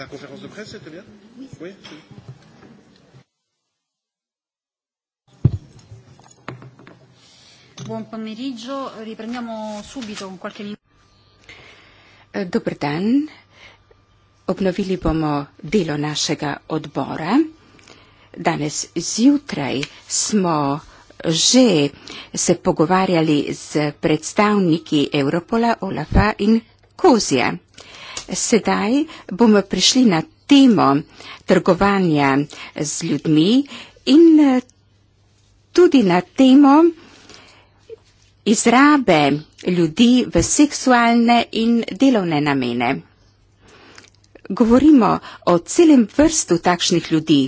la conférence de presse, c'était bien Oui. Buon pomeriggio, riprendiamo subito qualche eh, Dobr dan. Obnovili bomo delo našega odbora. Danes zjutraj smo že se pogovarjali z predstavniki Europola, Olafa in Kozija. Sedaj bomo prišli na temo trgovanja z ljudmi in eh, tudi na temo izrabe ljudi v seksualne in delovne namene. Govorimo o celem vrstu takšnih ljudi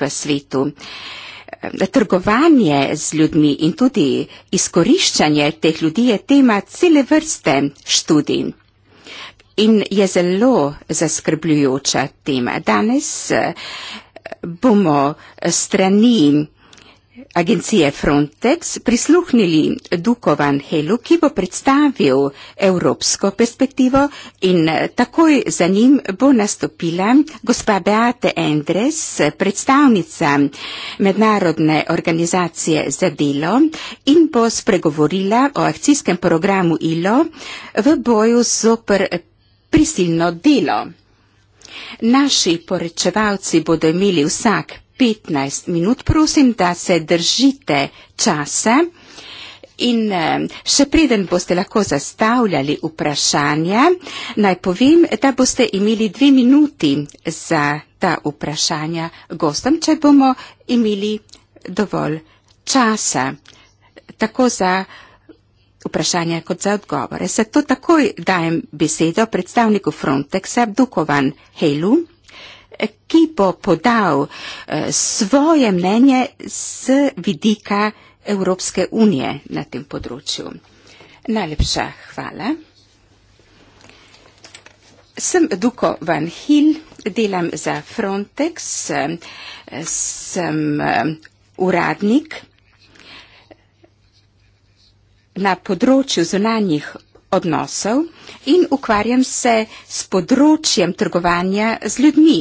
v svetu. Eh, trgovanje z ljudmi in tudi izkoriščanje teh ljudi je tema cele vrste študij in je zelo zaskrbljujoča tema. Danes eh, bomo strani agencije Frontex prisluhnili Duko Van Helu, ki bo predstavil evropsko perspektivo in eh, takoj za njim bo nastopila gospa Beate Endres, predstavnica Mednarodne organizacije za delo in bo spregovorila o akcijskem programu ILO v boju zopr prisilno delo. Naši porečevalci bodo imeli vsak 15 minut, prosim, da se držite časa in eh, še preden boste lahko zastavljali vprašanje, naj povem, da boste imeli dve minuti za ta vprašanja gostom, če bomo imeli dovolj časa. Tako za vprašanja kot za odgovore. Zato takoj dajem besedo predstavniku Frontexa, Dukovan Helu, ki bo podal eh, svoje mnenje z vidika Evropske unije na tem področju. Najlepša hvala. Sem Duko Van Hill, delam za Frontex, eh, sem eh, uradnik na področju zunanjih odnosov in ukvarjam se s področjem trgovanja z ljudmi.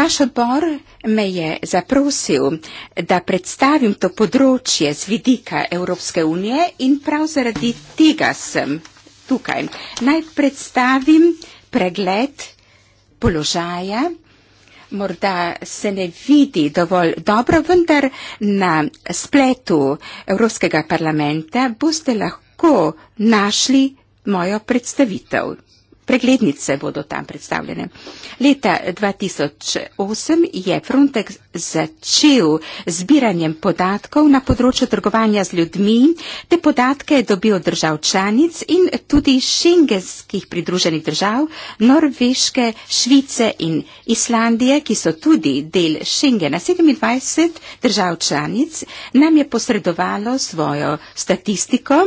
Vaš odbor me je zaprosil, da predstavim to področje z vidika Evropske unije in prav zaradi tega sem tukaj. Naj predstavim pregled položaja morda se ne vidi dovolj dobro, vendar na spletu Evropskega parlamenta boste lahko našli mojo predstavitev. Preglednice bodo tam predstavljene. Leta 2008 je Frontex začel zbiranjem podatkov na področju trgovanja z ljudmi. Te podatke je dobil držav članic in tudi šengenskih pridruženih držav, Norveške, Švice in Islandije, ki so tudi del Šengena. 27 držav članic nam je posredovalo svojo statistiko.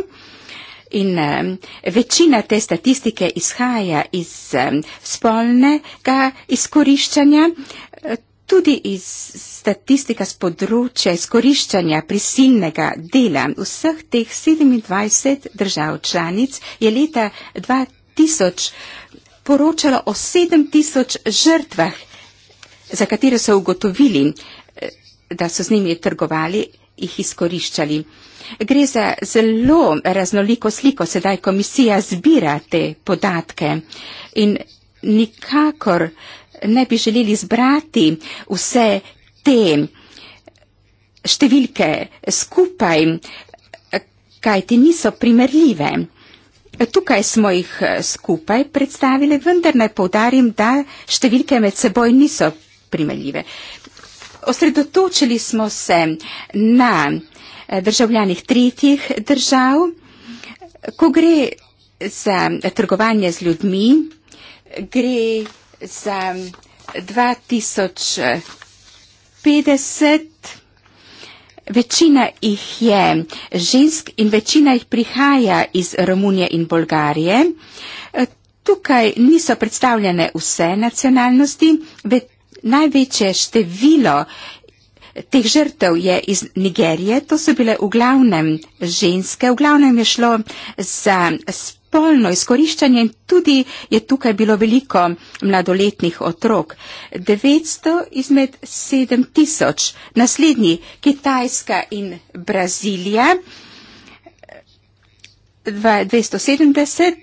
In večina te statistike izhaja iz spolnega izkoriščanja, eh, tudi iz statistika z področja izkoriščanja prisilnega dela vseh teh 27 držav članic je leta 2000 poročalo o 7000 žrtvah, za katere so ugotovili, eh, da so z njimi trgovali, jih izkoriščali. Gre za zelo raznoliko sliko, sedaj komisija zbira te podatke in nikakor ne bi želeli zbrati vse te številke skupaj, kaj ti niso primerljive. Tukaj smo jih eh, skupaj predstavili, vendar naj povdarim, da številke med seboj niso primerljive. Osredotočili smo se na Eh, državljanih tretjih držav. Ko gre za trgovanje z ljudmi, gre za 2050. Večina jih je žensk in večina jih prihaja iz Romunije in Bolgarije. Eh, tukaj niso predstavljene vse nacionalnosti, največje število teh žrtev je iz Nigerije, to so bile v glavnem ženske, v glavnem je šlo za spolno izkoriščanje in tudi je tukaj bilo veliko mladoletnih otrok. 900 izmed 7000. Naslednji, Kitajska in Brazilija, 270,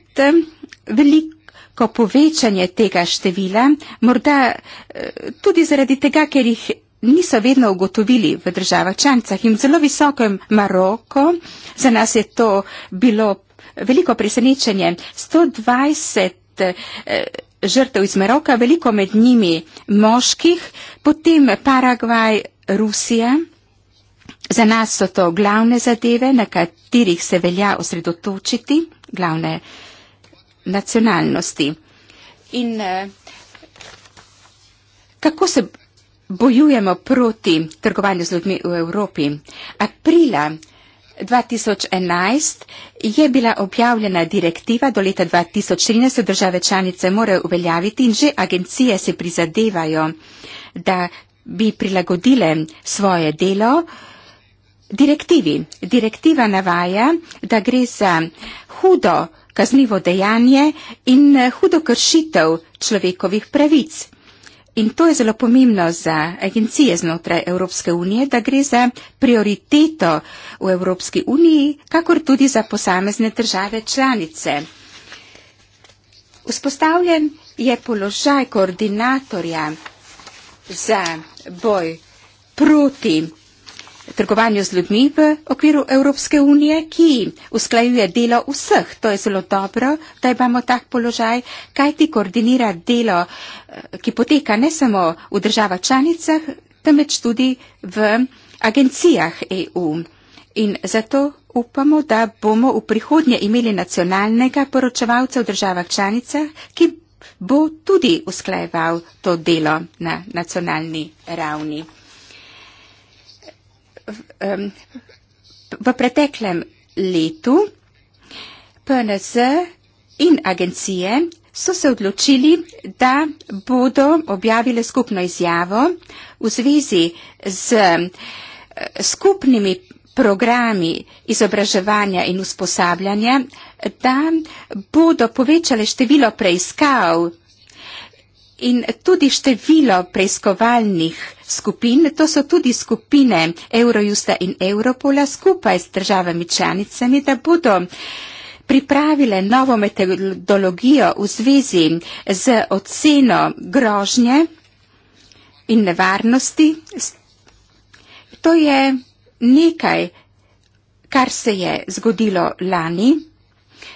veliko. Ko povečanje tega števila, morda eh, tudi zaradi tega, ker jih niso vedno ugotovili v državah članicah in v zelo visokem Maroko, za nas je to bilo veliko presenečenje, 120 eh, žrtev iz Maroka, veliko med njimi moških, potem Paragvaj, Rusija. Za nas so to glavne zadeve, na katerih se velja osredotočiti, glavne nacionalnosti. In eh, kako se bojujemo proti trgovanju z ljudmi v Evropi. Aprila 2011 je bila objavljena direktiva, do leta 2013 države članice morajo uveljaviti in že agencije se prizadevajo, da bi prilagodile svoje delo direktivi. Direktiva navaja, da gre za hudo kaznivo dejanje in hudo kršitev človekovih pravic. In to je zelo pomembno za agencije znotraj Evropske unije, da gre za prioriteto v Evropski uniji, kakor tudi za posamezne države članice. Vzpostavljen je položaj koordinatorja za boj proti trgovanju z ljudmi v okviru Evropske unije, ki usklajuje delo vseh. To je zelo dobro, da imamo tak položaj, kaj ti koordinira delo, eh, ki poteka ne samo v državah članicah, temveč tudi v agencijah EU. In zato upamo, da bomo v prihodnje imeli nacionalnega poročevalca v državah članicah, ki bo tudi usklajeval to delo na nacionalni ravni um, v preteklem letu PNZ in agencije so se odločili, da bodo objavile skupno izjavo v zvezi z eh, skupnimi programi izobraževanja in usposabljanja, da bodo povečale število preiskav in tudi število preiskovalnih skupin, to so tudi skupine Eurojusta in Europola skupaj s državami članicami, da bodo pripravile novo metodologijo v zvezi z oceno grožnje in nevarnosti. To je nekaj, kar se je zgodilo lani.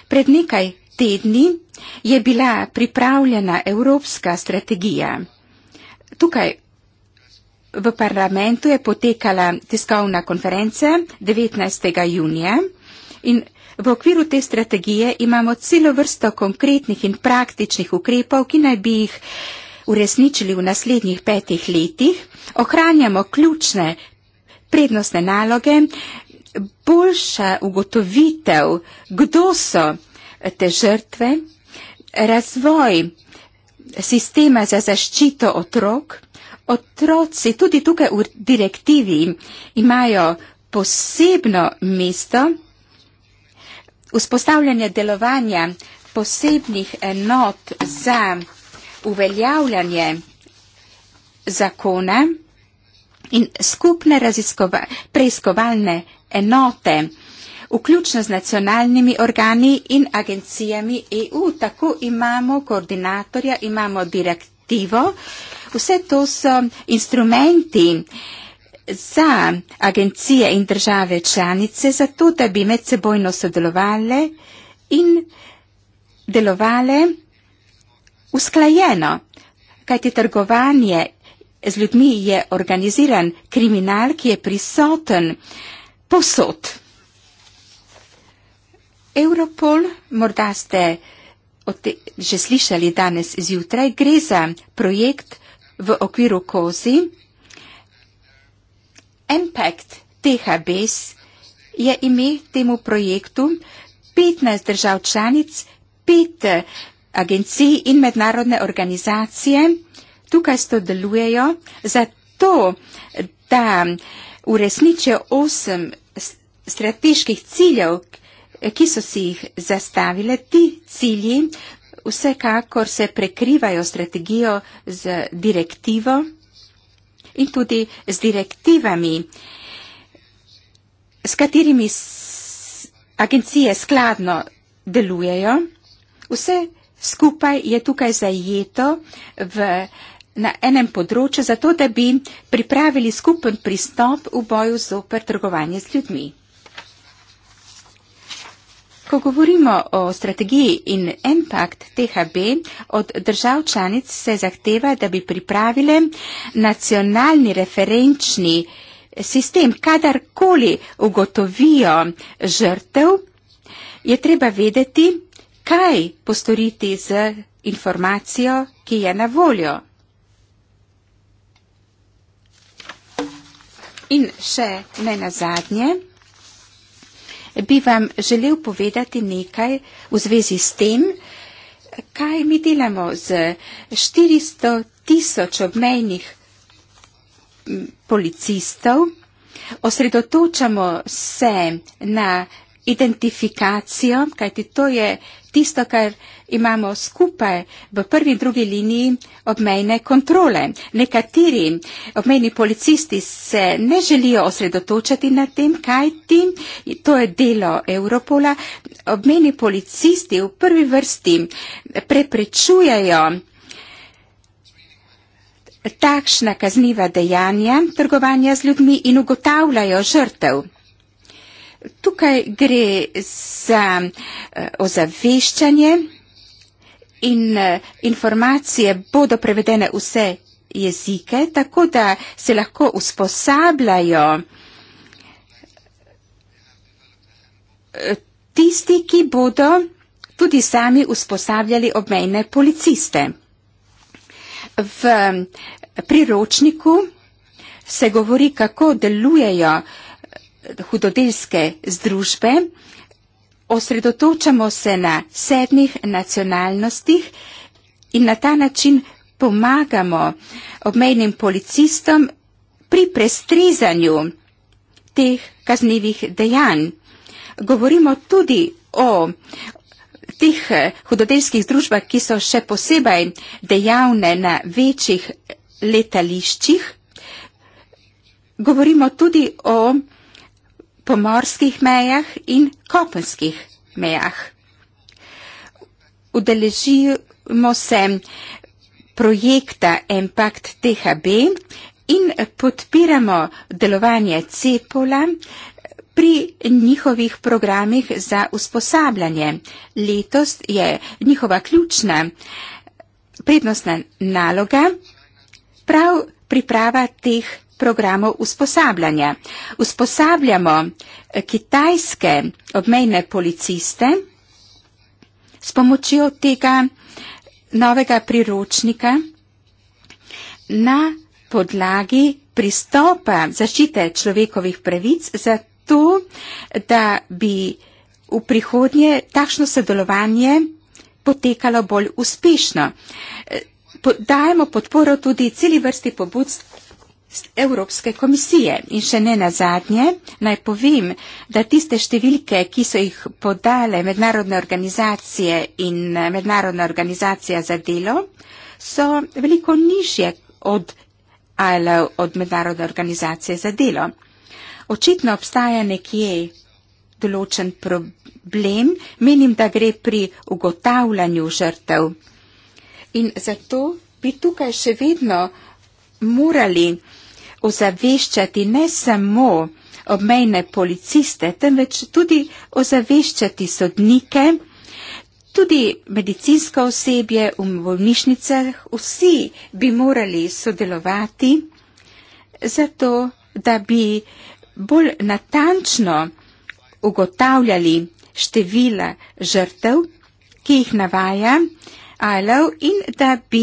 Pred nekaj tedni je bila pripravljena evropska strategija. Tukaj v parlamentu je potekala tiskovna konferenca 19. junija in v okviru te strategije imamo celo vrsto konkretnih in praktičnih ukrepov, ki naj bi jih uresničili v naslednjih petih letih. Ohranjamo ključne prednostne naloge, boljša ugotovitev, kdo so te žrtve, razvoj sistema za zaščito otrok. Otroci tudi tukaj v direktivi imajo posebno mesto vzpostavljanja delovanja posebnih enot za uveljavljanje zakona in skupne preiskovalne enote vključno z nacionalnimi organi in agencijami EU. Tako imamo koordinatorja, imamo direktivo. Vse to so instrumenti za agencije in države članice, zato da bi medsebojno sodelovali in delovali usklajeno, kajti trgovanje z ljudmi je organiziran kriminal, ki je prisoten posod. Europol, morda ste te, že slišali danes zjutraj, gre za projekt v okviru kozi. Impact THBS je ime temu projektu. 15 držav članic, 5 eh, agencij in mednarodne organizacije tukaj sodelujejo za to, da uresničijo 8 strateških ciljev, ki so si jih zastavile, ti cilji vsekakor se prekrivajo strategijo z direktivo in tudi z direktivami, s katerimi agencije skladno delujejo. Vse skupaj je tukaj zajeto v, na enem področju, zato da bi pripravili skupen pristop v boju zoper trgovanje z ljudmi. Ko govorimo o strategiji in impact THB, od držav članic se zahteva, da bi pripravile nacionalni referenčni sistem. Kadarkoli ugotovijo žrtev, je treba vedeti, kaj postoriti z informacijo, ki je na voljo. In še ne nazadnje bi vam želel povedati nekaj v zvezi s tem, kaj mi delamo z 400 tisoč obmejnih policistov. Osredotočamo se na identifikacijo, kajti to je tisto, kar imamo skupaj v prvi in drugi liniji obmejne kontrole. Nekateri obmejni policisti se ne želijo osredotočati na tem, kaj ti, to je delo Europola, obmejni policisti v prvi vrsti preprečujajo takšna kazniva dejanja trgovanja z ljudmi in ugotavljajo žrtev tukaj gre za eh, ozaveščanje in eh, informacije bodo prevedene vse jezike, tako da se lahko usposabljajo eh, tisti, ki bodo tudi sami usposabljali obmejne policiste. V priročniku se govori, kako delujejo uh, hudodelske združbe, osredotočamo se na sedmih nacionalnostih in na ta način pomagamo obmejnim policistom pri prestrizanju teh kaznivih dejanj. Govorimo tudi o teh eh, hudodelskih združbah, ki so še posebej dejavne na večjih letališčih. Govorimo tudi o po morskih mejah in kopenskih mejah. Udeležimo se projekta Impact THB in podpiramo delovanje Cepola pri njihovih programih za usposabljanje. Letos je njihova ključna prednostna naloga prav priprava teh programov usposabljanja. Usposabljamo eh, kitajske obmejne policiste s pomočjo tega novega priročnika na podlagi pristopa zaščite človekovih pravic za to, da bi v prihodnje takšno sodelovanje potekalo bolj uspešno. Eh, dajemo podporo tudi celi vrsti pobud Evropske komisije. In še ne na zadnje, naj povem, da tiste številke, ki so jih podale mednarodne organizacije in eh, mednarodna organizacija za delo, so veliko nižje od, od mednarodne organizacije za delo. Očitno obstaja nekje določen problem, menim, da gre pri ugotavljanju žrtev. In zato bi tukaj še vedno morali ozaveščati ne samo obmejne policiste, temveč tudi ozaveščati sodnike, tudi medicinsko osebje v bolnišnicah. Vsi bi morali sodelovati zato, da bi bolj natančno ugotavljali števila žrtev, ki jih navaja ALO in da bi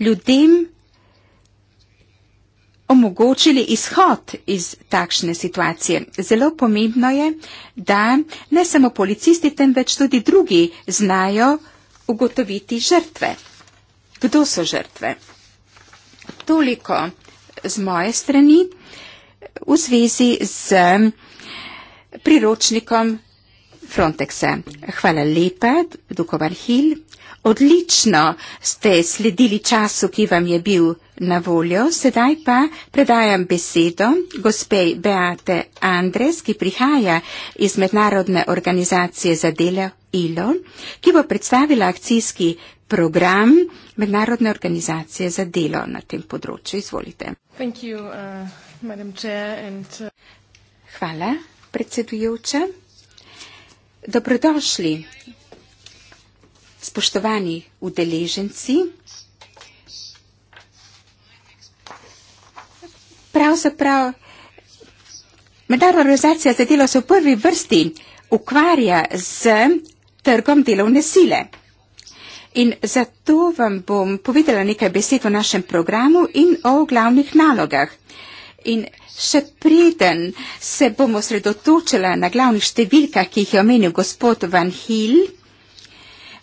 ljudem omogočili izhod iz takšne situacije. Zelo pomembno je, da ne samo policisti, temveč tudi drugi znajo ugotoviti žrtve. Kdo so žrtve? Toliko z moje strani v zvezi z priročnikom Frontexa. Hvala lepa, Dukovar Hil. Odlično ste sledili času, ki vam je bil na voljo. Sedaj pa predajam besedo gospe Beate Andres, ki prihaja iz Mednarodne organizacije za delo ILO, ki bo predstavila akcijski program Mednarodne organizacije za delo na tem področju. Izvolite. You, uh, and... Uh, Hvala, predsedujoča. Dobrodošli, spoštovani udeleženci. pravzaprav mednarodna organizacija za delo se v prvi vrsti ukvarja z trgom delovne sile. In zato vam bom povedala nekaj besed o našem programu in o glavnih nalogah. In še preden se bomo sredotočila na glavnih številkah, ki jih je omenil gospod Van Hill,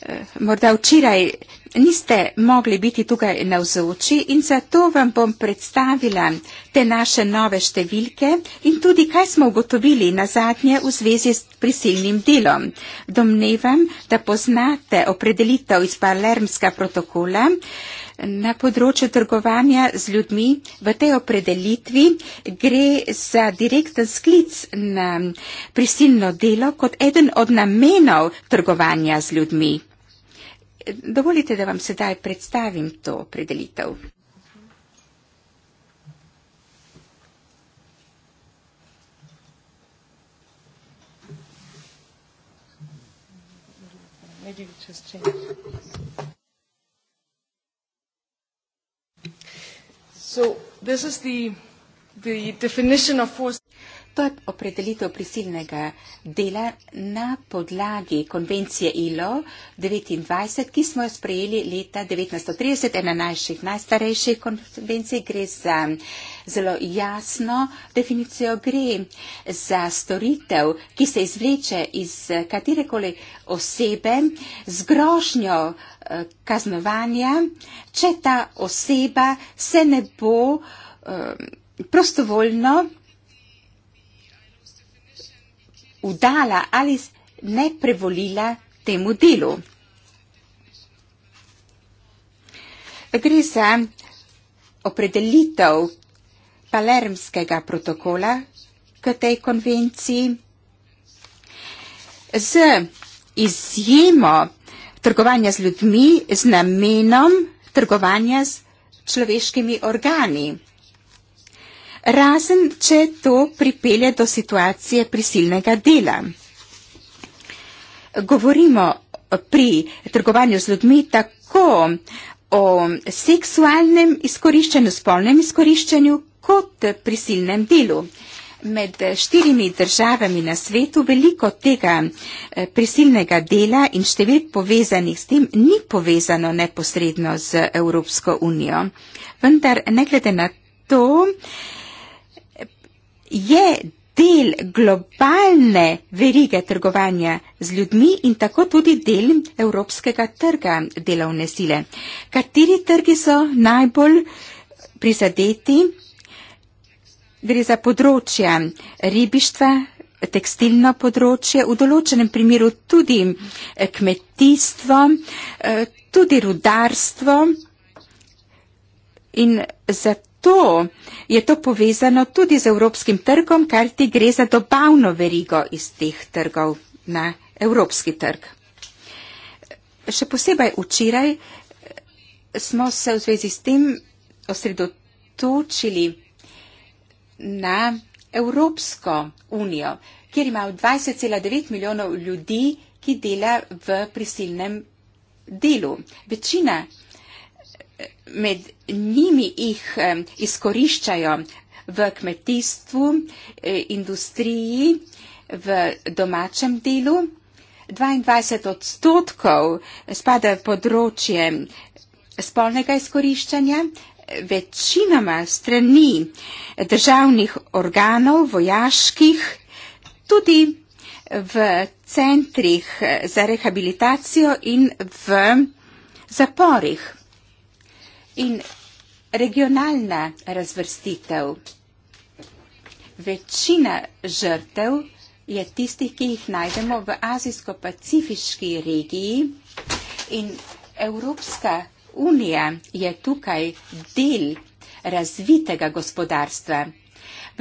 Eh, morda včeraj niste mogli biti tukaj navzoči in zato vam bom predstavila te naše nove številke in tudi kaj smo ugotovili na zadnje v zvezi s prisilnim delom. Domnevam, da poznate opredelitev iz Palermska protokola na področju trgovanja z ljudmi v tej opredelitvi gre za direkten sklic na prisilno delo kot eden od namenov trgovanja z ljudmi. Dovolite, da vam sedaj predstavim to opredelitev. So, the, the To je opredelitev prisilnega dela na podlagi konvencije ILO 29, ki smo jo sprejeli leta 1930, ena najših, najstarejših konvencij. Gre za zelo jasno definicijo, gre za storitev, ki se izvleče iz katerekoli osebe z grožnjo eh, kaznovanja, če ta oseba se ne bo eh, prostovoljno vdala ali ne prevolila temu delu. Gre za opredelitev palermskega protokola k tej konvenciji z izjemo trgovanja z ljudmi z namenom trgovanja z človeškimi organi razen če to pripelje do situacije prisilnega dela. Govorimo pri trgovanju z ljudmi tako o seksualnem izkoriščanju, spolnem izkoriščanju kot prisilnem delu. Med štirimi državami na svetu veliko tega eh, prisilnega dela in števil povezanih s tem ni povezano neposredno z Evropsko unijo. Vendar ne glede na to, eh, je del globalne verige trgovanja z ljudmi in tako tudi del evropskega trga delovne sile. Kateri trgi so najbolj prizadeti? Gre za področja ribištva, tekstilno področje, v določenem primeru tudi eh, kmetijstvo, eh, tudi rudarstvo in zato zato je to povezano tudi z evropskim trgom, kar ti gre za dobavno verigo iz teh trgov na evropski trg. Še posebej včeraj eh, smo se v zvezi s tem osredotočili na Evropsko unijo, kjer ima 20,9 milijonov ljudi, ki dela v prisilnem delu. Večina med njimi jih izkoriščajo v kmetijstvu, eh, industriji, v domačem delu. 22 odstotkov spada v področje spolnega izkoriščanja, večinoma strani državnih organov, vojaških, tudi v centrih eh, za rehabilitacijo in v zaporih in regionalna razvrstitev. Večina žrtev je tistih, ki jih najdemo v azijsko-pacifiški regiji in Evropska unija je tukaj del razvitega gospodarstva,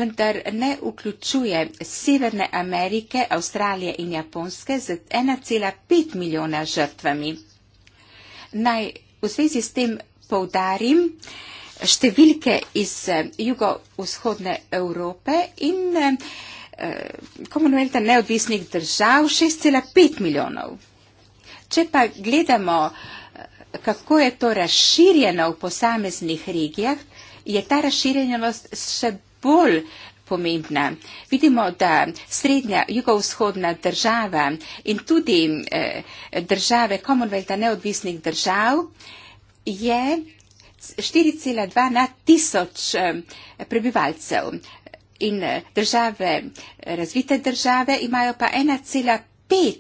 vendar ne vključuje Severne Amerike, Avstralije in Japonske z 1,5 milijona žrtvami. Naj v zvezi s tem poudarim številke iz eh, jugovzhodne Evrope in komunalta eh, eh, neodvisnih držav 6,5 milijonov. Če pa gledamo, kako je to razširjeno v posameznih regijah, je ta razširjenost še bolj pomembna. Vidimo, da srednja jugovzhodna država in tudi države Commonwealtha neodvisnih držav je 4,2 na tisoč eh, prebivalcev in eh, države, eh, razvite države imajo pa 1,5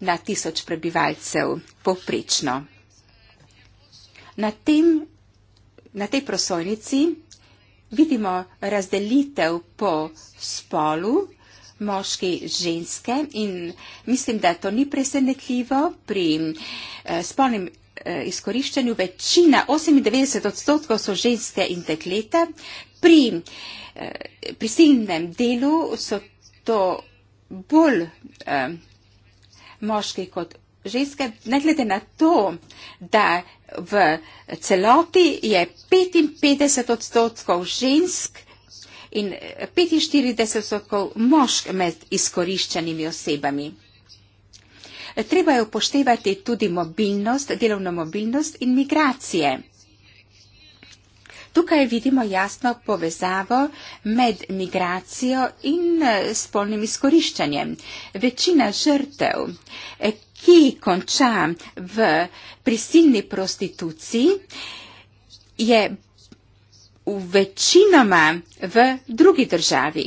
na tisoč prebivalcev poprečno. Na, tem, na tej prosojnici vidimo razdelitev po spolu moški ženske in mislim, da to ni presenetljivo pri spolnem Eh, izkoriščanju, večina, 98 odstotkov so ženske in dekleta. Pri eh, prisilnem delu so to bolj eh, moški kot ženske, ne glede na to, da v celoti je 55 odstotkov žensk in 45 odstotkov mošk med izkoriščenimi osebami. Eh, treba je upoštevati tudi mobilnost, delovno mobilnost in migracije. Tukaj vidimo jasno povezavo med migracijo in eh, spolnim izkoriščanjem. Večina žrtev, eh, ki konča v prisilni prostituciji, je večinoma v drugi državi.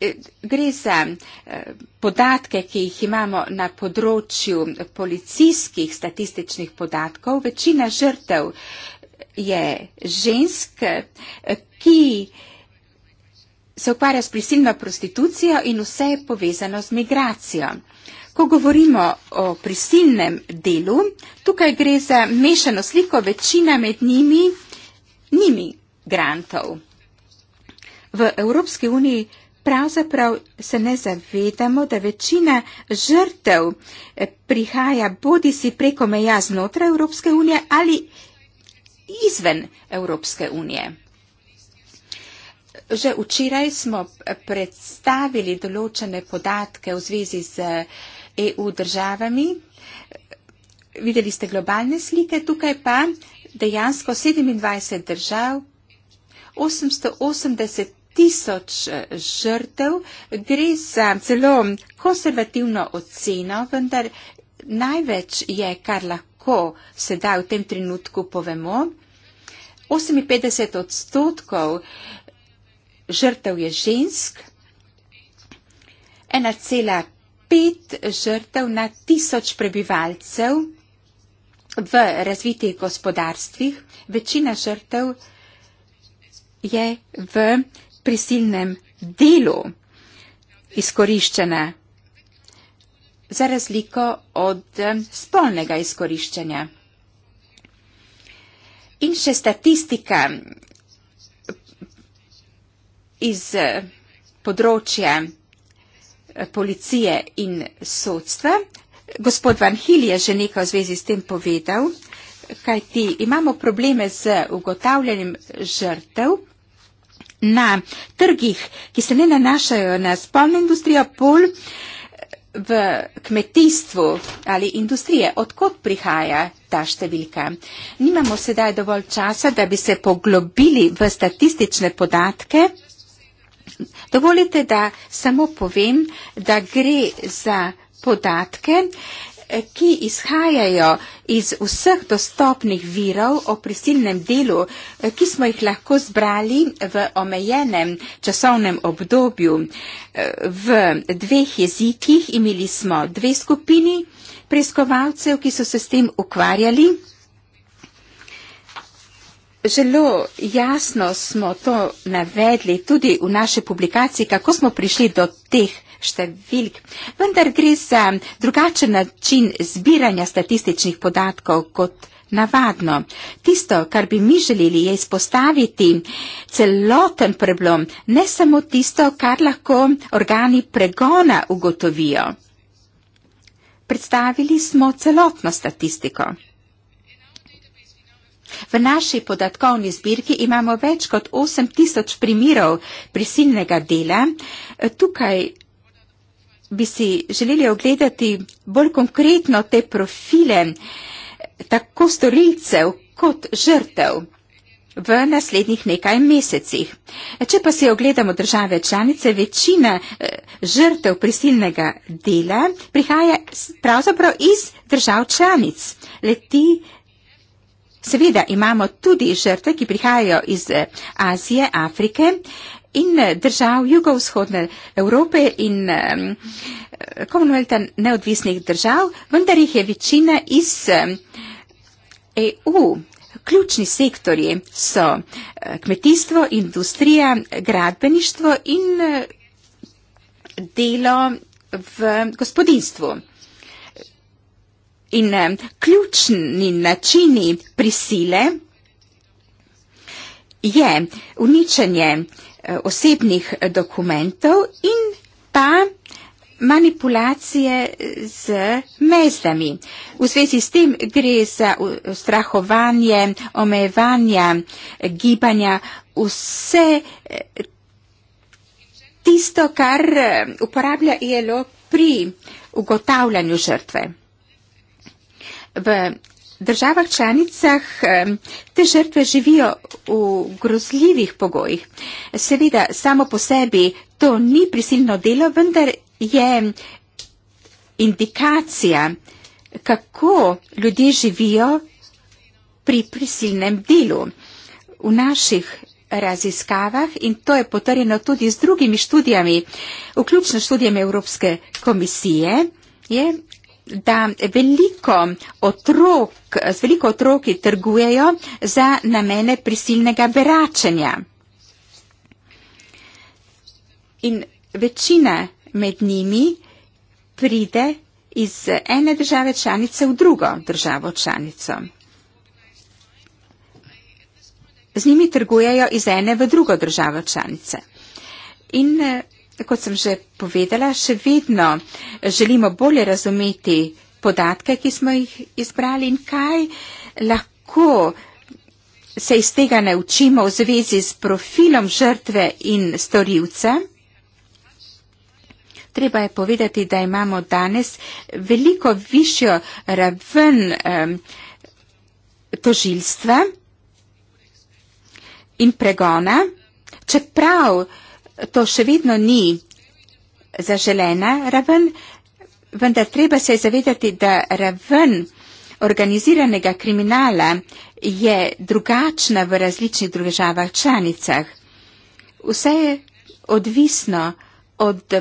Eh, gre za eh, podatke, ki jih imamo na področju policijskih statističnih podatkov. Večina žrtev je žensk, eh, ki se ukvarja s prisilno prostitucijo in vse je povezano z migracijo. Ko govorimo o prisilnem delu, tukaj gre za mešano sliko, večina med njimi ni migrantov. V Evropski uniji pravzaprav se ne zavedamo, da večina žrtev eh, prihaja bodi si preko meja znotraj Evropske unije ali izven Evropske unije. Že včeraj smo eh, predstavili določene podatke v zvezi z EU eh, e državami. Videli ste globalne slike, tukaj pa dejansko 27 držav, 880 tisoč eh, žrtev, gre za zelo konservativno oceno, vendar največ je, kar lahko sedaj v tem trenutku povemo. 58 odstotkov žrtev je žensk, 1,5 žrtev na tisoč prebivalcev v razvitih gospodarstvih, večina žrtev je v prisilnem delu izkoriščene, za razliko od spolnega izkoriščenja. In še statistika iz področja policije in sodstva. Gospod Van Hil je že nekaj v zvezi s tem povedal, kajti imamo probleme z ugotavljanjem žrtev, na trgih, ki se ne nanašajo na spolno industrijo, pol eh, v kmetijstvu ali industrije. Odkot prihaja ta številka? Nimamo sedaj dovolj časa, da bi se poglobili v statistične podatke. Dovolite, da samo povem, da gre za podatke, Eh, ki izhajajo iz vseh dostopnih virov o prisilnem delu, eh, ki smo jih lahko zbrali v omejenem časovnem obdobju eh, v dveh jezikih. Imeli smo dve skupini preiskovalcev, ki so se s tem ukvarjali. Zelo jasno smo to navedli tudi v naši publikaciji, kako smo prišli do teh številk. Vendar gre za drugačen način zbiranja statističnih podatkov kot navadno. Tisto, kar bi mi želeli, je izpostaviti celoten problem, ne samo tisto, kar lahko organi pregona ugotovijo. Predstavili smo celotno statistiko. V naši podatkovni zbirki imamo več kot 8000 primerov prisilnega dela. Tukaj bi si želeli ogledati bolj konkretno te profile tako storilcev kot žrtev v naslednjih nekaj mesecih. Če pa si ogledamo države članice, večina eh, žrtev prisilnega dela prihaja pravzaprav iz držav članic. Leti Seveda imamo tudi žrtve, ki prihajajo iz eh, Azije, Afrike, in eh, držav jugovzhodne Evrope in komunalta neodvisnih držav, vendar jih je večina iz EU. E ključni sektorji so eh, kmetijstvo, industrija, gradbeništvo in eh, delo v gospodinstvu. In ključni načini prisile je uničenje uh, osebnih dokumentov in pa manipulacije z mezdami. V zvezi s tem gre za strahovanje, omejevanje gibanja, vse eh, tisto, kar eh, uporablja ILO e pri ugotavljanju žrtve. V državah članicah te žrtve živijo v grozljivih pogojih. Seveda, samo po sebi to ni prisilno delo, vendar je indikacija, kako ljudje živijo pri prisilnem delu. V naših raziskavah in to je potrjeno tudi z drugimi študijami, vključno študijami Evropske komisije, je da veliko otrok, z veliko otroki trgujejo za namene prisilnega beračenja. In večina med njimi pride iz ene države članice v drugo državo članico. Z njimi trgujejo iz ene v drugo državo članice. In eh, kot sem že povedala, še vedno želimo bolje razumeti podatke, ki smo jih izbrali in kaj lahko se iz tega ne učimo v zvezi s profilom žrtve in storilce. Treba je povedati, da imamo danes veliko višjo raven tožilstva in pregona, čeprav to še vedno ni zaželena raven, vendar treba se zavedati, da raven organiziranega kriminala je drugačna v različnih državah članicah. Vse je odvisno od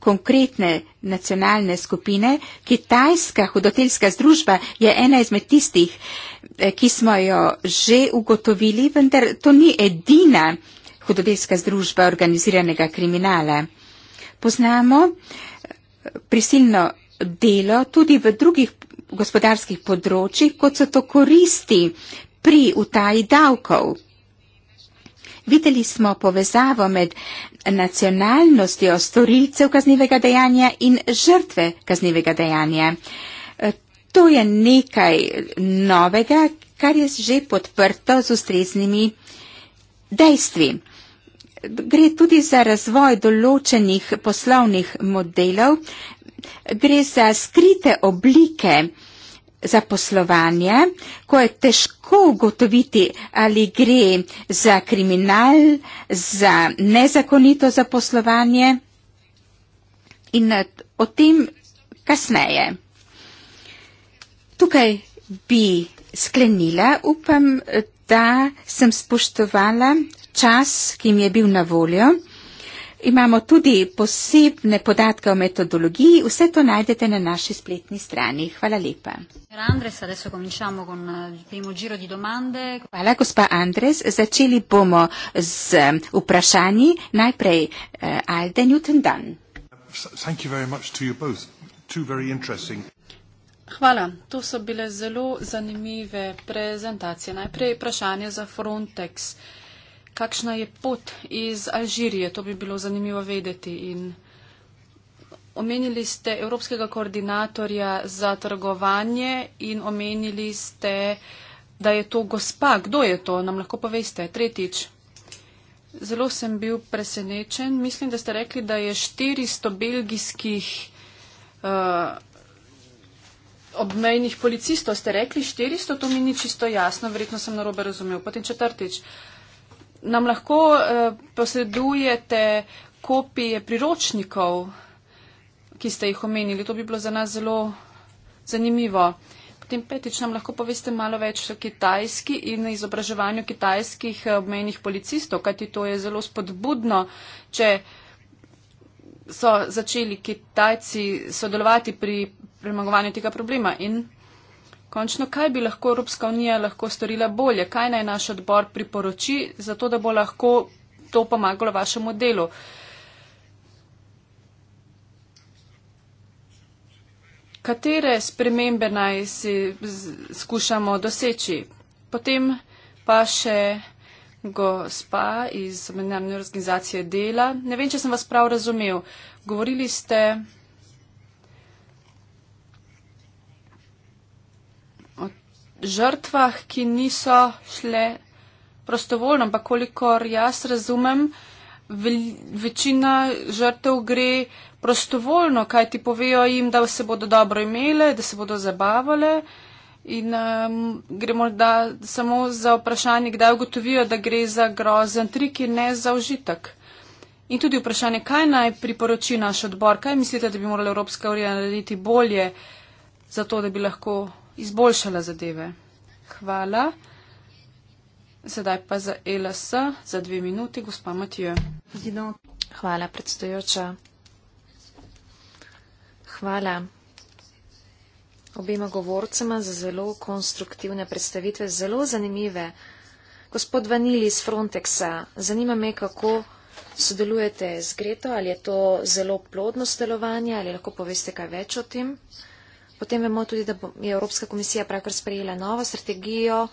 konkretne nacionalne skupine. Kitajska hudoteljska združba je ena izmed tistih, eh, ki smo jo že ugotovili, vendar to ni edina hudodeska združba organiziranega kriminala. Poznamo eh, prisilno delo tudi v drugih gospodarskih področjih, kot so to koristi pri utaji davkov. Videli smo povezavo med nacionalnostjo storilcev kaznivega dejanja in žrtve kaznivega dejanja. Eh, to je nekaj novega, kar je že podprto z ustreznimi dejstvi gre tudi za razvoj določenih poslovnih modelov, gre za skrite oblike za poslovanje, ko je težko ugotoviti, ali gre za kriminal, za nezakonito zaposlovanje in eh, o tem kasneje. Tukaj bi sklenila, upam, eh, da sem spoštovala čas, ki jim je bil na voljo. Imamo tudi posebne podatke o metodologiji, vse to najdete na naši spletni strani. Hvala lepa. Eh, Hvala, gospa Andres. Začeli bomo z eh, vprašanji. Najprej eh, Alde Newton-Dunn. Hvala, to so bile zelo zanimive prezentacije. Najprej vprašanje za Frontex. Uh, kakšna je pot iz Alžirije, to bi bilo zanimivo vedeti. In omenili ste evropskega koordinatorja za trgovanje in omenili ste, da je to gospa. Kdo je to? Nam lahko poveste. Tretjič. Zelo sem bil presenečen. Mislim, da ste rekli, da je 400 belgijskih uh, obmejnih policistov. Ste rekli 400, to mi ni čisto jasno, verjetno sem narobe razumel. Potem četrtič. Uh, nam lahko eh, posredujete kopije priročnikov, ki ste jih omenili. To bi bilo za nas zelo zanimivo. Potem petič nam lahko poveste malo več o kitajski in izobraževanju kitajskih eh, obmejnih policistov, kajti to je zelo spodbudno, če so začeli Kitajci sodelovati pri premagovanju tega problema. In Končno, kaj bi lahko Evropska unija lahko storila bolje? Kaj naj naš odbor priporoči, zato da bo lahko to pomagalo vašemu delu? Katere spremembe naj si skušamo doseči? Potem pa še gospa iz Mednarodne organizacije dela. Ne vem, če sem vas prav razumel. Govorili ste. žrtvah, ki niso šle prostovoljno, ampak kolikor jaz razumem, ve večina žrtev gre prostovoljno, kaj ti povejo jim, da se bodo dobro imele, da se bodo zabavale. In um, gre morda samo za vprašanje, kdaj ugotovijo, da gre za grozen trik in ne za užitek. In tudi vprašanje, kaj naj priporoči naš odbor, kaj mislite, da bi morala Evropska unija narediti bolje za to, da bi lahko izboljšala zadeve. Hvala. Sedaj pa za LS, za dve minuti, gospa Matija. Hvala, predstojoča. Hvala obima govorcema za zelo konstruktivne predstavitve, zelo zanimive. Gospod Vanili iz Frontexa, zanima me, kako sodelujete z Greto, ali je to zelo plodno sodelovanje, ali lahko poveste kaj več o tem? Potem vemo tudi, da je Evropska komisija pravkar sprejela novo strategijo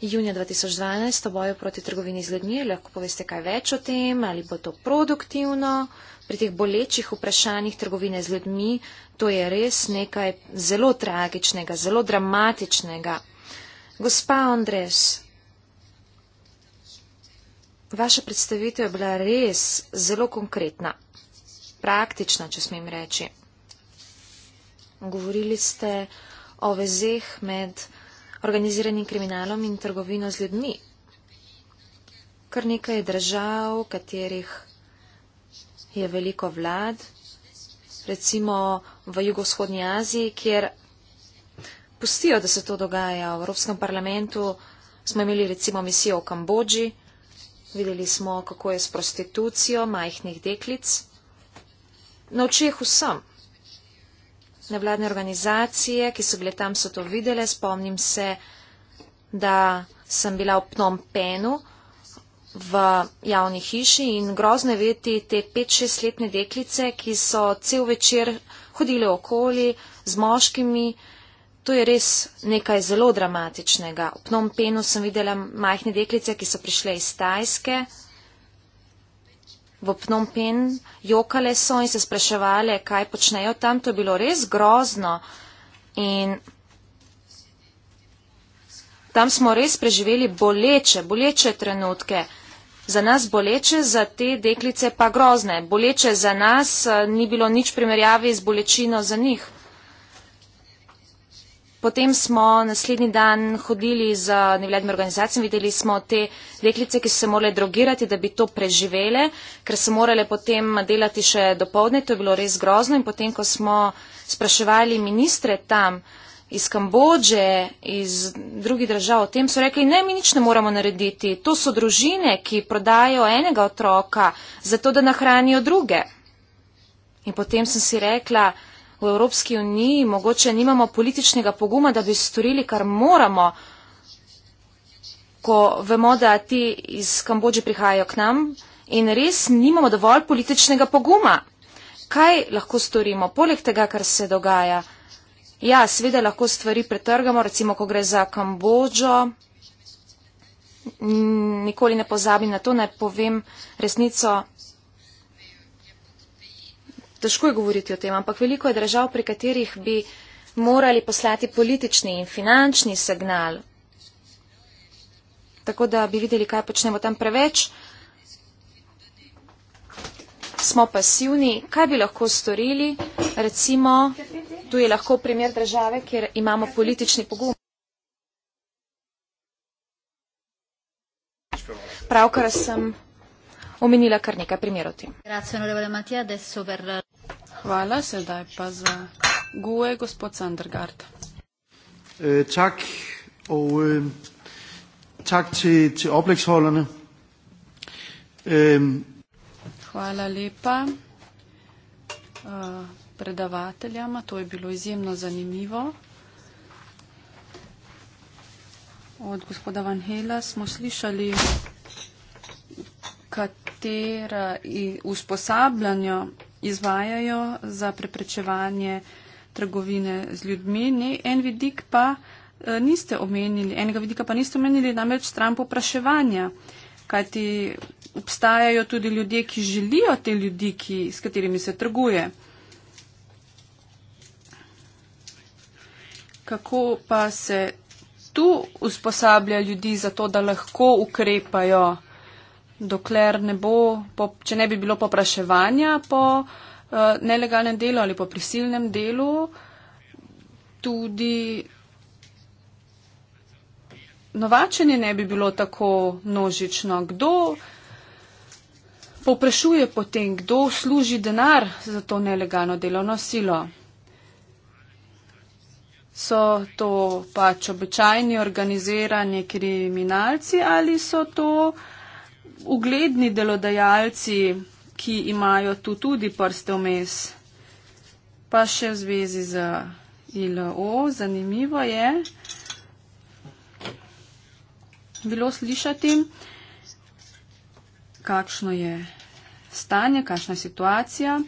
junija 2012 o boju proti trgovini z ljudmi. Lahko poveste kaj več o tem, ali bo to produktivno. Pri teh bolečih vprašanjih trgovine z ljudmi to je res nekaj zelo tragičnega, zelo dramatičnega. Gospa Andres, vaša predstavitev je bila res zelo konkretna, praktična, če smem reči. Govorili ste o vezeh med organiziranim kriminalom in trgovino z ljudmi. Kar nekaj držav, katerih je veliko vlad, recimo v jugovzhodnji Aziji, kjer pustijo, da se to dogaja. V Evropskem parlamentu smo imeli recimo misijo v Kambodži, videli smo, kako je s prostitucijo majhnih deklic. Na očeh vsem nevladne organizacije, ki so bile tam, so to videle. Spomnim se, da sem bila v Phnom Penhu v javni hiši in grozne veti te 5-6 letne deklice, ki so cel večer hodile okoli z moškimi. To je res nekaj zelo dramatičnega. V Phnom Penhu sem videla majhne deklice, ki so prišle iz Tajske v Pnompen, jokale so in se spraševali, kaj počnejo tam. To je bilo res grozno. In tam smo res preživeli boleče, boleče trenutke. Za nas boleče, za te deklice pa grozne. Boleče za nas eh, ni bilo nič primerjave z bolečino za njih. Potem smo naslednji dan hodili z nevladnimi organizacijami, videli smo te deklice, ki so se morale drogirati, da bi to preživele, ker so morale potem delati še dopovdne, to je bilo res grozno. In potem, ko smo spraševali ministre tam iz Kambodže, iz drugih držav o tem, so rekli, ne, mi nič ne moramo narediti, to so družine, ki prodajo enega otroka, zato da nahranijo druge. In potem sem si rekla, v Evropski uniji mogoče nimamo političnega poguma, da bi storili, kar moramo, ko vemo, da ti iz Kambodže prihajajo k nam in res nimamo dovolj političnega poguma. Kaj lahko storimo, poleg tega, kar se dogaja? Ja, seveda lahko stvari pretrgamo, recimo, ko gre za Kambodžo. Nikoli ne pozabi na to, naj povem resnico težko je govoriti o tem, ampak veliko je držav, pri katerih bi morali poslati politični in finančni signal, tako da bi videli, kaj počnemo tam preveč. Smo pasivni. Kaj bi lahko storili? Recimo, tu je lahko primer države, kjer imamo politični pogum. Pravkar sem omenila kar nekaj primerov tem. Hvala, sedaj pa za guje, gospod Sandergaard. Čak, eh, og øh, tak til, til oplægsholderne. Øh. Hvala lepa. Uh, predavateljama, to je bilo izjemno zanimivo. Od gospoda Van Hela smo slišali, kat, karaktera in usposabljanja izvajajo za preprečevanje trgovine z ljudmi. Ne, en vidik pa eh, niste omenili, enega vidika pa niste omenili, namreč stran popraševanja, kajti obstajajo tudi ljudje, ki želijo te ljudi, ki, s katerimi se trguje. Kako pa se tu usposablja ljudi za to, da lahko ukrepajo? dokler ne bo, po, če ne bi bilo popraševanja po uh, nelegalnem delu ali po prisilnem delu, tudi novačenje ne bi bilo tako množično. Kdo poprašuje potem, kdo služi denar za to nelegalno delovno silo? So to pač običajni organizirani kriminalci ali so to uh, ugledni delodajalci, ki imajo tu tudi prste vmes, pa še v zvezi z ILO, zanimivo je bilo slišati, kakšno je stanje, kakšna je situacija.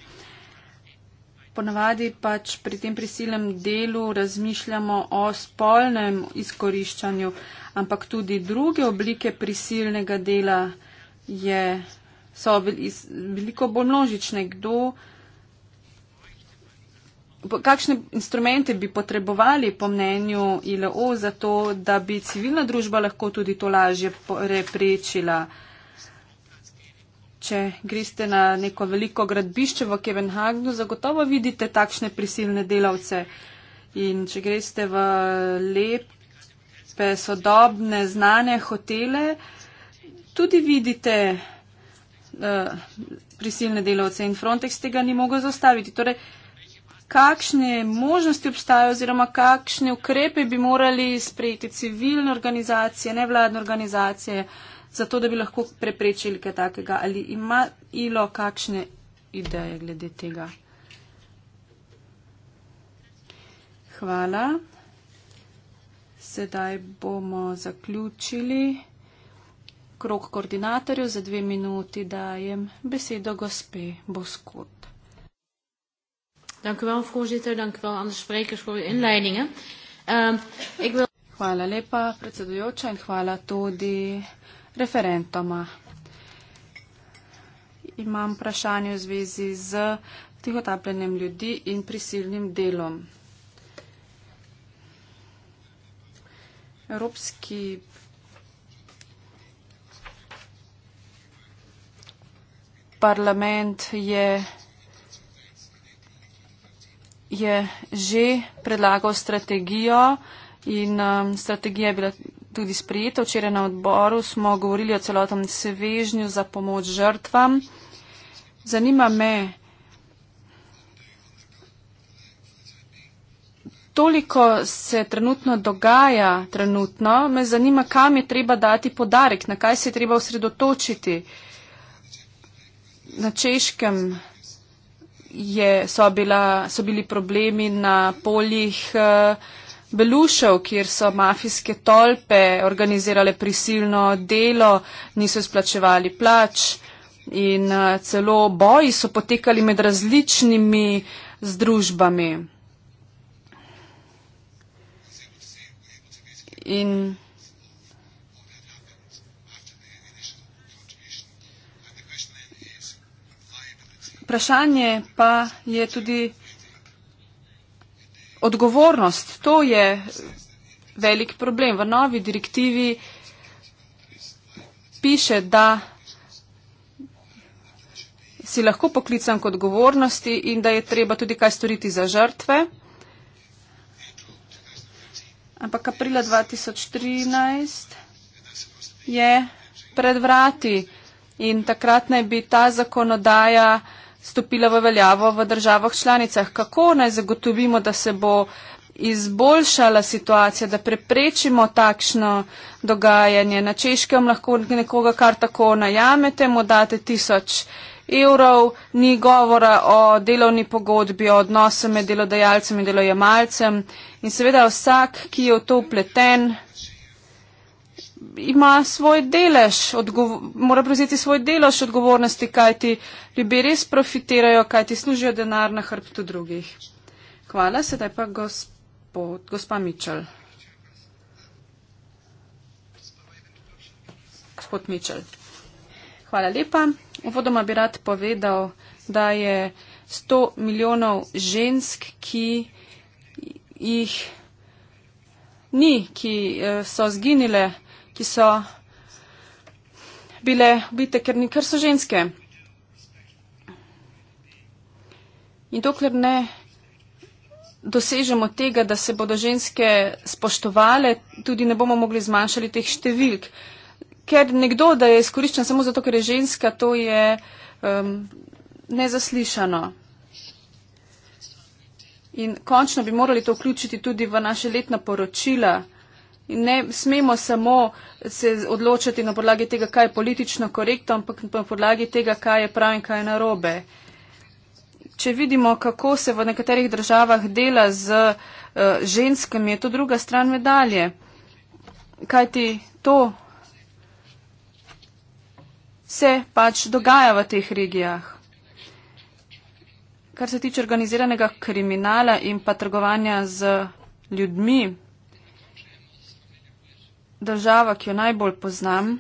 Ponavadi pač pri tem prisilnem delu razmišljamo o spolnem izkoriščanju, ampak tudi druge oblike prisilnega dela je, so veliko bolj množične. Kdo, kakšne instrumente bi potrebovali po mnenju ILO za to, da bi civilna družba lahko tudi to lažje preprečila? Če greste na neko veliko gradbišče v Kevenhagnu, zagotovo vidite takšne prisilne delavce. In če greste v lepe, sodobne, znane hotele, uh, tudi vidite uh, prisilne delavce in Frontex tega ni mogel zastaviti. Torej, kakšne možnosti obstajajo oziroma kakšne ukrepe bi morali sprejeti civilne organizacije, nevladne organizacije, zato da bi lahko preprečili kaj takega? Ali ima ILO kakšne ideje glede tega? Hvala. Sedaj bomo zaključili krog koordinatorju za dve minuti dajem besedo gospe Boskot. Dank u wel, voorzitter. Dank u wel aan de sprekers voor uw inleidingen. Uh, ik wil... Hvala lepa, predsedujoča, in hvala tudi referentoma. Imam vprašanje v zvezi z tihotapljenjem ljudi in prisilnim delom. Evropski parlament je, je že predlagal strategijo in um, strategija je bila tudi sprijeta. Včeraj na odboru smo govorili o celotnem svežnju za pomoč žrtvam. Zanima me, toliko se trenutno dogaja, trenutno, me zanima, kam je treba dati podarek, na kaj se je treba osredotočiti. Uh, na češkem je, so, bila, so bili problemi na poljih eh, Belušev, kjer so mafijske tolpe organizirale prisilno delo, niso izplačevali plač in eh, celo boji so potekali med različnimi združbami. In Vprašanje pa je tudi odgovornost. To je velik problem. V novi direktivi piše, da si lahko poklican k odgovornosti in da je treba tudi kaj storiti za žrtve. Ampak aprila 2013 je pred vrati in takrat naj bi ta zakonodaja stopila v veljavo v državah članicah. Kako naj zagotovimo, da se bo izboljšala situacija, da preprečimo takšno dogajanje. Na češkem lahko nekoga kar tako najamete, mu date tisoč evrov, ni govora o delovni pogodbi, o odnosu med delodajalcem in delojemalcem. In seveda vsak, ki je v to upleten, ima svoj delež, mora prevzeti svoj delež odgovornosti, kajti ljubi res profitirajo, kajti služijo denar na hrbtu drugih. Hvala, sedaj pa gospod, gospa Mičel. Gospod Mičel. Hvala lepa. Uvodoma bi rad povedal, da je 100 milijonov žensk, ki jih ni, ki eh, so zginile ki so bile ubite, ker nikar so ženske. In dokler ne dosežemo tega, da se bodo ženske spoštovale, tudi ne bomo mogli zmanjšati teh številk. Ker nekdo, da je izkoriščen samo zato, ker je ženska, to je um, nezaslišano. In končno bi morali to vključiti tudi v naše letna poročila. In ne smemo samo se odločiti na podlagi tega, kaj je politično korektno, ampak na podlagi tega, kaj je prav in kaj je narobe. Če vidimo, kako se v nekaterih državah dela z uh, ženskami, je to druga stran medalje. Kaj ti to se pač dogaja v teh regijah? Kar se tiče organiziranega kriminala in pa trgovanja z ljudmi, država, ki jo najbolj poznam,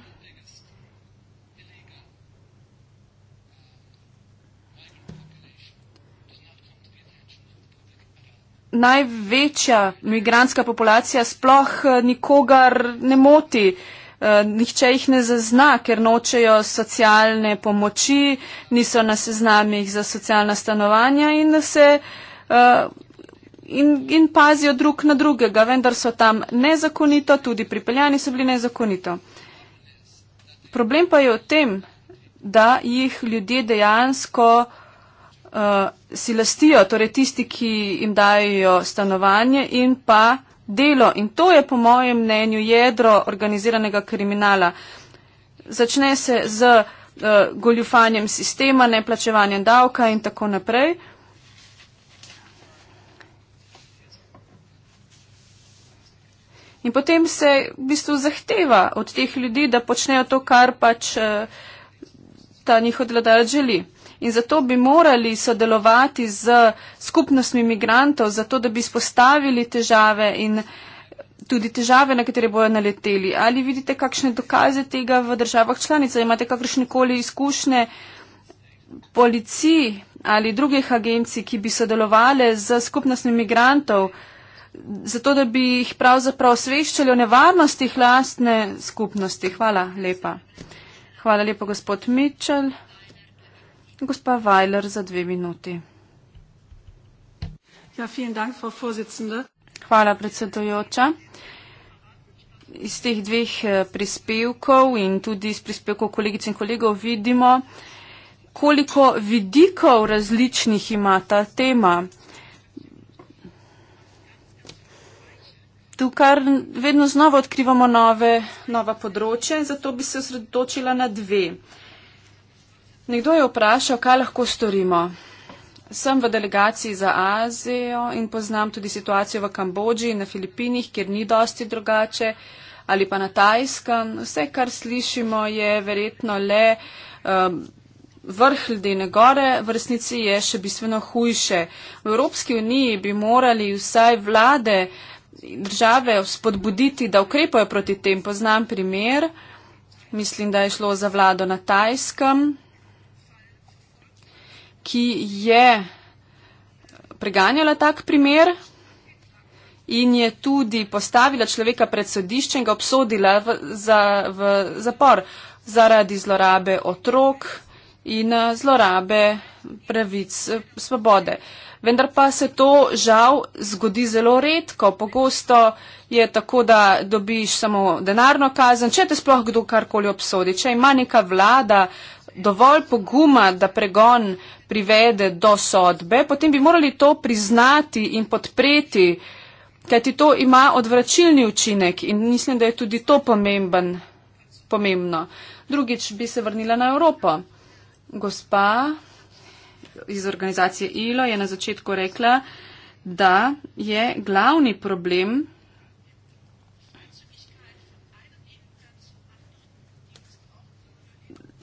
največja migranska populacija sploh eh, nikogar ne moti. Eh, nihče jih ne zazna, ker nočejo socialne pomoči, niso na seznamih za socialna stanovanja in se uh, in, in pazijo drug na drugega, vendar so tam nezakonito, tudi pripeljani so bili nezakonito. Problem pa je v tem, da jih ljudje dejansko uh, si lastijo, torej tisti, ki jim dajo stanovanje in pa delo. In to je po mojem mnenju jedro organiziranega kriminala. Začne se z uh, goljufanjem sistema, neplačevanjem davka in tako naprej. In potem se v bistvu zahteva od teh ljudi, da počnejo to, kar pač eh, ta njihov vladar želi. In zato bi morali sodelovati z skupnostmi imigrantov, zato da bi spostavili težave in tudi težave, na katere bojo naleteli. Ali vidite kakšne dokaze tega v državah članica? Imate kakršne koli izkušnje policiji ali drugih agencij, ki bi sodelovali z skupnostmi imigrantov? zato, da bi jih pravzaprav osveščali o nevarnostih lastne skupnosti. Hvala lepa. Hvala lepa, gospod Mitchell. Gospa Weiler za dve minuti. Ja, dank, Hvala, predsedujoča. Iz teh dveh eh, prispevkov in tudi iz prispevkov kolegic in kolegov vidimo, koliko vidikov različnih ima ta tema. Tukaj vedno znova odkrivamo nove, nova področja in zato bi se osredotočila na dve. Nekdo je vprašal, kaj lahko storimo. Sem v delegaciji za Azijo in poznam tudi situacijo v Kambodži in na Filipinih, kjer ni dosti drugače, ali pa na Tajskem. Vse, kar slišimo, je verjetno le um, vrh ledene gore, v resnici je še bistveno hujše. V Evropski uniji bi morali vsaj vlade uh, države spodbuditi, da ukrepajo proti tem. Poznam primer, mislim, da je šlo za vlado na Tajskem, ki je preganjala tak primer in je tudi postavila človeka pred sodišče in ga obsodila v, za, v zapor zaradi zlorabe otrok in eh, zlorabe pravic eh, svobode. Uh, vendar pa se to žal zgodi zelo redko. Pogosto je tako, da dobiš samo denarno kazen, če te sploh kdo karkoli obsodi, če ima neka vlada dovolj poguma, da pregon privede do sodbe, potem bi morali to priznati in podpreti, ker ti to ima odvračilni učinek in mislim, da je tudi to pomemben, pomembno. Drugič bi se vrnila na Evropo. Gospa iz organizacije ILO je na začetku rekla, da je glavni problem,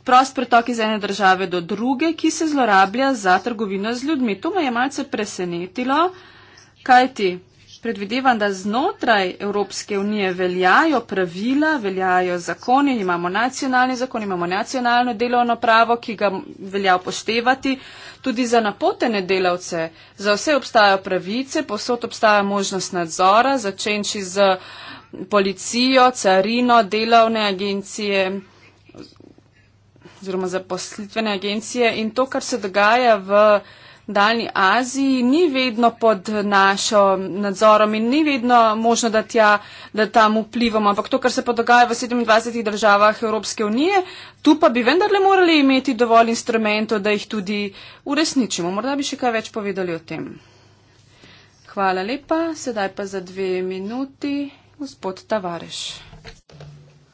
Prost pretok iz ene države do druge, ki se zlorablja za trgovino z ljudmi. To me je malce presenetilo, kajti predvidevam, da znotraj Evropske unije veljajo pravila, veljajo zakoni, imamo nacionalni zakon, imamo nacionalno delovno pravo, ki ga velja upoštevati. Tudi za napotene delavce, za vse obstajajo pravice, posod obstaja možnost nadzora, začenči z policijo, carino, delovne agencije oziroma zaposlitvene agencije in to, kar se dogaja v daljni Aziji, ni vedno pod našo nadzorom in ni vedno možno, da, tja, da tam vplivamo. Ampak to, kar se pa dogaja v 27 državah Evropske unije, tu pa bi vendarle morali imeti dovolj instrumentov, da jih tudi uresničimo. Morda bi še kaj več povedali o tem. Hvala lepa. Sedaj pa za dve minuti gospod Tavareš.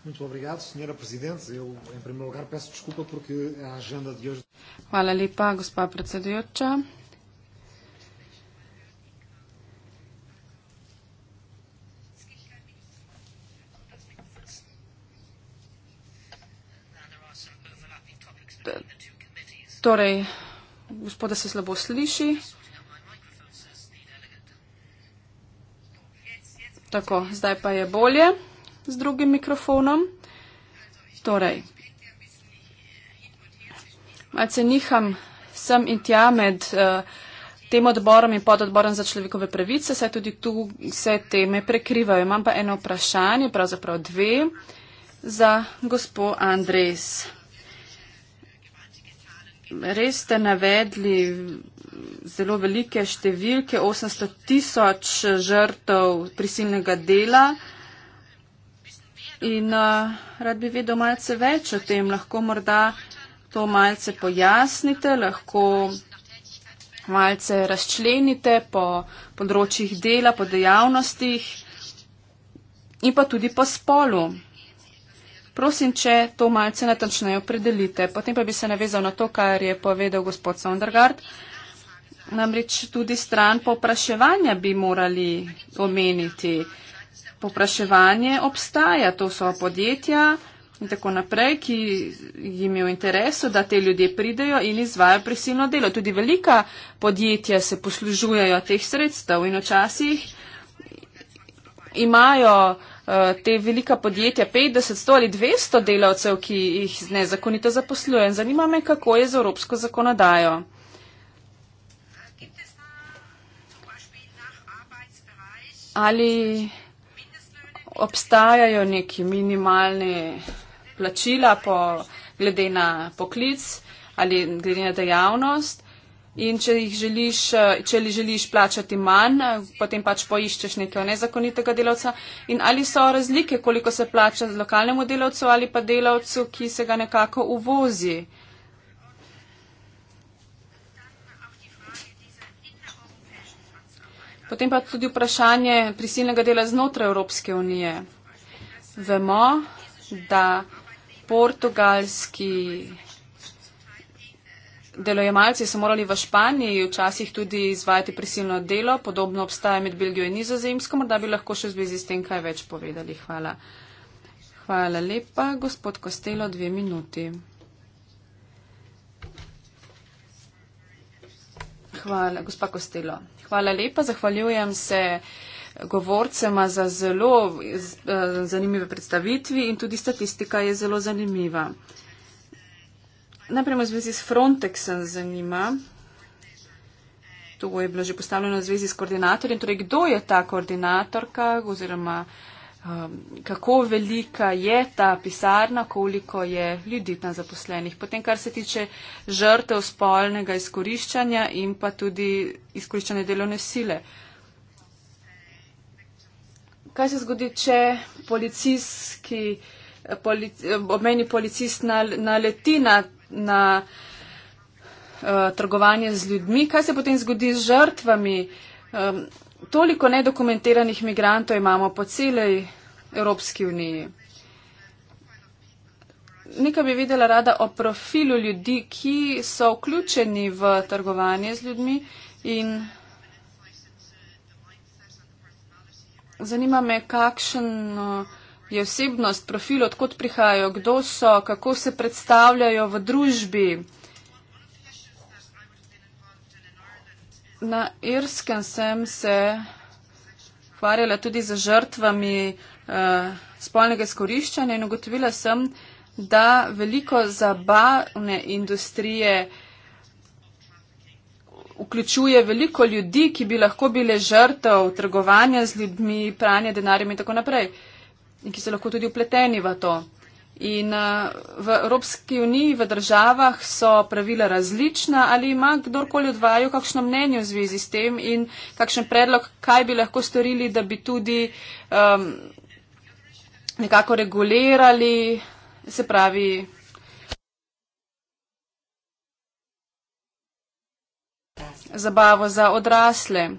Muito obrigado, Senhora Presidente. Eu, em primeiro lugar, peço desculpa porque a agenda de hoje. Hvala lepa, gospa predsedujoča. Torej, gospoda se slabo sliši. Tako, zdaj pa je bolje z drugim mikrofonom. Torej, malce niham sem in tja med uh, tem odborom in pododborom za človekove pravice, saj tudi tu se teme prekrivajo. Imam pa eno vprašanje, pravzaprav dve, za gospod Andres. Res ste navedli zelo velike številke, 800 tisoč žrtev prisilnega dela. In uh, rad bi vedel malce več o tem, lahko morda to malce pojasnite, lahko malce razčlenite po področjih dela, po dejavnostih in pa tudi po spolu. Prosim, če to malce natančneje opredelite. Potem pa bi se navezal na to, kar je povedal gospod Sondergaard. Namreč tudi stran popraševanja bi morali omeniti. Uh, Popraševanje obstaja, to so podjetja in tako naprej, ki jim je v interesu, da te ljudje pridejo in izvajo prisilno delo. Tudi velika podjetja se poslužujejo teh sredstev in včasih imajo eh, te velika podjetja 50, 100 ali 200 delavcev, ki jih nezakonito zaposlujejo. Zanima me, kako je z evropsko zakonodajo. Ali obstajajo neki minimalni plačila po, glede na poklic ali glede na dejavnost. In če jih želiš, če li želiš plačati manj, potem pač poiščeš nekaj nezakonitega delavca. In ali so razlike, koliko se plača z lokalnemu delavcu ali pa delavcu, ki se ga nekako uvozi. Uh, Potem pa tudi vprašanje prisilnega dela znotraj Evropske unije. Vemo, da portugalski delojemalci so morali v Španiji včasih tudi izvajati prisilno delo, podobno obstaja med Belgijo in Nizozemsko, morda bi lahko še v zvezi s tem kaj več povedali. Hvala. Hvala lepa, gospod Kostelo, dve minuti. Hvala, gospa Kostelo. Hvala lepa. Zahvaljujem se govorcema za zelo eh, zanimive predstavitvi in tudi statistika je zelo zanimiva. Najprej v zvezi s Frontexem zanima, to je bilo že postavljeno v zvezi s koordinatorjem, torej kdo je ta koordinatorka oziroma um, kako velika je ta pisarna, koliko je ljudi tam zaposlenih. Potem, kar se tiče žrtev spolnega izkoriščanja in pa tudi izkoriščanja delovne sile. Kaj se zgodi, če policijski, polic, obmeni policist naleti na, na, na uh, trgovanje z ljudmi? Kaj se potem zgodi z žrtvami? Um, toliko nedokumentiranih migrantov imamo po celej Evropski uniji. Nekaj bi videla rada o profilu ljudi, ki so vključeni v trgovanje z ljudmi in zanima me, kakšen no, je osebnost, profil, odkot prihajajo, kdo so, kako se predstavljajo v družbi. Na Irskem sem se hvarjala tudi za žrtvami Eh, spolnega skoriščanja in ugotovila sem, da veliko zabavne industrije vključuje veliko ljudi, ki bi lahko bile žrtev trgovanja z ljudmi, pranja denarja in tako naprej, in ki so lahko tudi upleteni v to. In eh, v Evropski uniji, v državah so pravila različna, ali ima kdorkoli od vaju kakšno mnenje v zvezi s tem in kakšen predlog, kaj bi lahko storili, da bi tudi um, nekako regulirali, se pravi. Zabavo za odrasle.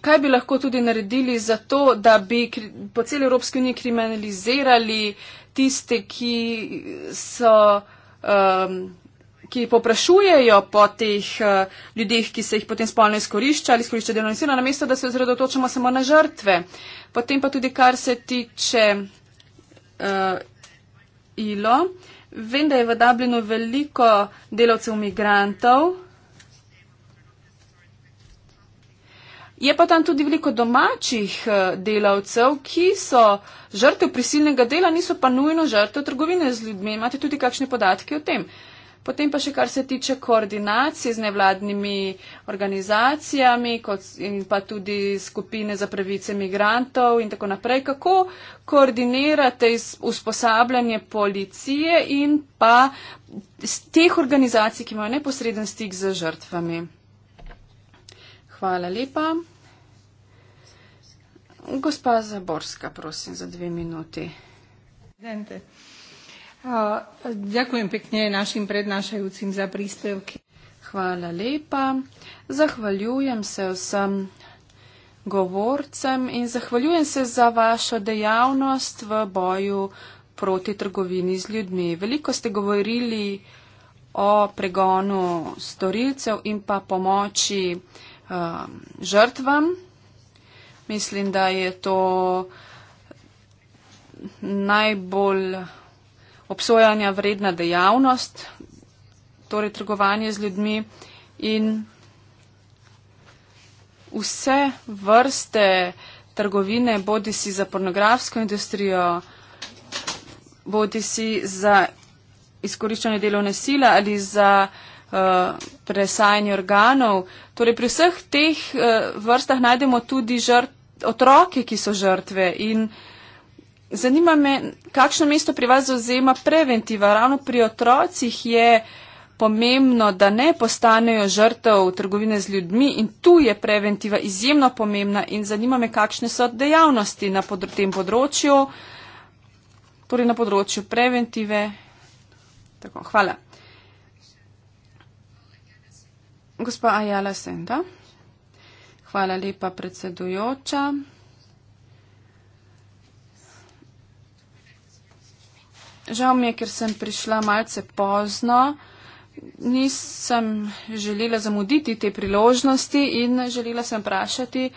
Kaj bi lahko tudi naredili za to, da bi po celi Evropski uniji kriminalizirali tiste, ki so um, ki poprašujejo po teh eh, ljudeh, ki se jih potem spolno izkorišča ali izkorišča delovno silo, namesto da se ozredotočamo samo na žrtve. Potem pa tudi, kar se tiče uh, ILO, vem, da je v Dublinu veliko delavcev migrantov. Je pa tam tudi veliko domačih eh, delavcev, ki so žrtev prisilnega dela, niso pa nujno žrtev trgovine z ljudmi. Imate tudi kakšne podatke o tem? Uh, Potem pa še kar se tiče koordinacij z nevladnimi organizacijami kot, in pa tudi skupine za pravice migrantov in tako naprej. Kako koordinirate usposabljanje policije in pa teh organizacij, ki imajo neposreden stik z žrtvami? Hvala lepa. Gospa Zaborska, prosim, za dve minuti. Dente. Ďakujem pekne našim prednášajúcim za príspevky. Hvala lepa. Zahvaljujem se vsem govorcem in zahvaljujem se za vašo dejavnost v boju proti trgovini z ljudmi. Veliko ste govorili o pregonu storilcev in pa pomoči uh, žrtvam. Mislim, da je to najbolj obsojanja vredna dejavnost, torej trgovanje z ljudmi in vse vrste trgovine, bodi si za pornografsko industrijo, bodi si za izkoriščanje delovne sile ali za uh, presajanje organov. Torej pri vseh teh uh, vrstah najdemo tudi žrt, otroke, ki so žrtve in uh, Zanima me, kakšno mesto pri vas zauzema preventiva. Ravno pri otrocih je pomembno, da ne postanejo žrtev trgovine z ljudmi in tu je preventiva izjemno pomembna in zanima me, kakšne so dejavnosti na pod tem področju, torej na področju preventive. Tako, hvala. Gospa Ajala Senda. Hvala lepa predsedujoča. Žal mi je, ker sem prišla malce pozno. Nisem želela zamuditi te priložnosti in želela sem vprašati,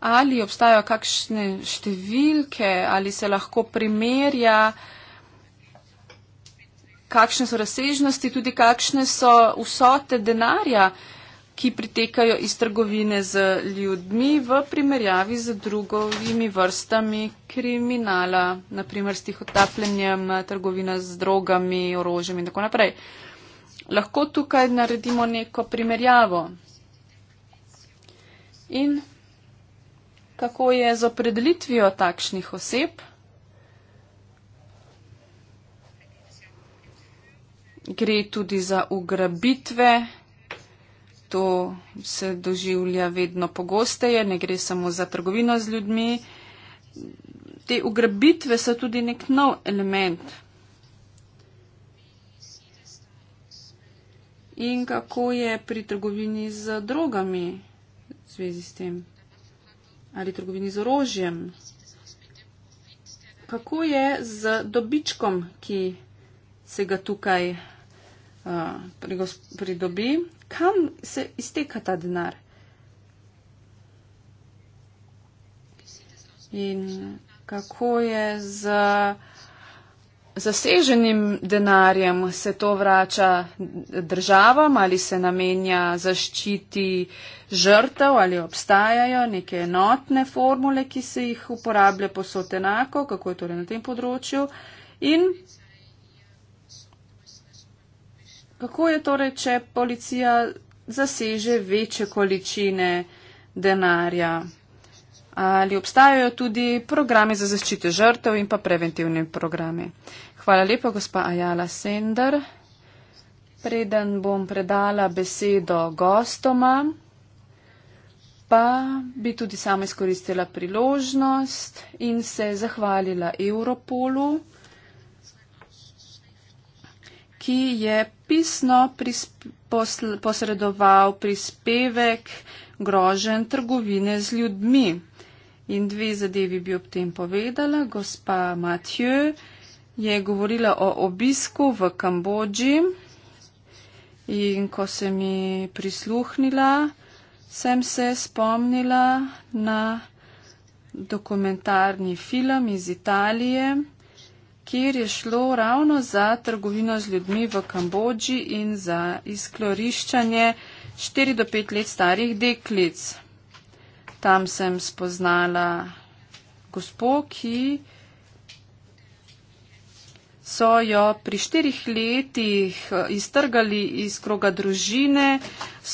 ali obstajajo kakšne številke, ali se lahko primerja, kakšne so razsežnosti, tudi kakšne so vsote denarja, ki pritekajo iz trgovine z ljudmi v primerjavi z drugovimi vrstami kriminala, naprimer s tihotapljenjem, trgovina z drogami, orožjem in tako naprej. Lahko tukaj naredimo neko primerjavo. In kako je z opredelitvijo takšnih oseb? Gre tudi za ugrabitve, to se doživlja vedno pogosteje, ne gre samo za trgovino z ljudmi. Te ugrabitve so tudi nek nov element. In kako je pri trgovini z drogami v zvezi s tem? Ali trgovini z orožjem? Kako je z dobičkom, ki se ga tukaj uh, pridobi? kam se izteka ta denar. In kako je z zaseženim denarjem se to vrača državam ali se namenja zaščiti žrtev ali obstajajo neke enotne formule, ki se jih uporablja posod enako, kako je torej na tem področju. In Kako je torej, če policija zaseže večje količine denarja? Ali obstajajo tudi programe za zaščite žrtev in pa preventivne programe? Hvala lepa, gospa Ajala Sender. Preden bom predala besedo gostoma, pa bi tudi sama izkoristila priložnost in se zahvalila Europolu ki je pisno posredoval prispevek grožen trgovine z ljudmi. In dve zadevi bi ob tem povedala. Gospa Mathieu je govorila o obisku v Kambodži in ko se mi prisluhnila, sem se spomnila na dokumentarni film iz Italije kjer je šlo ravno za trgovino z ljudmi v Kambodži in za izkloriščanje 4 do 5 let starih deklic. Tam sem spoznala gospod, ki so jo pri štirih letih eh, iztrgali iz kroga družine,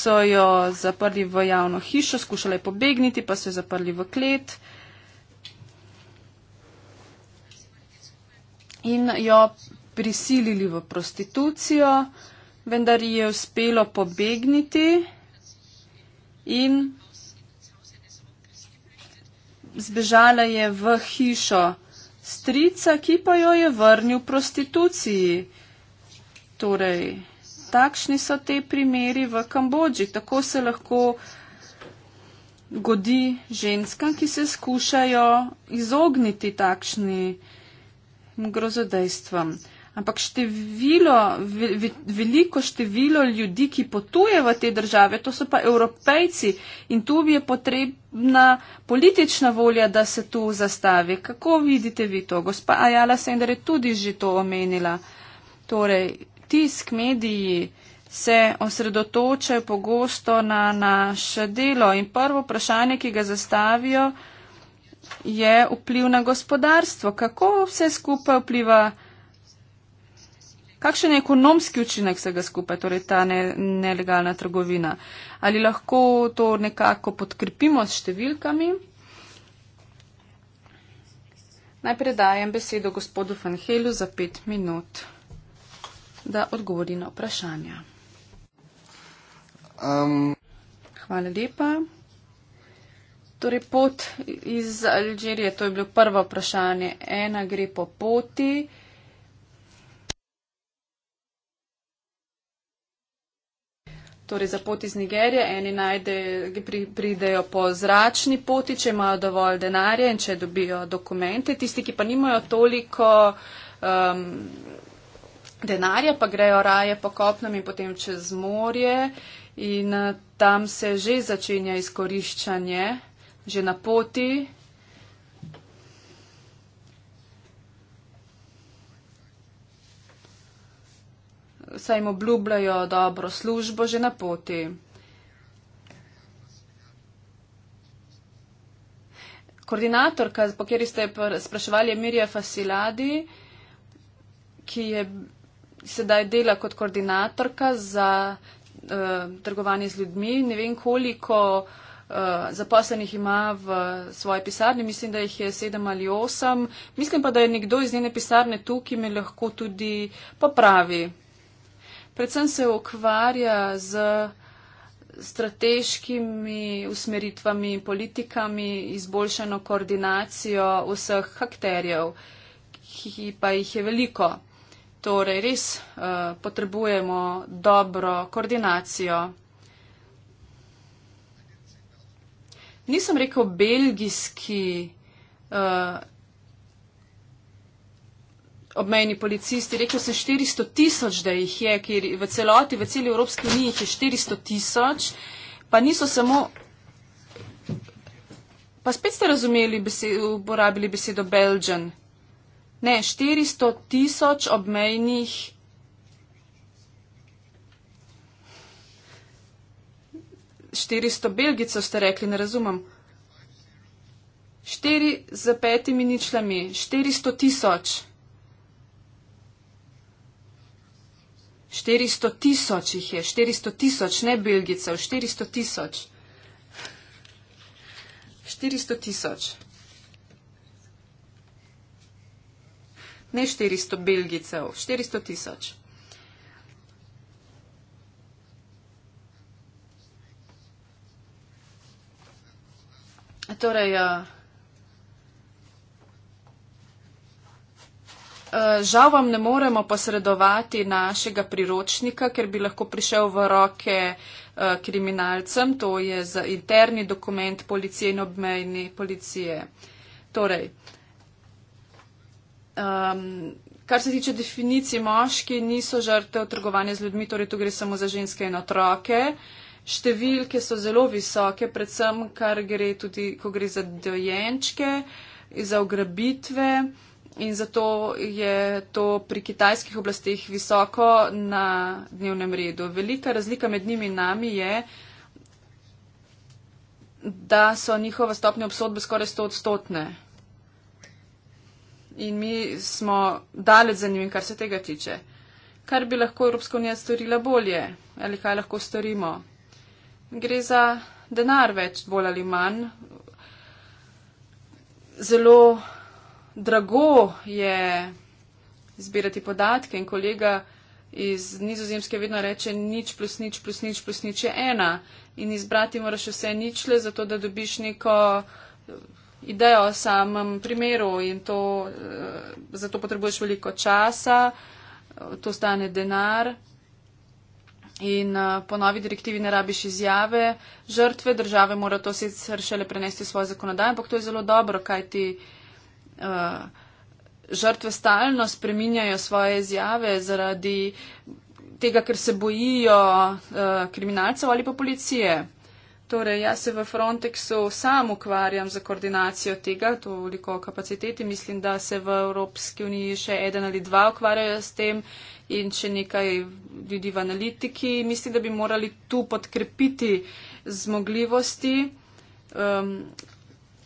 so jo zaprli v javno hišo, skušali pobegniti, pa so jo zaprli v klet. Uh, in jo prisilili v prostitucijo, vendar ji je uspelo pobegniti in zbežala je v hišo strica, ki pa jo je vrnil prostituciji. Torej, takšni so te primeri v Kambodži. Tako se lahko godi ženskam, ki se skušajo izogniti takšni primeri grozodejstvom. Ampak število, veliko število ljudi, ki potuje v te države, to so pa evropejci in tu je potrebna politična volja, da se tu zastavi. Kako vidite vi to? Gospa Ajala Sender je tudi že to omenila. Torej, tisk mediji se osredotočajo pogosto na naše delo in prvo vprašanje, ki ga zastavijo, je vpliv na gospodarstvo? Kako vse skupaj vpliva? Kakšen je ekonomski učinek vsega skupaj, torej ta ne, nelegalna trgovina? Ali lahko to nekako podkrepimo s številkami? Najprej dajem besedo gospodu Fanhelu za pet minut, da odgovori na vprašanja. Um. Hvala lepa. Torej, pot iz Alžirije, to je bilo prvo vprašanje. Ena gre po poti. Torej, za pot iz Nigerije, eni najde, pri, pridejo po zračni poti, če imajo dovolj denarja in če dobijo dokumente. Tisti, ki pa nimajo toliko um, denarja, pa grejo raje po kopnem in potem čez morje in uh, tam se že začenja izkoriščanje že na poti. Saj jim obljubljajo dobro službo že na poti. Koordinatorka, po kateri ste spraševali, je Mirja Fasiladi, ki je sedaj dela kot koordinatorka za uh, trgovanje z ljudmi. Ne vem, koliko uh, Eh, zaposlenih ima v svoji pisarni, mislim, da jih je sedem ali osem. Mislim pa, da je nekdo iz njene pisarne tu, ki me lahko tudi popravi. Predvsem se ukvarja z strateškimi usmeritvami, politikami, izboljšano koordinacijo vseh akterjev, ki pa jih je veliko. Torej, res uh, potrebujemo dobro koordinacijo. nisem rekel belgijski uh, obmejni policisti, rekel sem 400 tisoč, da jih je, ker v celoti, v celi Evropski uniji jih je 400 tisoč, pa niso samo. Pa spet ste razumeli, uporabili besedo Belgian. Ne, 400 tisoč obmejnih policistov. 400 belgicev ste rekli, ne razumem. 4 z petimi ničlami, 400 tisoč. 400 tisoč jih je, 400 tisoč, ne belgicev, 400 tisoč. 400 tisoč. Ne 400 belgicev, 400 tisoč. Torej, eh, eh, žal vam ne moremo posredovati našega priročnika, ker bi lahko prišel v roke eh, kriminalcem. To je za interni dokument policije in obmejni policije. Torej, um, kar se tiče definicij, moški niso žrtev trgovanja z ljudmi, torej tu gre samo za ženske in otroke. Uh, številke so zelo visoke, predvsem kar gre tudi, ko gre za dojenčke, za ugrabitve in zato je to pri kitajskih oblastih visoko na dnevnem redu. Velika razlika med njimi in nami je, da so njihova stopnja obsodbe skoraj 100 odstotne. In mi smo daleč za njimi, kar se tega tiče. Kar bi lahko Evropska unija storila bolje? Ali kaj lahko storimo? gre za denar več, bolj ali manj. Zelo drago je zbirati podatke in kolega iz nizozemske vedno reče nič plus nič plus nič plus nič je ena in izbrati moraš vse ničle, zato da dobiš neko eh, idejo o samem primeru in to, eh, zato potrebuješ veliko časa, eh, to stane denar. In eh, po novi direktivi ne rabiš izjave žrtve, države mora to sicer šele prenesti v svojo zakonodajo, ampak to je zelo dobro, kaj ti uh, eh, žrtve stalno spreminjajo svoje izjave zaradi tega, ker se bojijo uh, kriminalcev ali pa policije. Torej, jaz se v Frontexu sam ukvarjam za koordinacijo tega, toliko kapaciteti. Mislim, da se v Evropski uniji še eden ali dva ukvarjajo s tem in še nekaj ljudi v analitiki. Mislim, da bi morali tu podkrepiti zmogljivosti. Um,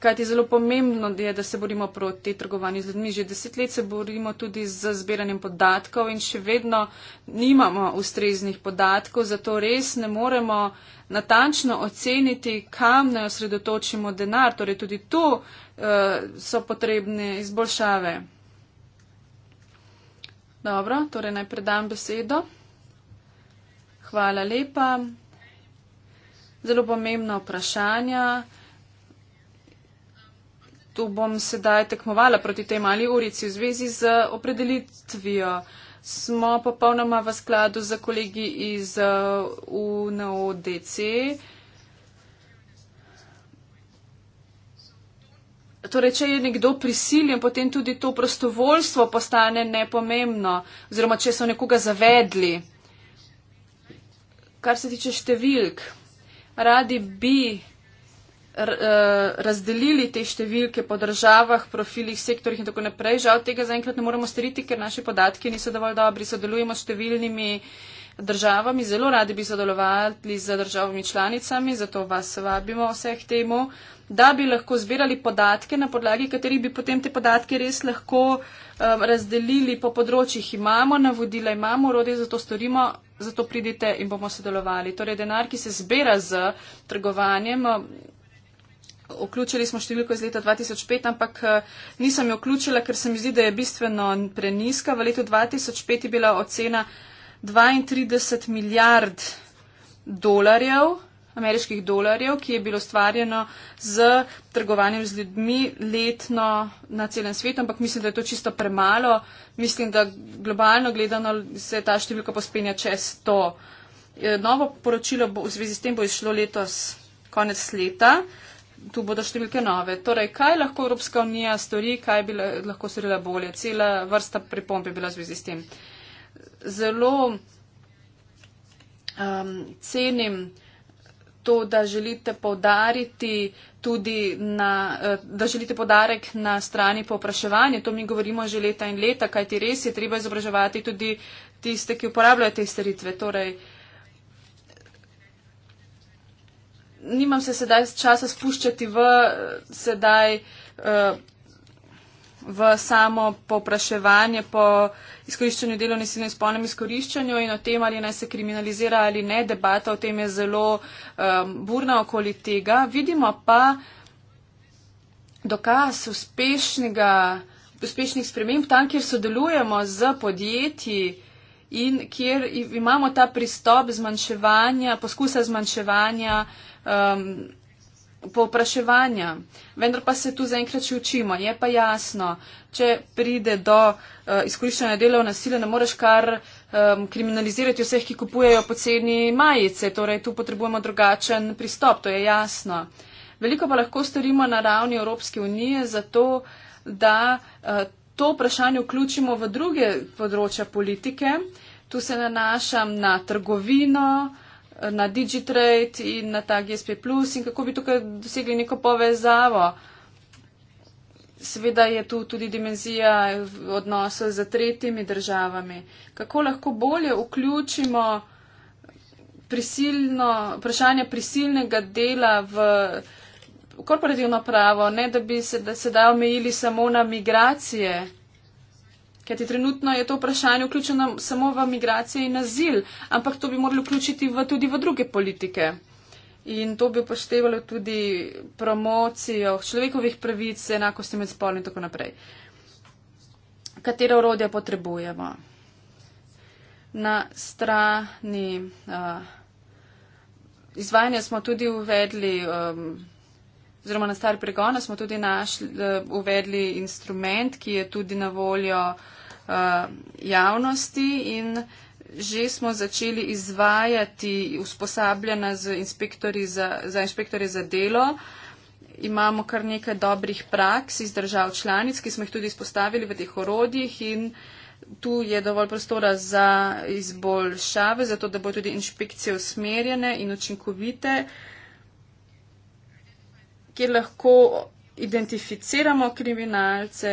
Kajti zelo pomembno je, da se borimo proti trgovanju z ljudmi. Že deset let se borimo tudi z zbiranjem podatkov in še vedno nimamo ustreznih podatkov, zato res ne moremo natančno oceniti, kam ne osredotočimo denar. Torej tudi tu uh, so potrebne izboljšave. Dobro, torej naj predam besedo. Hvala lepa. Zelo pomembno vprašanje to bom sedaj tekmovala proti tej mali urici v zvezi z opredelitvijo. Smo popolnoma v skladu z kolegi iz UNODC. Uh, torej, če je nekdo prisiljen, potem tudi to prostovoljstvo postane nepomembno, oziroma če so nekoga zavedli. Kar se tiče številk, radi bi Eh, razdelili te številke po državah, profilih, sektorjih in tako naprej. Žal tega zaenkrat ne moremo storiti, ker naši podatki niso dovolj dobri. Sodelujemo s številnimi državami, zelo radi bi sodelovali z državami članicami, zato vas vabimo vseh temu, da bi lahko zbirali podatke, na podlagi katerih bi potem te podatke res lahko um, razdelili po področjih. Imamo navodila, imamo urode, zato storimo. Zato pridite in bomo sodelovali. Torej, denar, ki se zbira z trgovanjem, Vključili smo številko iz leta 2005, ampak eh, nisem jo vključila, ker se mi zdi, da je bistveno preniska. V letu 2005 je bila ocena 32 milijard dolarjev, ameriških dolarjev, ki je bilo stvarjeno z trgovanjem z ljudmi letno na celem svetu, ampak mislim, da je to čisto premalo. Mislim, da globalno gledano se ta številka pospenja čez 100. Eh, novo poročilo v zvezi s tem bo izšlo letos, konec leta tu bodo številke nove. Torej, kaj lahko Evropska unija stori, kaj bi lahko storila bolje? Cela vrsta pripomb je bila v zvezi s tem. Zelo um, cenim to, da želite povdariti tudi na, eh, da želite podarek na strani povpraševanja. To mi govorimo že leta in leta, kajti res je treba izobraževati tudi tiste, ki uporabljajo te storitve. Torej, uh, nimam se sedaj časa spuščati v, sedaj, eh, v samo popraševanje po izkoriščanju delovne sile in spolnem izkoriščanju in o tem, ali naj se kriminalizira ali ne. Debata o tem je zelo eh, burna okoli tega. Vidimo pa dokaz uspešnega, uspešnih sprememb tam, kjer sodelujemo z podjetji. In kjer imamo ta pristop zmanjševanja, poskusa zmanjševanja uh, um, povpraševanja. Vendar pa se tu zaenkrat še učimo. Je pa jasno, če pride do uh, izkoriščanja delovne sile, ne moreš kar um, kriminalizirati vseh, ki kupujejo poceni majice. Torej, tu potrebujemo drugačen pristop, to je jasno. Veliko pa lahko storimo na ravni Evropske unije zato, da uh, to vprašanje vključimo v druge področja politike. Tu se nanašam na trgovino, uh, na Digitrade in na ta GSP, in kako bi tukaj dosegli neko povezavo. Seveda je tu tudi dimenzija odnosa z tretjimi državami. Kako lahko bolje vključimo prisilno, vprašanje prisilnega dela v korporativno pravo, ne da bi se da, se da omejili samo na migracije? Kajti trenutno je to vprašanje vključeno samo v migracije in azil, ampak to bi morali vključiti v, tudi v druge politike. In to bi upoštevalo tudi promocijo človekovih pravic, enakosti med spolni in tako naprej. Katera urodja potrebujemo? Na strani uh, izvajanja smo tudi uvedli. Um, oziroma na star pregon smo tudi našli, uvedli instrument, ki je tudi na voljo uh, javnosti in že smo začeli izvajati usposabljena z inspektori za, za inšpektore za delo. Imamo kar nekaj dobrih praks iz držav članic, ki smo jih tudi izpostavili v teh orodjih in tu je dovolj prostora za izboljšave, zato da bo tudi inšpekcije usmerjene in učinkovite. Uh, kjer lahko identificiramo kriminalce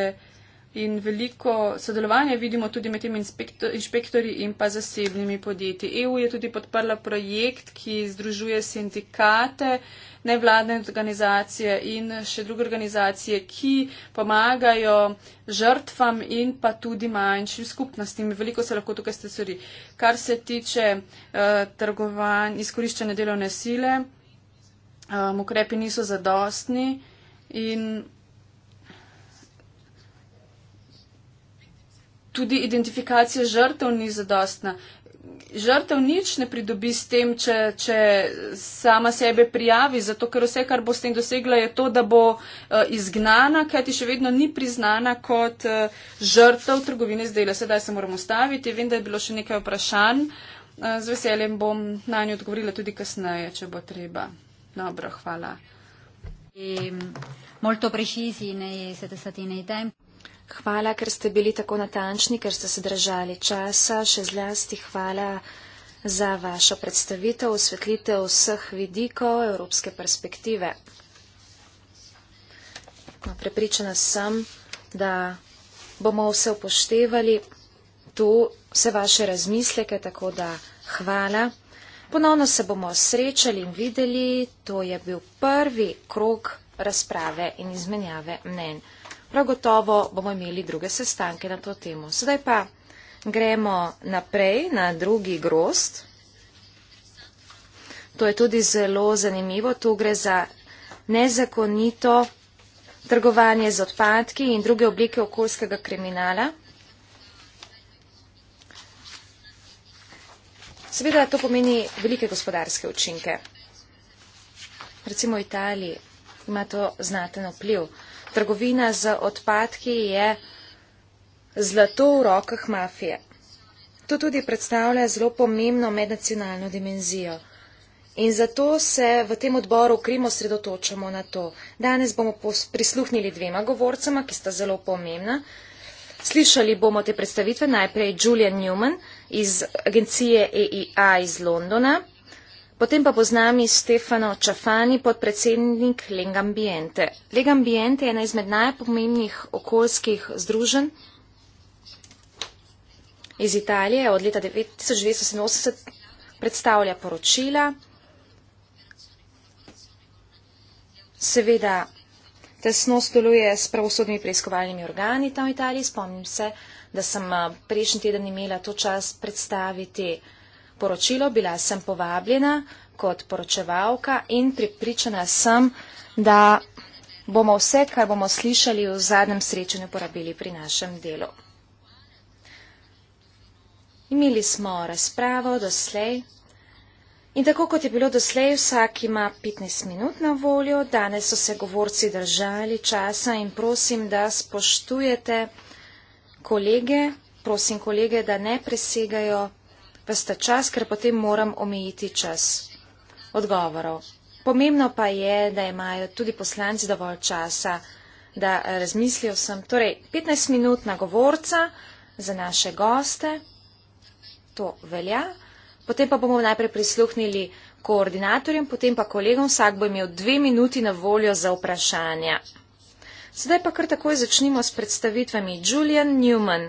in veliko sodelovanja vidimo tudi med temi inšpektor, inšpektori in pa zasebnimi podjetji. EU je tudi podprla projekt, ki združuje sindikate, nevladne organizacije in še druge organizacije, ki pomagajo žrtvam in pa tudi manjšim skupnostim. Veliko se lahko tukaj stresori. Kar se tiče uh, trgovanj, izkoriščene delovne sile um, ukrepi niso zadostni in tudi identifikacija žrtev ni zadostna. Žrtev nič ne pridobi s tem, če, če sama sebe prijavi, zato ker vse, kar bo s tem dosegla, je to, da bo uh, izgnana, kajti še vedno ni priznana kot uh, žrtev trgovine z dela. Sedaj se moramo staviti. Vem, da je bilo še nekaj vprašanj. Uh, z veseljem bom na njo odgovorila tudi kasneje, če bo treba. Dobro, hvala. E, hvala, ker ste bili tako natančni, ker ste se držali časa. Še zlasti hvala za vašo predstavitev, osvetlitev vseh vidikov evropske perspektive. No, prepričana sem, da bomo vse upoštevali tu, vse vaše razmisleke, tako da hvala. Ponovno se bomo srečali in videli, to je bil prvi krok razprave in izmenjave mnen. Prav gotovo bomo imeli druge sestanke na to temo. Sedaj pa gremo naprej na drugi grost. To je tudi zelo zanimivo. Tu gre za nezakonito trgovanje z odpadki in druge oblike okoljskega kriminala. Seveda to pomeni velike gospodarske učinke. Recimo v Italiji ima to znaten vpliv. Trgovina z odpadki je zlato v rokah mafije. To tudi predstavlja zelo pomembno mednacionalno dimenzijo. In zato se v tem odboru krimo sredotočamo na to. Danes bomo prisluhnili dvema govorcama, ki sta zelo pomembna. Slišali bomo te predstavitve najprej Julian Newman, iz agencije EIA iz Londona. Potem pa poznami Stefano Čafani, podpredsednik Legambiente. Legambiente je ena izmed najpomembnih okoljskih združenj iz Italije od leta 1987 predstavlja poročila. Seveda tesno sodeluje s pravosodnimi preiskovalnimi organi tam v Italiji. Spomnim se, da sem eh, prejšnji teden imela to čas predstaviti poročilo. Bila sem povabljena kot poročevalka in pripričana sem, da bomo vse, kar bomo slišali v zadnjem srečanju, porabili pri našem delu. Imeli smo razpravo doslej in tako kot je bilo doslej, vsak ima 15 minut na voljo, danes so se govorci držali časa in prosim, da spoštujete kolege, prosim kolege, da ne presegajo vsta čas, ker potem moram omejiti čas odgovorov. Pomembno pa je, da imajo tudi poslanci dovolj časa, da razmislijo sem. Torej, 15 minut na govorca za naše goste, to velja. Potem pa bomo najprej prisluhnili koordinatorjem, potem pa kolegom, vsak bo imel dve minuti na voljo za vprašanja. Zdaj pa kar takoj začnimo s predstavitvami. Julian Newman,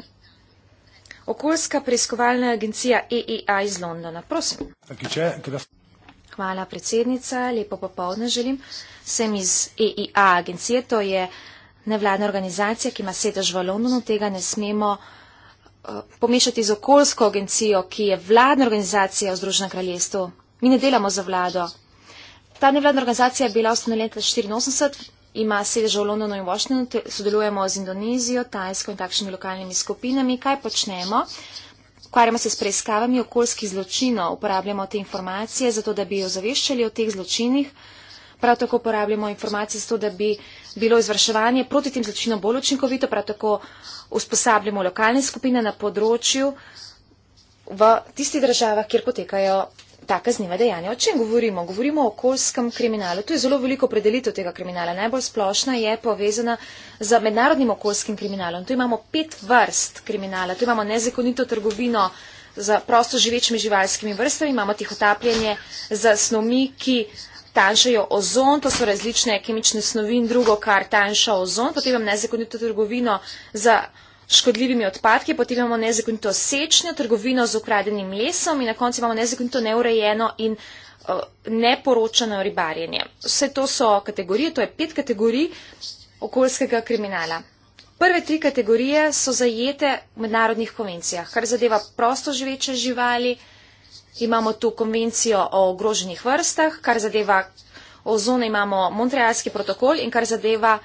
okoljska preiskovalna agencija EEA e iz Londona. Prosim. Hvala, predsednica. Lepo popovdne želim. Sem iz EEA e agencije. To je nevladna organizacija, ki ima sedež v Londonu. Tega ne smemo eh, pomešati z okoljsko agencijo, ki je vladna organizacija v Združenem kraljestvu. Mi ne delamo za vlado. Ta nevladna organizacija je bila ustanovljena leta 1984 ima sedež v Londonu in Washingtonu, sodelujemo z Indonezijo, Tajsko in takšnimi lokalnimi skupinami. Kaj počnemo? Ukvarjamo se s preiskavami okoljskih zločinov, uporabljamo te informacije, zato da bi ozaveščali o teh zločinih. Prav tako uporabljamo informacije, zato da bi bilo izvrševanje proti tem zločinom bolj učinkovito. Prav tako usposabljamo lokalne skupine na področju v tistih državah, kjer potekajo ta kazniva dejanja. O čem govorimo? Govorimo o okoljskem kriminalu. Tu je zelo veliko predelitev tega kriminala. Najbolj splošna je povezana z mednarodnim okoljskim kriminalom. Tu imamo pet vrst kriminala. Tu imamo nezakonito trgovino z prosto živečimi živalskimi vrstami, imamo tihotapljenje z snovmi, ki tanjšajo ozon, to so različne kemične snovi in drugo, kar tanjša ozon, potem imamo nezakonito trgovino z škodljivimi odpadki, potem imamo nezakonito sečnjo, trgovino z ukradenim lesom in na koncu imamo nezakonito neurejeno in eh, neporočeno ribarjenje. Vse to so kategorije, to je pet kategorij okoljskega kriminala. Prve tri kategorije so zajete v mednarodnih konvencijah, kar zadeva prosto živeče živali. Imamo tu konvencijo o ogroženih vrstah, kar zadeva ozone, imamo Montrealski protokol in kar zadeva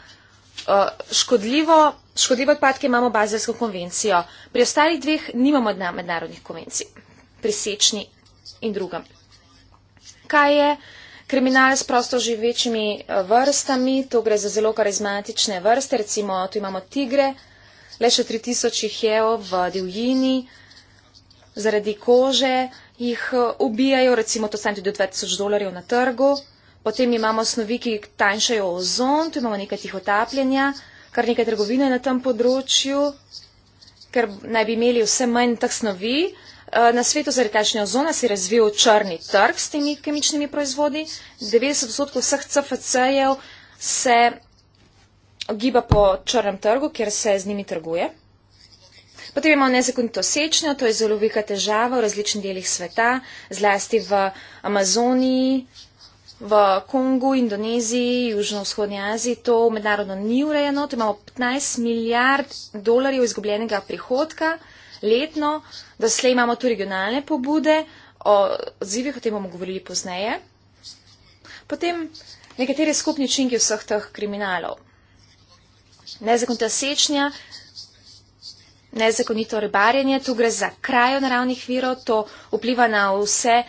Eh, škodljivo, škodljive odpadke imamo bazilsko konvencijo, pri ostalih dveh nimamo dna mednarodnih konvencij, pri sečni in drugem. Kaj je kriminal s prosto živečimi eh, vrstami? To gre za zelo karizmatične vrste, recimo tu imamo tigre, le še 3000 jih je v eh, divjini, zaradi kože jih ubijajo, recimo to stane tudi 2000 dolarjev na trgu. Potem imamo snovi, ki tanjšajo ozon, tu imamo nekaj tih otapljanja, kar nekaj trgovine na tem področju, ker naj bi imeli vse manj tak snovi. E, na svetu za retačnje ozona se je razvijal črni trg s temi kemičnimi proizvodi. 90% vseh CFC-jev se giba po črnem trgu, kjer se z njimi trguje. Potem imamo nezakonito sečnjo, to je zelo velika težava v različnih delih sveta, zlasti v Amazoniji, v Kongu, Indoneziji, Južno-vzhodnji Aziji to mednarodno ni urejeno, tu imamo 15 milijard dolarjev izgubljenega prihodka letno, da slej imamo tu regionalne pobude, o odzivih o tem bomo govorili pozneje. Potem nekateri skupni činki vseh teh kriminalov. Nezakonita sečnja, nezakonito ribarjenje, tu gre za krajo naravnih virov, to vpliva na vse eh,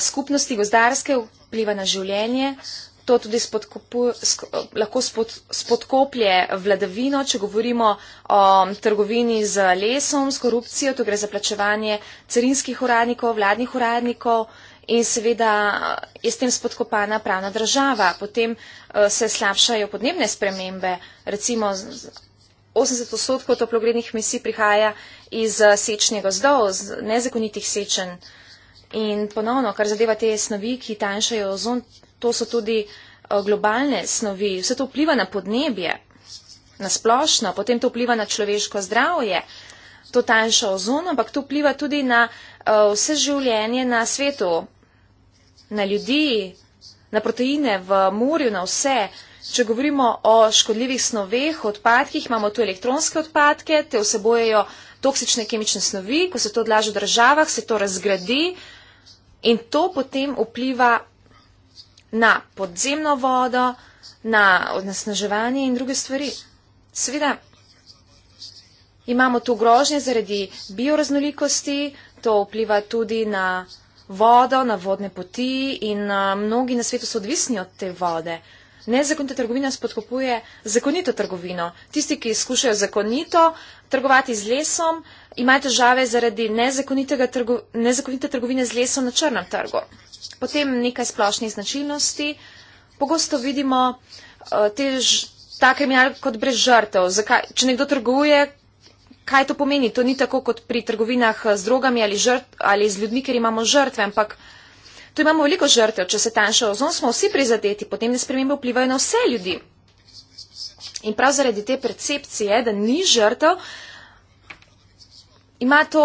skupnosti gozdarske, vpliva na življenje. To tudi lahko spod, spodkoplje vladavino, če govorimo o um, trgovini z lesom, s korupcijo, tu gre za plačevanje carinskih uradnikov, vladnih uradnikov in seveda uh, je s tem spodkopana pravna država. Potem uh, se slabšajo podnebne spremembe, recimo 80 odstotkov toplogrednih emisij prihaja iz uh, sečnje gozdov, iz nezakonitih sečenj. In ponovno, kar zadeva te snovi, ki tanjšajo ozon, to so tudi eh, globalne snovi. Vse to vpliva na podnebje, na splošno, potem to vpliva na človeško zdravje, to tanjša ozon, ampak to vpliva tudi na eh, vse življenje na svetu, na ljudi, na proteine v morju, na vse. Če govorimo o škodljivih snoveh, odpadkih, imamo tu elektronske odpadke, te vsebojejo toksične kemične snovi, ko se to odlaže v državah, se to razgradi, In to potem vpliva na podzemno vodo, na odnesnaževanje in druge stvari. Seveda imamo tu grožnje zaradi bioraznolikosti, to vpliva tudi na vodo, na vodne poti in eh, mnogi na svetu so odvisni od te vode. Nezakonita trgovina spodkopuje zakonito trgovino. Tisti, ki skušajo zakonito trgovati z lesom, imajo težave zaradi trgo, nezakonite trgovine z lesom na črnem trgu. Potem nekaj splošnih značilnosti. Pogosto vidimo eh, tež, ta kriminal kot brez žrtev. Zakaj, če nekdo trguje, kaj to pomeni? To ni tako kot pri trgovinah z drogami ali, žrt, ali z ljudmi, ker imamo žrtve, ampak Tu imamo veliko žrtev, če se tanjša ozon, smo vsi prizadeti, potem ne spremembe vplivajo na vse ljudi. In prav zaradi te percepcije, da ni žrtev, ima to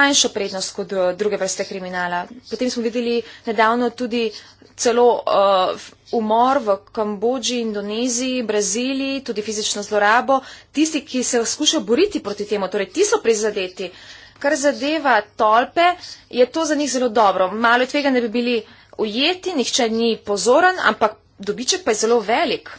manjšo prednost kot eh, druge vrste kriminala. Potem smo videli nedavno tudi celo uh, umor v Kambodži, Indoneziji, Braziliji, tudi fizično zlorabo. Tisti, ki se skušajo boriti proti temu, torej ti so prizadeti. Uh, Kar zadeva tolpe, je to za njih zelo dobro. Malo tvega ne bi bili ujeti, nihče ni pozoren, ampak dobiček pa je zelo velik.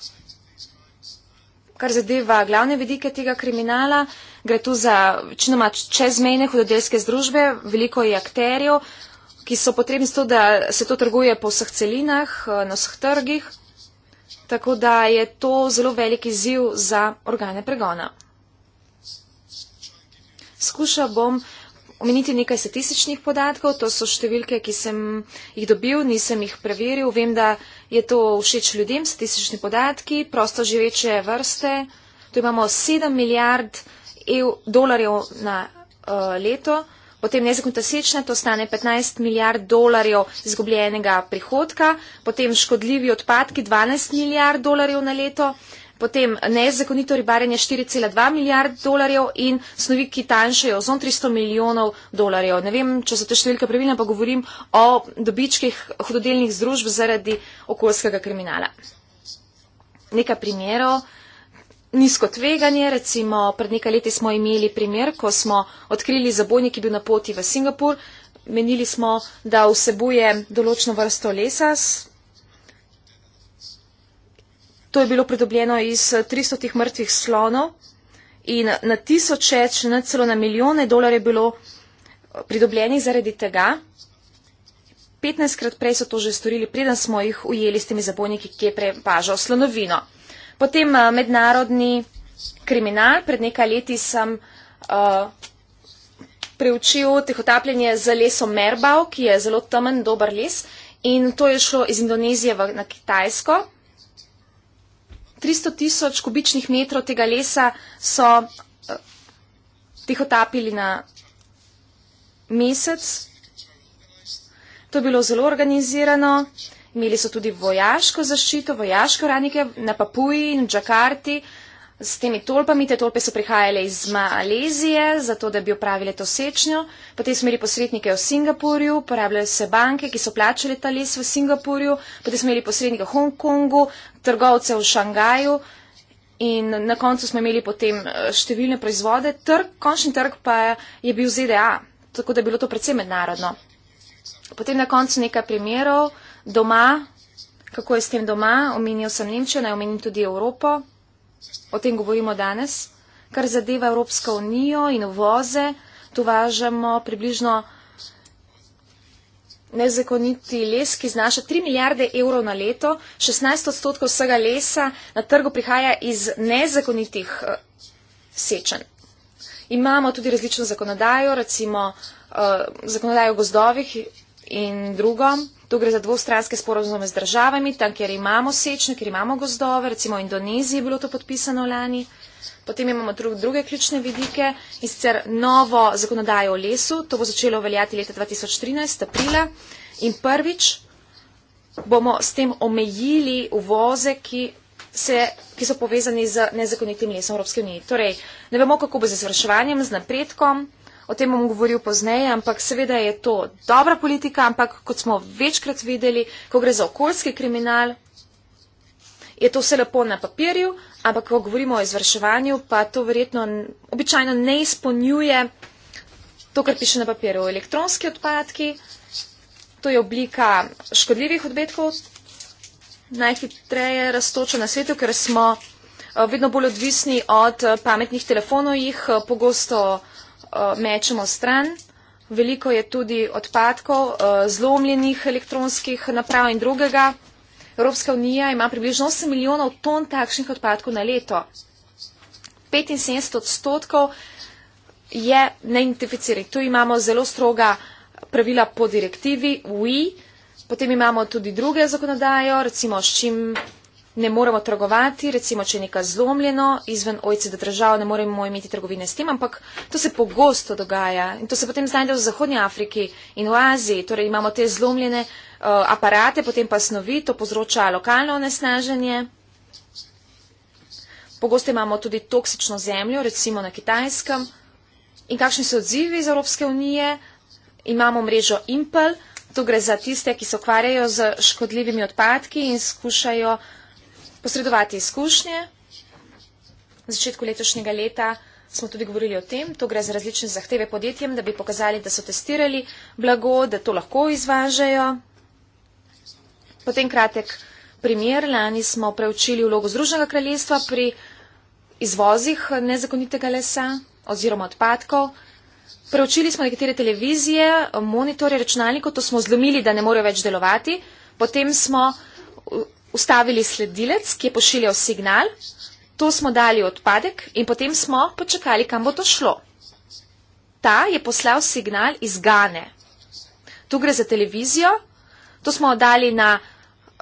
Kar zadeva glavne vidike tega kriminala, gre tu za večinoma čezmejne hudodelske združbe, veliko je akterjev, ki so potrebni za to, da se to trguje po vseh celinah, na vseh trgih. Tako da je to zelo velik izziv za organe pregona. Skušal bom omeniti nekaj statističnih podatkov, to so številke, ki sem jih dobil, nisem jih preveril, vem, da je to všeč ljudem, statistični podatki, prosto živeče vrste. Tu imamo 7 milijard ev, dolarjev na uh, leto, potem nezakonita sečna, to stane 15 milijard dolarjev izgubljenega prihodka, potem škodljivi odpadki 12 milijard dolarjev na leto. Uh, potem nezakonito ribarjenje 4,2 milijard dolarjev in snovi, ki tanjšajo ozon 300 milijonov dolarjev. Ne vem, če so te številke pravilne, pa govorim o dobičkih hododelnih združb zaradi okoljskega kriminala. Neka primerov. Nizko tveganje, recimo pred nekaj leti smo imeli primer, ko smo odkrili zabojnik, ki je bil na poti v Singapur. Menili smo, da vsebuje določeno vrsto lesa, To je bilo pridobljeno iz 300 mrtvih slonov in na tisoče, če ne celo na milijone dolarjev je bilo pridobljenih zaradi tega. 15 krat prej so to že storili, preden smo jih ujeli s temi zabojniki, ki je prepažal slonovino. Potem eh, mednarodni kriminal, pred nekaj leti sem uh, preučil tehotapljanje z lesom Merbau, ki je zelo temen, dober les. In to je šlo iz Indonezije v, na Kitajsko. 300 tisoč kubičnih metrov tega lesa so eh, tihotapili na mesec. To je bilo zelo organizirano. Imeli so tudi vojaško zaščito, vojaške uranike na Papuji in Džakarti s temi tolpami. Te tolpe so prihajale iz Malezije, zato da bi opravile to sečnjo. Potem smo imeli posrednike v Singapurju, uporabljali se banke, ki so plačali ta les v Singapurju. Potem smo imeli posrednike v Hongkongu, trgovce v Šangaju. In na koncu smo imeli potem eh, številne proizvode. Trg, končni trg pa je bil ZDA, tako da je bilo to predvsem mednarodno. Potem na koncu nekaj primerov doma, kako je s tem doma, omenil sem Nemčijo, naj omenim tudi Evropo. O tem govorimo danes. Kar zadeva Evropsko unijo in uvoze, tu važamo približno nezakoniti les, ki znaša 3 milijarde evrov na leto. 16 odstotkov vsega lesa na trgu prihaja iz nezakonitih eh, sečenj. Imamo tudi različno zakonodajo, recimo eh, zakonodajo o gozdovih, In drugo, tu gre za dvostranske sporozume z državami, tam, kjer imamo sečne, kjer imamo gozdove, recimo v Indoneziji je bilo to podpisano lani. Potem imamo druge ključne vidike in sicer novo zakonodajo o lesu, to bo začelo veljati leta 2013, aprila in prvič bomo s tem omejili uvoze, ki, se, ki so povezani z nezakonitim lesom Evropske unije. Torej, ne vemo, kako bo z izvrševanjem, z napredkom, O tem bom govoril pozneje, ampak seveda je to dobra politika, ampak kot smo večkrat videli, ko gre za okoljski kriminal, je to vse lepo na papirju, ampak ko govorimo o izvrševanju, pa to verjetno običajno ne izpolnjuje to, kar piše na papirju. Elektronski odpadki, to je oblika škodljivih odbetkov, najhitreje raztoča na svetu, ker smo eh, vedno bolj odvisni od eh, pametnih telefonov, jih eh, pogosto odpravljamo Eh, mečemo stran. Veliko je tudi odpadkov, eh, zlomljenih elektronskih naprav in drugega. Evropska unija ima približno 8 milijonov ton takšnih odpadkov na leto. 75 odstotkov je neidentificiranih. Tu imamo zelo stroga pravila po direktivi UI, potem imamo tudi druge zakonodajo, recimo s čim ne moremo trgovati, recimo, če je nekaj zlomljeno, izven OECD držav ne moremo imeti trgovine s tem, ampak to se pogosto dogaja in to se potem znajde v Zahodnji Afriki in v Aziji. Torej imamo te zlomljene uh, aparate, potem pa snovi, to povzroča lokalno onesnaženje. Pogosto imamo tudi toksično zemljo, recimo na Kitajskem. In kakšni so odzivi iz Evropske unije? Imamo mrežo Impel, tu gre za tiste, ki se okvarjajo z škodljivimi odpadki in skušajo posredovati izkušnje. Na začetku letošnjega leta smo tudi govorili o tem, to gre za različne zahteve podjetjem, da bi pokazali, da so testirali blago, da to lahko izvažajo. Potem kratek primer. Lani smo preučili vlogo Združnega kraljestva pri izvozih nezakonitega lesa oziroma odpadkov. Preučili smo nekatere televizije, monitore, računalnikov, to smo zlomili, da ne morejo več delovati. Potem smo ustavili sledilec, ki je pošiljal signal, to smo dali odpadek in potem smo počakali, kam bo to šlo. Ta je poslal signal iz Gane. Tu gre za televizijo, to smo dali na uh,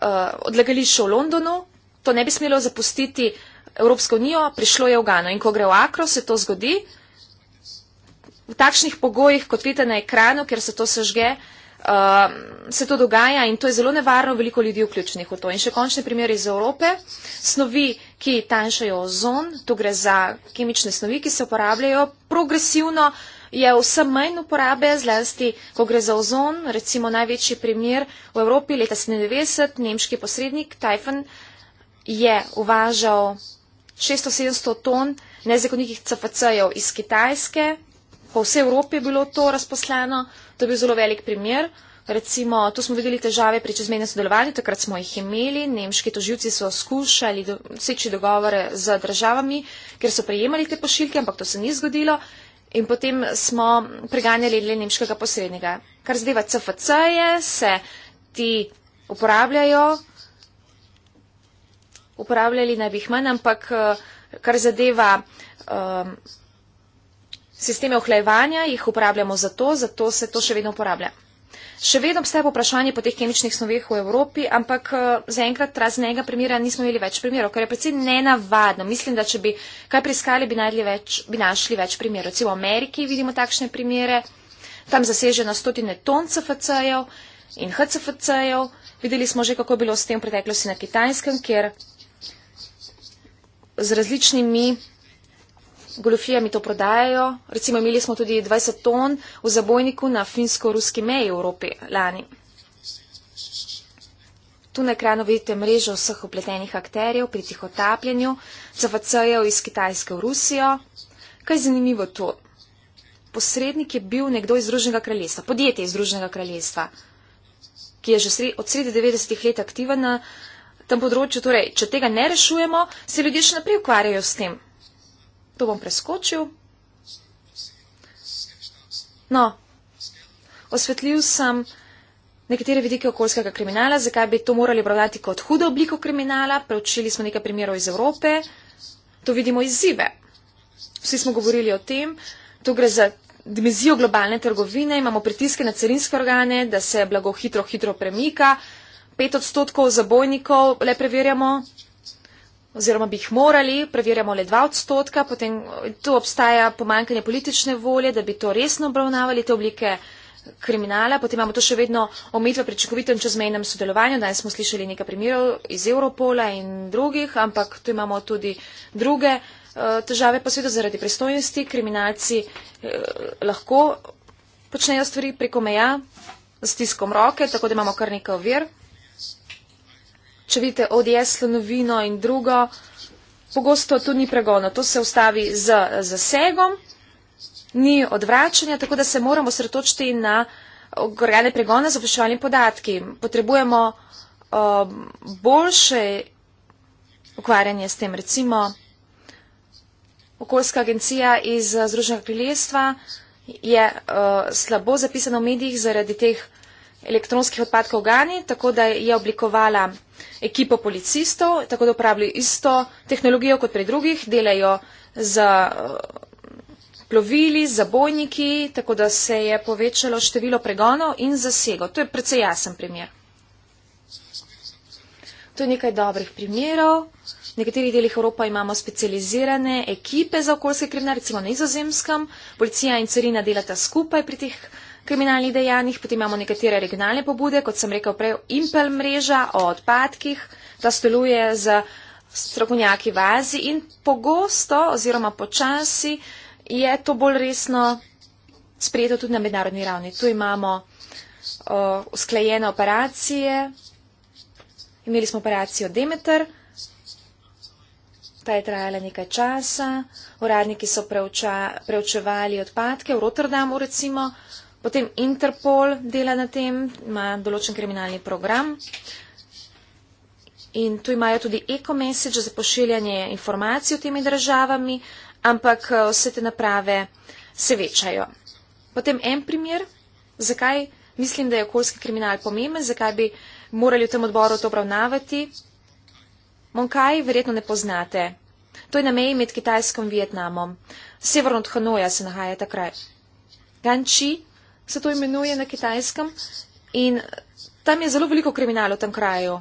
eh, odlagališče v Londonu, to ne bi smelo zapustiti Evropsko unijo, prišlo je v Gano. In ko gre v Akro, se to zgodi v takšnih pogojih, kot vidite na ekranu, ker se to sežge. Uh, Ehm, se to dogaja in to je zelo nevarno, veliko ljudi vključenih v to. In še končni primer iz Evrope, snovi, ki tanjšajo ozon, tu gre za kemične snovi, ki se uporabljajo progresivno, je vse manj uporabe, zlasti, ko gre za ozon, recimo največji primer v Evropi leta 1997, nemški posrednik Tajfen je uvažal 600-700 ton nezakonitih CFC-jev iz Kitajske, po vsej Evropi je bilo to razposleno, to je bil zelo velik primer. Recimo, tu smo videli težave pri čezmejnem sodelovanju, takrat smo jih imeli, nemški toživci so skušali doseči dogovore z državami, ker so prejemali te pošiljke, ampak to se ni zgodilo in potem smo preganjali le nemškega posrednjega. Kar zadeva CFC-je, se ti uporabljajo, uporabljali naj bi jih manj, ampak eh, kar zadeva. Um, Sisteme ohlajevanja jih uporabljamo zato, zato se to še vedno uporablja. Še vedno obstaja vprašanje po teh kemičnih snoveh v Evropi, ampak eh, zaenkrat razen enega primera nismo imeli več primerov, kar je predvsem nenavadno. Mislim, da če bi kaj priskali, bi, več, bi našli več primerov. Recimo v Ameriki vidimo takšne primere, tam zaseže na stotine ton CFC-jev in HCFC-jev. Videli smo že, kako je bilo s tem v preteklosti na kitajskem, kjer z različnimi goljofijami to prodajajo. Recimo imeli smo tudi 20 ton v zabojniku na finsko-ruski meji v Evropi lani. Tu na ekranu vidite mrežo vseh upletenih akterjev pri tihotapljenju, CVC-jev iz Kitajske v Rusijo. Kaj zanimivo to? Posrednik je bil nekdo iz Združenega kraljestva, podjetje iz Združenega kraljestva, ki je že od sredi 90-ih let aktiven na tem področju. Torej, če tega ne rešujemo, se ljudje še naprej ukvarjajo s tem to bom preskočil. No, osvetlil sem nekatere vidike okoljskega kriminala, zakaj bi to morali obravnavati kot hudo obliko kriminala, preučili smo nekaj primerov iz Evrope, to vidimo izzive. Vsi smo govorili o tem, tu gre za dimenzijo globalne trgovine, imamo pritiske na carinske organe, da se blago hitro, hitro premika, pet odstotkov zabojnikov le preverjamo, oziroma bi jih morali, preverjamo le 2 odstotka, potem tu obstaja pomankanje politične volje, da bi to resno obravnavali, te oblike kriminala, potem imamo to še vedno omitve pri čakovitem čezmejnem sodelovanju, danes smo slišali nekaj primerov iz Europola in drugih, ampak tu imamo tudi druge uh, težave, pa seveda zaradi pristojnosti kriminalci uh, lahko počnejo stvari preko meja, stiskom roke, tako da imamo kar nekaj ovir če vidite odjeslo novino in drugo, pogosto to ni pregono, to se ustavi z zasegom, ni odvračanja, tako da se moramo sretočiti na organe pregona za vprašovanje podatki. Potrebujemo um, boljše ukvarjanje s tem, recimo okoljska agencija iz Združenega kriljestva je uh, slabo zapisana v medijih zaradi teh vprašanj, elektronskih odpadkov Gani, tako da je oblikovala ekipo policistov, tako da uporabljajo isto tehnologijo kot pri drugih, delajo z eh, plovili, z bojniki, tako da se je povečalo število pregonov in zasegov. To je precej jasen primer. To je nekaj dobrih primerov. V nekaterih delih Evropa imamo specializirane ekipe za okoljske krivne, recimo na izozemskem. Policija in carina delata skupaj pri teh kriminalnih dejanjih, potem imamo nekatere regionalne pobude, kot sem rekel prej, Impel mreža o odpadkih, ta stoluje z strokovnjaki v Aziji in pogosto oziroma počasi je to bolj resno sprejeto tudi na mednarodni ravni. Tu imamo o, usklajene operacije, imeli smo operacijo Demeter, ta je trajala nekaj časa, uradniki so preuča, preučevali odpadke v Rotterdamu recimo, Potem Interpol dela na tem, ima določen kriminalni program. In tu imajo tudi eko-message za pošiljanje informacij o temi državami, ampak eh, vse te naprave se večajo. Potem en primer, zakaj mislim, da je okoljski kriminal pomemben, zakaj bi morali v tem odboru to obravnavati. Monkaj verjetno ne poznate. To je na meji med Kitajsko in Vietnamom. Severno od Hanoja se nahaja ta kraj. Ganči se to imenuje na kitajskem. In tam je zelo veliko kriminala v tem kraju.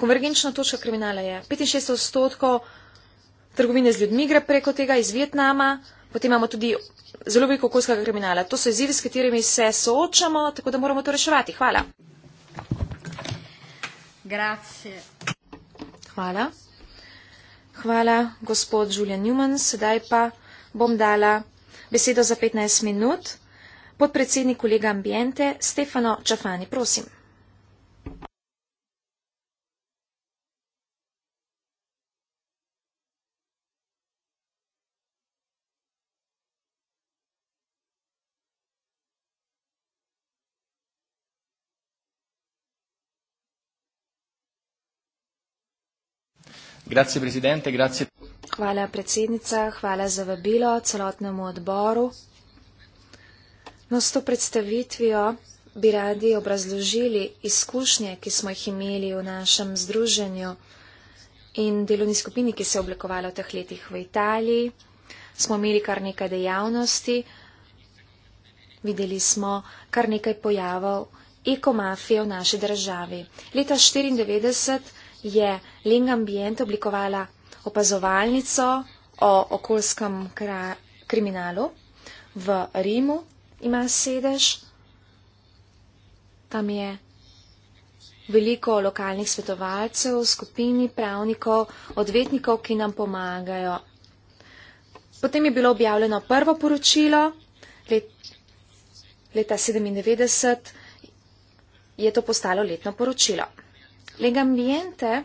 Konvergenčna točka kriminala je. 65 odstotkov trgovine z ljudmi gre preko tega iz Vietnama, potem imamo tudi zelo veliko okoljskega kriminala. To so izzivi, s katerimi se soočamo, tako da moramo to reševati. Hvala. Grazie. Hvala. Hvala, gospod Julian Newman. Sedaj pa bom dala besedo za 15 minut. Podpredsednik kolega Ambiente, Stefano Čafani, prosim. Hvala predsednica, hvala za vabilo celotnemu odboru. No, s to predstavitvijo bi radi obrazložili izkušnje, ki smo jih imeli v našem združenju in delovni skupini, ki se je oblikovala v teh letih v Italiji. Smo imeli kar nekaj dejavnosti, videli smo kar nekaj pojavov ekomafije v naši državi. Leta 1994 je Leng Ambient oblikovala opazovalnico o okoljskem kriminalu v Rimu ima sedež. Tam je veliko lokalnih svetovalcev, skupini pravnikov, odvetnikov, ki nam pomagajo. Potem je bilo objavljeno prvo poročilo, let, leta 1997 je to postalo letno poročilo. Legambiente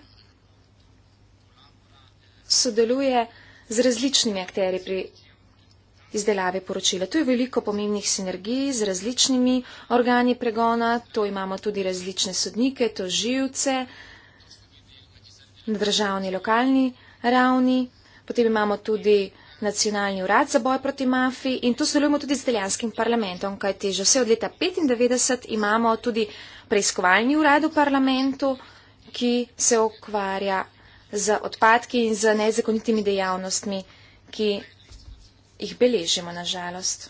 sodeluje z različnimi akteri pri izdelave poročila. Tu je veliko pomembnih sinergij z različnimi organi pregona, to imamo tudi različne sodnike, to živce na državni, lokalni ravni, potem imamo tudi nacionalni urad za boj proti mafiji in to sodelujemo tudi z italijanskim parlamentom, kaj te že vse od leta 1995 imamo tudi preiskovalni urad v parlamentu, ki se ukvarja z odpadki in z nezakonitimi dejavnostmi, ki jih beležimo na žalost.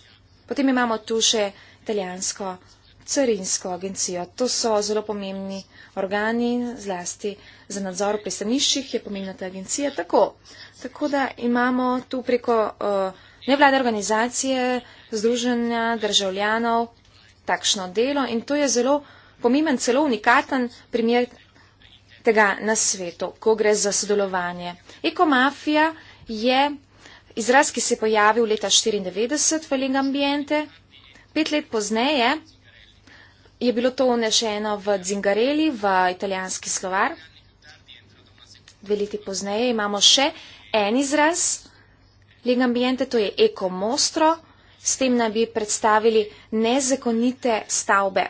Potem imamo tu še italijansko carinsko agencijo. To so zelo pomembni organi, zlasti za nadzor v pristaniščih je pomembna ta agencija. Tako, tako da imamo tu preko uh, nevladne organizacije, združenja državljanov takšno delo in to je zelo pomemben, celo unikaten primer tega na svetu, ko gre za sodelovanje. Ekomafija je Izraz, ki se je pojavil leta 1994 v Ling Ambiente, pet let pozneje je bilo to uneseno v Dzingareli, v italijanski slovar. Dve leti pozneje imamo še en izraz Ling Ambiente, to je Eko Mostro, s tem naj bi predstavili nezakonite stavbe,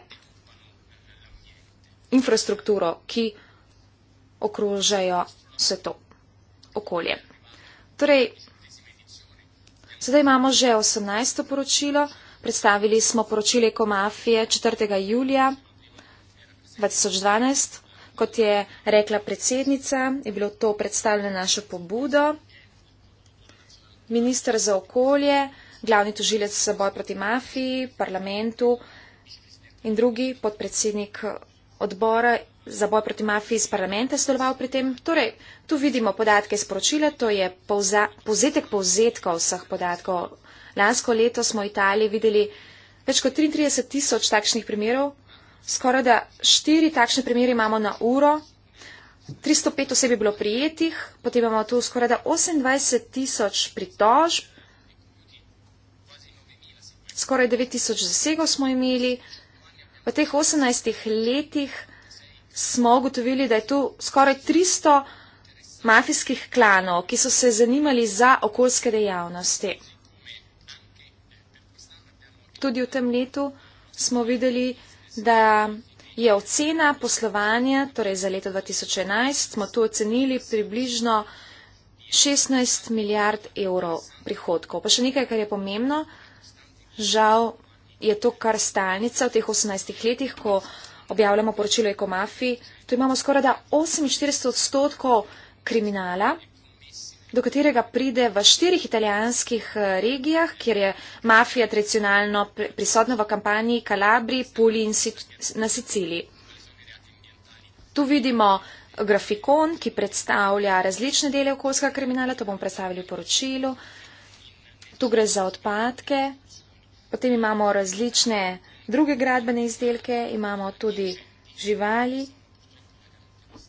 infrastrukturo, ki okrožajo vse to okolje. Torej, Sedaj imamo že 18. poročilo. Predstavili smo poročile komafije 4. julija 2012. Kot je rekla predsednica, je bilo to predstavljeno našo pobudo. Ministr za okolje, glavni tožilec za boj proti mafiji, parlamentu in drugi podpredsednik odbora za boj proti mafiji iz parlamenta sodeloval pri tem. Torej, tu vidimo podatke iz poročila, to je povza, povzetek povzetka vseh podatkov. Lansko leto smo v Italiji videli več kot 33 tisoč takšnih primerov, skoraj da štiri takšne primere imamo na uro, 305 oseb je bilo prijetih, potem imamo tu skoraj da 28 tisoč pritožb, skoraj 9 tisoč zasegov smo imeli. V teh 18 letih smo ugotovili, da je tu skoraj 300 mafijskih klanov, ki so se zanimali za okoljske dejavnosti. Tudi v tem letu smo videli, da je ocena poslovanja, torej za leto 2011, smo tu ocenili približno 16 milijard evrov prihodkov. Pa še nekaj, kar je pomembno, žal je to kar stalnica v teh 18 letih, ko objavljamo poročilo ekomafiji, tu imamo skoraj da 48 odstotkov kriminala, do katerega pride v štirih italijanskih eh, regijah, kjer je mafija tradicionalno prisotna v kampanji Kalabri, Puli in Sic na Siciliji. Tu vidimo grafikon, ki predstavlja različne dele okoljskega kriminala, to bomo predstavili v poročilu. Tu gre za odpadke, potem imamo različne druge gradbene izdelke, imamo tudi živali,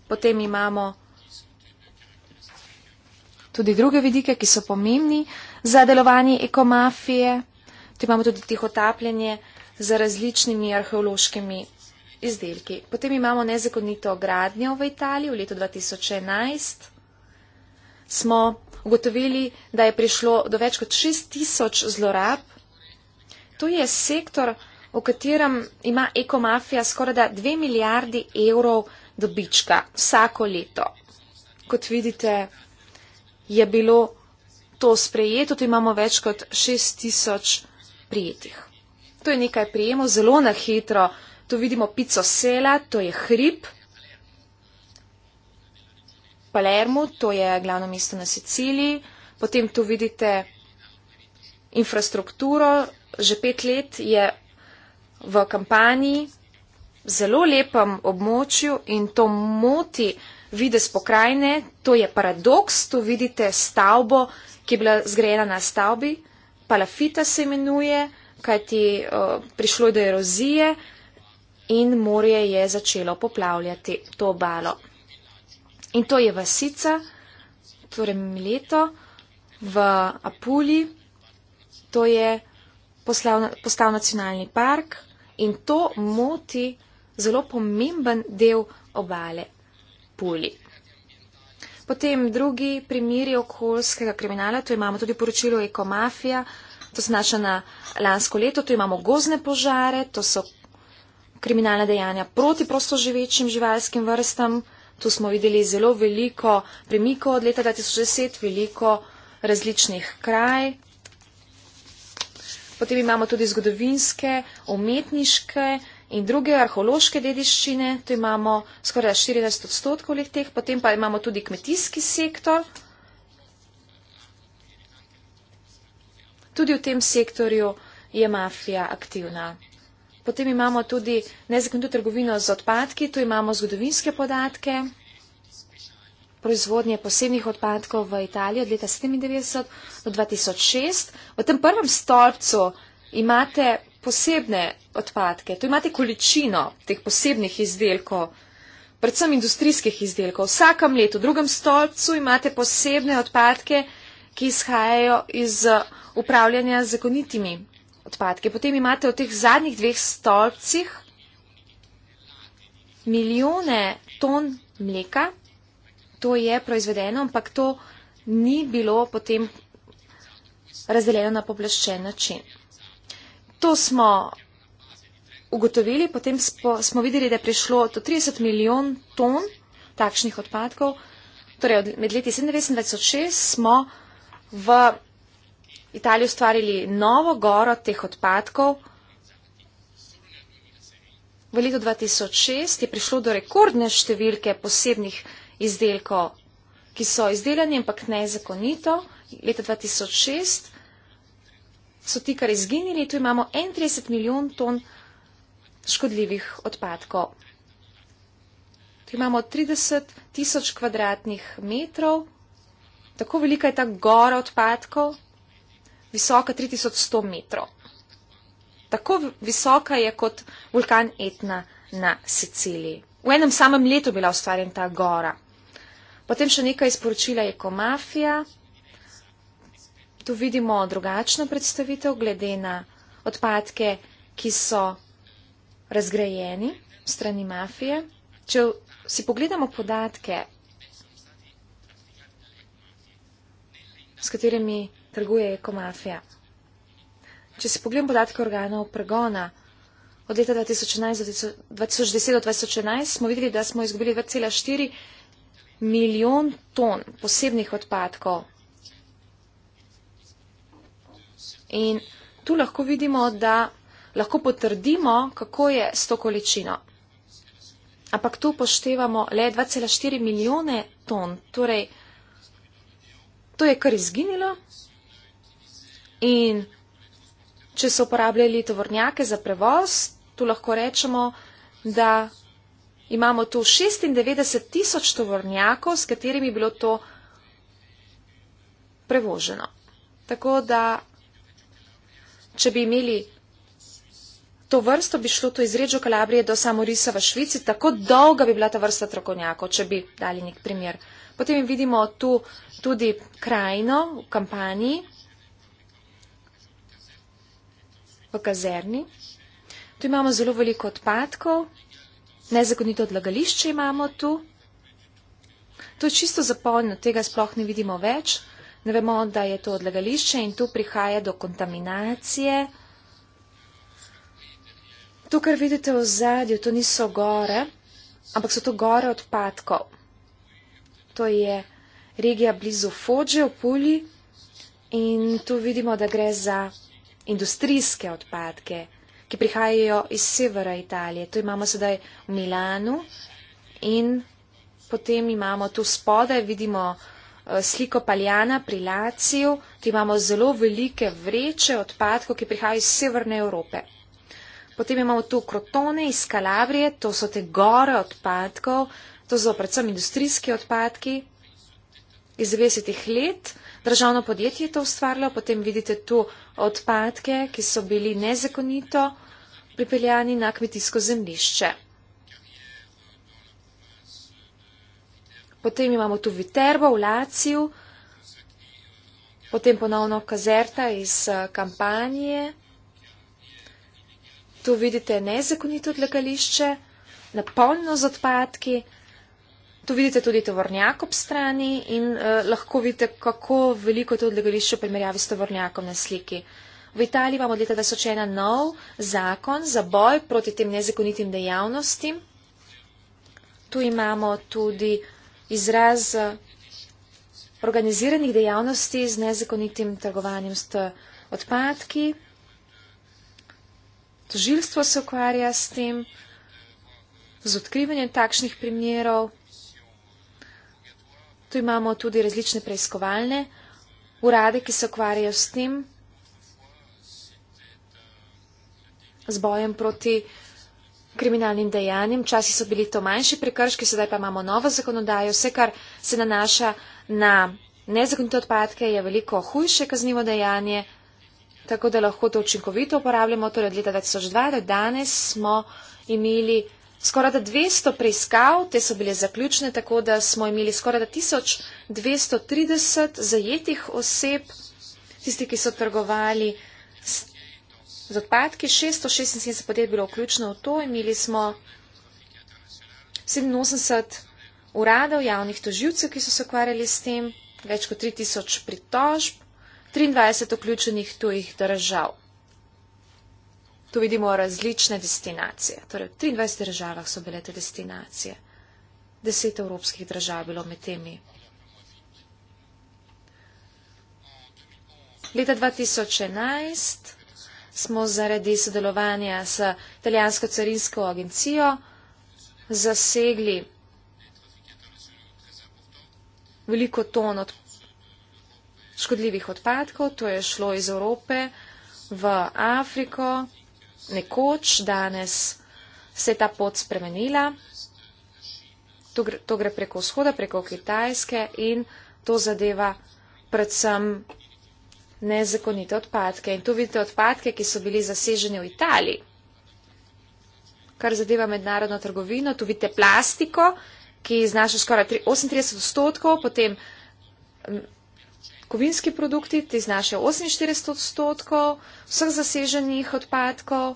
potem imamo tudi druge vidike, ki so pomembni za delovanje ekomafije. Tu imamo tudi tihotapljenje z različnimi arheološkimi izdelki. Potem imamo nezakonito gradnjo v Italiji. V letu 2011 smo ugotovili, da je prišlo do več kot 6000 zlorab. To je sektor, v katerem ima ekomafija skorajda 2 milijardi evrov dobička vsako leto. Kot vidite, je bilo to sprejeto, tu imamo več kot 6 tisoč prijetih. To je nekaj prijemov, zelo na hitro. Tu vidimo pico sela, to je hrib. Palermo, to je glavno mesto na Siciliji. Potem tu vidite infrastrukturo, že pet let je v kampanji, zelo lepem območju in to moti vides pokrajine, to je paradoks, tu vidite stavbo, ki je bila zgrajena na stavbi, palafita se imenuje, kajti uh, prišlo je do erozije in morje je začelo poplavljati to obalo. In to je vasica, torej mileto v Apuli, to je poslal, postal nacionalni park in to moti zelo pomemben del obale Puli. Potem drugi primiri okoljskega kriminala, tu imamo tudi poročilo ekomafija, to se nača na lansko leto, tu imamo gozne požare, to so kriminalna dejanja proti prostoživečim živalskim vrstam. Tu smo videli zelo veliko premikov od leta 2010, veliko različnih kraj, Potem imamo tudi zgodovinske, umetniške in druge arheološke dediščine, tu imamo skoraj 14 odstotkov leh teh, potem pa imamo tudi kmetijski sektor. Tudi v tem sektorju je mafija aktivna. Potem imamo tudi nezakonito trgovino z odpadki, tu imamo zgodovinske podatke proizvodnje posebnih odpadkov v Italiji od leta 97 do 2006. V tem prvem stolpcu imate posebne odpadke, tu imate količino teh posebnih izdelkov, predvsem industrijskih izdelkov. V vsakem letu, v drugem stolpcu imate posebne odpadke, ki izhajajo iz upravljanja zakonitimi odpadki. Potem imate v teh zadnjih dveh stolpcih milijone ton mleka, to je proizvedeno, ampak to ni bilo potem razdeljeno na poblaščen način. To smo ugotovili, potem smo videli, da je prišlo do 30 milijon ton takšnih odpadkov. Torej, od med leti 1926 smo v Italiji ustvarili novo goro teh odpadkov. V letu 2006 je prišlo do rekordne številke posebnih izdelko, ki so izdelani, ampak nezakonito. Leta 2006 so ti kar izginili, tu imamo 31 milijon ton škodljivih odpadkov. Tu imamo 30 tisoč kvadratnih metrov, tako velika je ta gora odpadkov, visoka 3100 metrov. Tako visoka je kot vulkan Etna na Siciliji. V enem samem letu bila ustvarjena ta gora. Potem še nekaj izporočila ekomafija. Tu vidimo drugačno predstavitev glede na odpadke, ki so razgrajeni strani mafije. Če si pogledamo podatke, s katerimi trguje ekomafija. Če si pogledamo podatke organov pregona od leta 2011 do 2010 do 2011, smo videli, da smo izgubili 2,4 milijon ton posebnih odpadkov. In tu lahko vidimo, da lahko potrdimo, kako je s to količino. Ampak tu poštevamo le 2,4 milijone ton. Torej, to je kar izginilo. In če so uporabljali tovornjake za prevoz, tu lahko rečemo, da imamo tu 96 tisoč tovornjakov, s katerimi je bilo to prevoženo. Tako da, če bi imeli to vrsto, bi šlo to iz Reggio Calabrije do Samorisa v Švici, tako dolga bi bila ta vrsta trokovnjakov, če bi dali nek primer. Potem vidimo tu tudi krajino v kampanji, v kazerni. Tu imamo zelo veliko odpadkov, Nezakonito odlagališče imamo tu. To je čisto zapolnjeno, tega sploh ne vidimo več. Ne vemo, da je to odlagališče in tu prihaja do kontaminacije. To, kar vidite v zadju, to niso gore, ampak so to gore odpadkov. To je regija blizu Fođe v Pulji in tu vidimo, da gre za industrijske odpadke ki prihajajo iz severa Italije. To imamo sedaj v Milanu in potem imamo tu spodaj, vidimo eh, sliko Paljana pri Laciju, tu imamo zelo velike vreče odpadkov, ki prihajajo iz severne Evrope. Potem imamo tu krotone iz Kalabrije, to so te gore odpadkov, to so predvsem industrijski odpadki iz 90-ih let državno podjetje to ustvarilo, potem vidite tu odpadke, ki so bili nezakonito pripeljani na kmetijsko zemlišče. Potem imamo tu Viterbo v Laciju, potem ponovno kazerta iz eh, kampanje. Tu vidite nezakonito odlagališče, napolnjeno z odpadki. Tu vidite tudi tovornjak ob strani in eh, lahko vidite, kako veliko je to odlagališče v primerjavi s tovornjakom na sliki. V Italiji imamo od leta 2001 nov zakon za boj proti tem nezakonitim dejavnostim. Tu imamo tudi izraz eh, organiziranih dejavnosti z nezakonitim trgovanjem s eh, odpadki. Tožilstvo se ukvarja s tem, z odkrivanjem takšnih primerov. Tu imamo tudi različne preiskovalne urade, ki se ukvarjajo s tem, z bojem proti kriminalnim dejanjem. Časi so bili to manjši prekrški, sedaj pa imamo novo zakonodajo. Vse, kar se nanaša na nezakonite odpadke, je veliko hujše kaznivo dejanje, tako da lahko to učinkovito uporabljamo. Torej od leta 2002 do danes smo imeli skoraj 200 preiskav, te so bile zaključne, tako da smo imeli skoraj 1230 zajetih oseb, tisti, ki so trgovali s, z odpadki, 676 podjetij bilo vključeno v to, imeli smo 87 uradov javnih toživcev, ki so se ukvarjali s tem, več kot 3000 pritožb, 23 vključenih tujih držav. Tu vidimo različne destinacije. Torej, v 23 državah so bile te destinacije. Deset evropskih držav bilo med temi. Leta 2011 smo zaradi sodelovanja s italijansko carinsko agencijo zasegli veliko ton od škodljivih odpadkov. To je šlo iz Evrope v Afriko nekoč, danes se je ta pot spremenila. To, to gre preko vzhoda, preko Kitajske in to zadeva predvsem nezakonite odpadke. In tu vidite odpadke, ki so bili zaseženi v Italiji. Kar zadeva mednarodno trgovino, tu vidite plastiko, ki znaša skoraj 38 odstotkov, potem Kovinski produkti ti znašajo 48 odstotkov vseh zaseženih odpadkov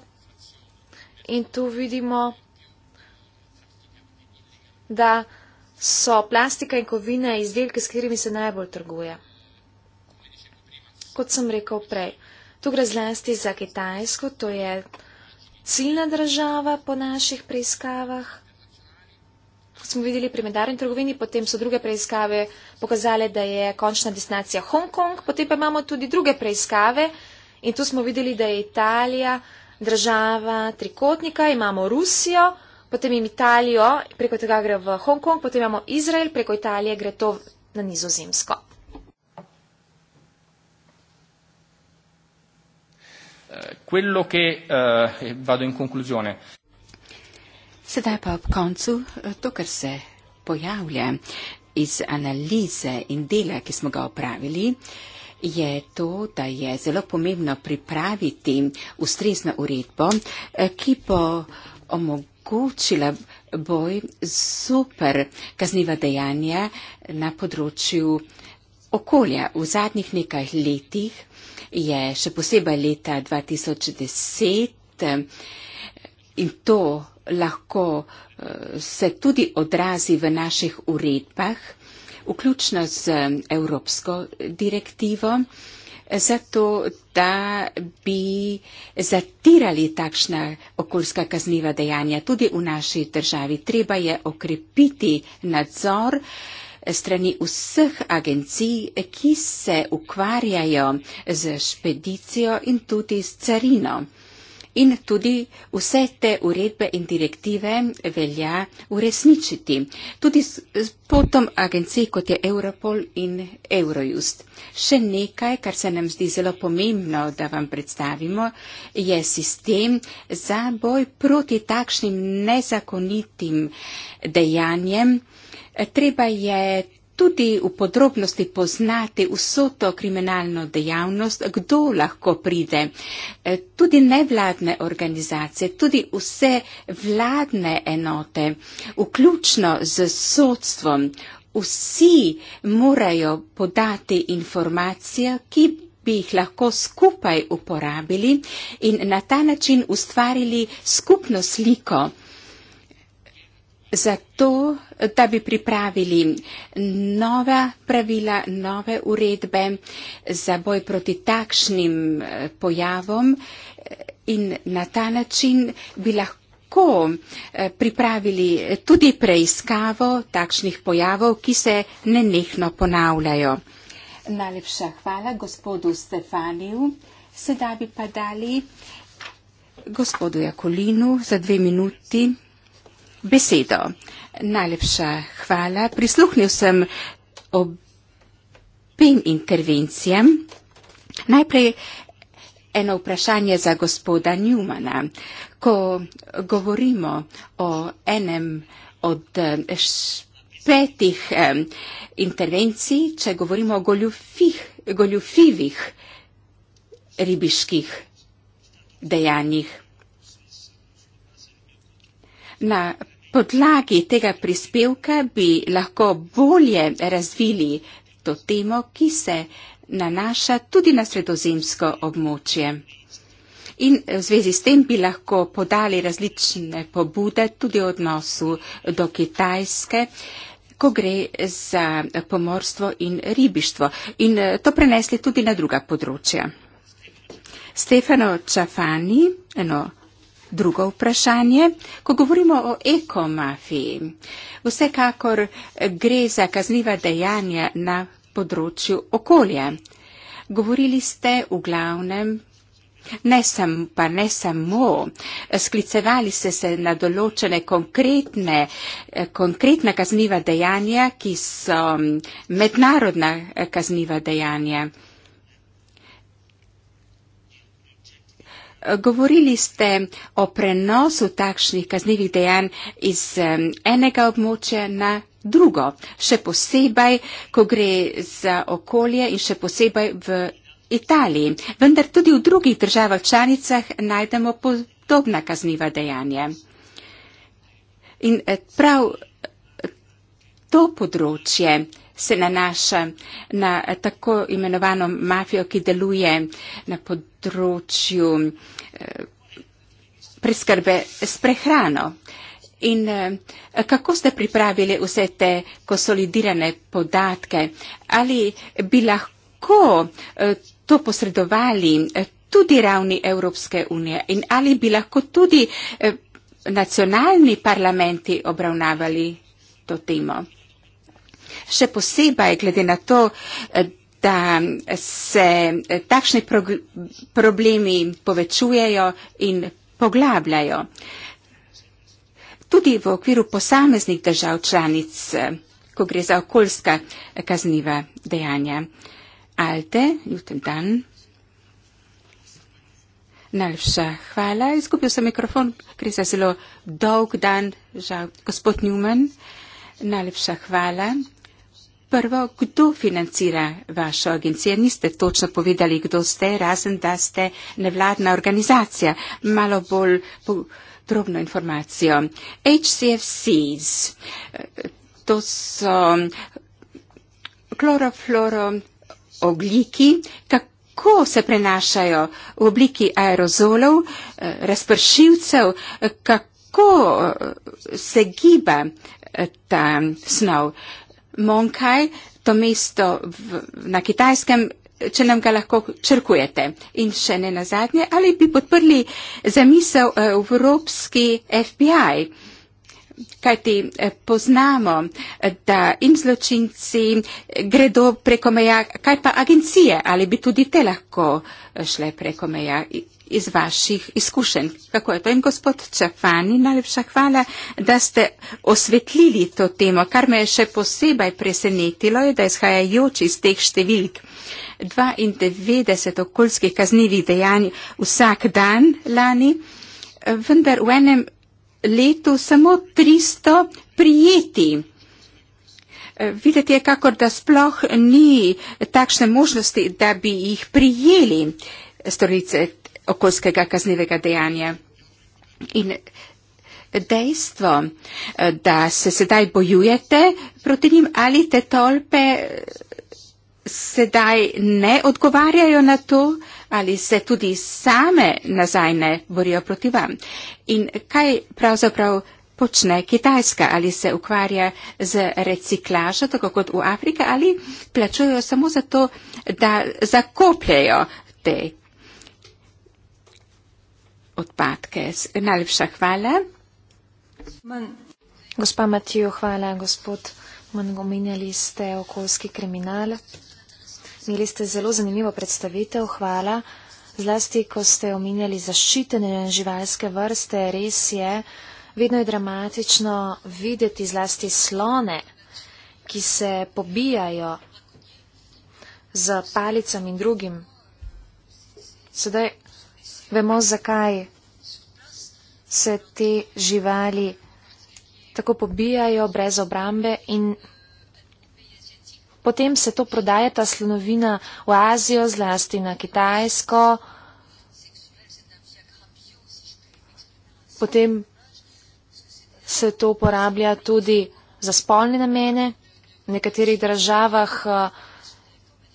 in tu vidimo, da so plastika in kovine izdelke, s katerimi se najbolj trguje. Kot sem rekel prej, tu gre zlasti za Kitajsko, to je ciljna država po naših preiskavah smo videli pri mednarodni trgovini, potem so druge preiskave pokazale, da je končna destinacija Hongkong, potem pa imamo tudi druge preiskave in tu smo videli, da je Italija država trikotnika, imamo Rusijo, potem im Italijo, preko tega gre v Hongkong, potem imamo Izrael, preko Italije gre to na nizozemsko. Eh, quello che eh, vado in conclusione. Sedaj pa ob koncu eh, to, kar se pojavlja iz analize in dela, ki smo ga opravili, je to, da je zelo pomembno pripraviti ustrezno uredbo, eh, ki bo omogočila boj super kazniva dejanja na področju okolja. V zadnjih nekaj letih je še posebej leta 2010 eh, in to lahko eh, se tudi odrazi v naših uredbah, vključno z eh, Evropsko direktivo, zato da bi zatirali takšna okoljska kazniva dejanja tudi v naši državi. Treba je okrepiti nadzor eh, strani vseh agencij, ki se ukvarjajo z špedicijo in tudi s carino in tudi vse te uredbe in direktive velja uresničiti. Tudi s potom agencij, kot je Europol in Eurojust. Še nekaj, kar se nam zdi zelo pomembno, da vam predstavimo, je sistem za boj proti takšnim nezakonitim dejanjem. Treba je tudi v podrobnosti poznati vso to kriminalno dejavnost, kdo lahko pride. E, tudi nevladne organizacije, tudi vse vladne enote, vključno z sodstvom, vsi morajo podati informacije, ki bi jih lahko skupaj uporabili in na ta način ustvarili skupno sliko zato, da bi pripravili nova pravila, nove uredbe za boj proti takšnim eh, pojavom eh, in na ta način bi lahko Tako eh, pripravili tudi preiskavo takšnih pojavov, ki se nenehno ponavljajo. Najlepša hvala gospodu Stefaniju. Sedaj bi pa dali gospodu Jakolinu za dve minuti besedo. Najlepša hvala. Prisluhnil sem obim intervencijam. Najprej eno vprašanje za gospoda Njumana. Ko govorimo o enem od eh, petih eh, intervencij, če govorimo o goljufih, goljufivih ribiških dejanjih. Na podlagi tega prispevka bi lahko bolje razvili to temo, ki se nanaša tudi na sredozemsko območje. In v zvezi s tem bi lahko podali različne pobude tudi v odnosu do Kitajske, ko gre za pomorstvo in ribištvo. In eh, to prenesli tudi na druga področja. Stefano Čafani, eno Drugo vprašanje, ko govorimo o ekomafiji, vsekakor gre za kazniva dejanja na področju okolja. Govorili ste v glavnem, ne sem, pa ne samo, sklicevali ste se na določene konkretne, eh, konkretna kazniva dejanja, ki so mm, mednarodna eh, kazniva dejanja. Govorili ste o prenosu takšnih kaznivih dejanj iz enega območja na drugo, še posebej, ko gre za okolje in še posebej v Italiji. Vendar tudi v drugih državah članicah najdemo podobna kazniva dejanja. In eh, prav to področje se nanaša na tako imenovano mafijo, ki deluje na področju eh, preskrbe s prehrano. In eh, kako ste pripravili vse te konsolidirane podatke? Ali bi lahko eh, to posredovali tudi ravni Evropske unije in ali bi lahko tudi nacionalni parlamenti obravnavali to temo? Še posebej glede na to, eh, da se eh, takšni prog- problemi povečujejo in poglabljajo. Tudi v okviru posameznih držav članic, eh, ko gre za okoljska kazniva dejanja. Alte, jutem dan. Najlepša hvala. Izgubil sem mikrofon, gre za zelo dolg dan. Žal, gospod Newman, najlepša hvala. Prvo, kdo financira vašo agencijo? Niste točno povedali, kdo ste, razen da ste nevladna organizacija. Malo bolj podrobno informacijo. HCFCs, to so kloroflorom ogliki, kako se prenašajo v obliki aerozolov, razpršilcev, kako se giba ta snov. Monkaj, to mesto v, na kitajskem, če nam ga lahko črkujete. In še ne nazadnje, ali bi podprli zamisel eh, Evropski FBI. Kaj ti eh, poznamo, eh, da in zločinci gredo preko meja, kaj pa agencije, ali bi tudi te lahko šle preko meja iz vaših izkušenj. Kako je to? In gospod Čefani, najlepša hvala, da ste osvetlili to temo. Kar me je še posebej presenetilo, je, da izhajajoč iz teh številk 92 okoljskih kaznivih dejanj vsak dan lani, vendar v enem letu samo 300 prijeti. Videti je, kakor da sploh ni takšne možnosti, da bi jih prijeli storice okoljskega kaznivega dejanja. In dejstvo, da se sedaj bojujete proti njim ali te tolpe sedaj ne odgovarjajo na to ali se tudi same nazaj ne borijo proti vam. In kaj pravzaprav počne Kitajska ali se ukvarja z reciklažo, tako kot v Afriki, ali plačujejo samo za to, da zakopljajo te odpadke. Najlepša hvala. Gospa Matijo, hvala, gospod Mango, menjali ste okoljski kriminal. Imeli ste zelo zanimivo predstavitev, hvala. Zlasti, ko ste omenjali zaščitene živalske vrste, res je, vedno je dramatično videti zlasti slone, ki se pobijajo z palicami in drugim. Sedaj Vemo, zakaj se te živali tako pobijajo brez obrambe in potem se to prodaja, ta slonovina v Azijo, zlasti na Kitajsko. Potem se to uporablja tudi za spolne namene. V nekaterih državah uh,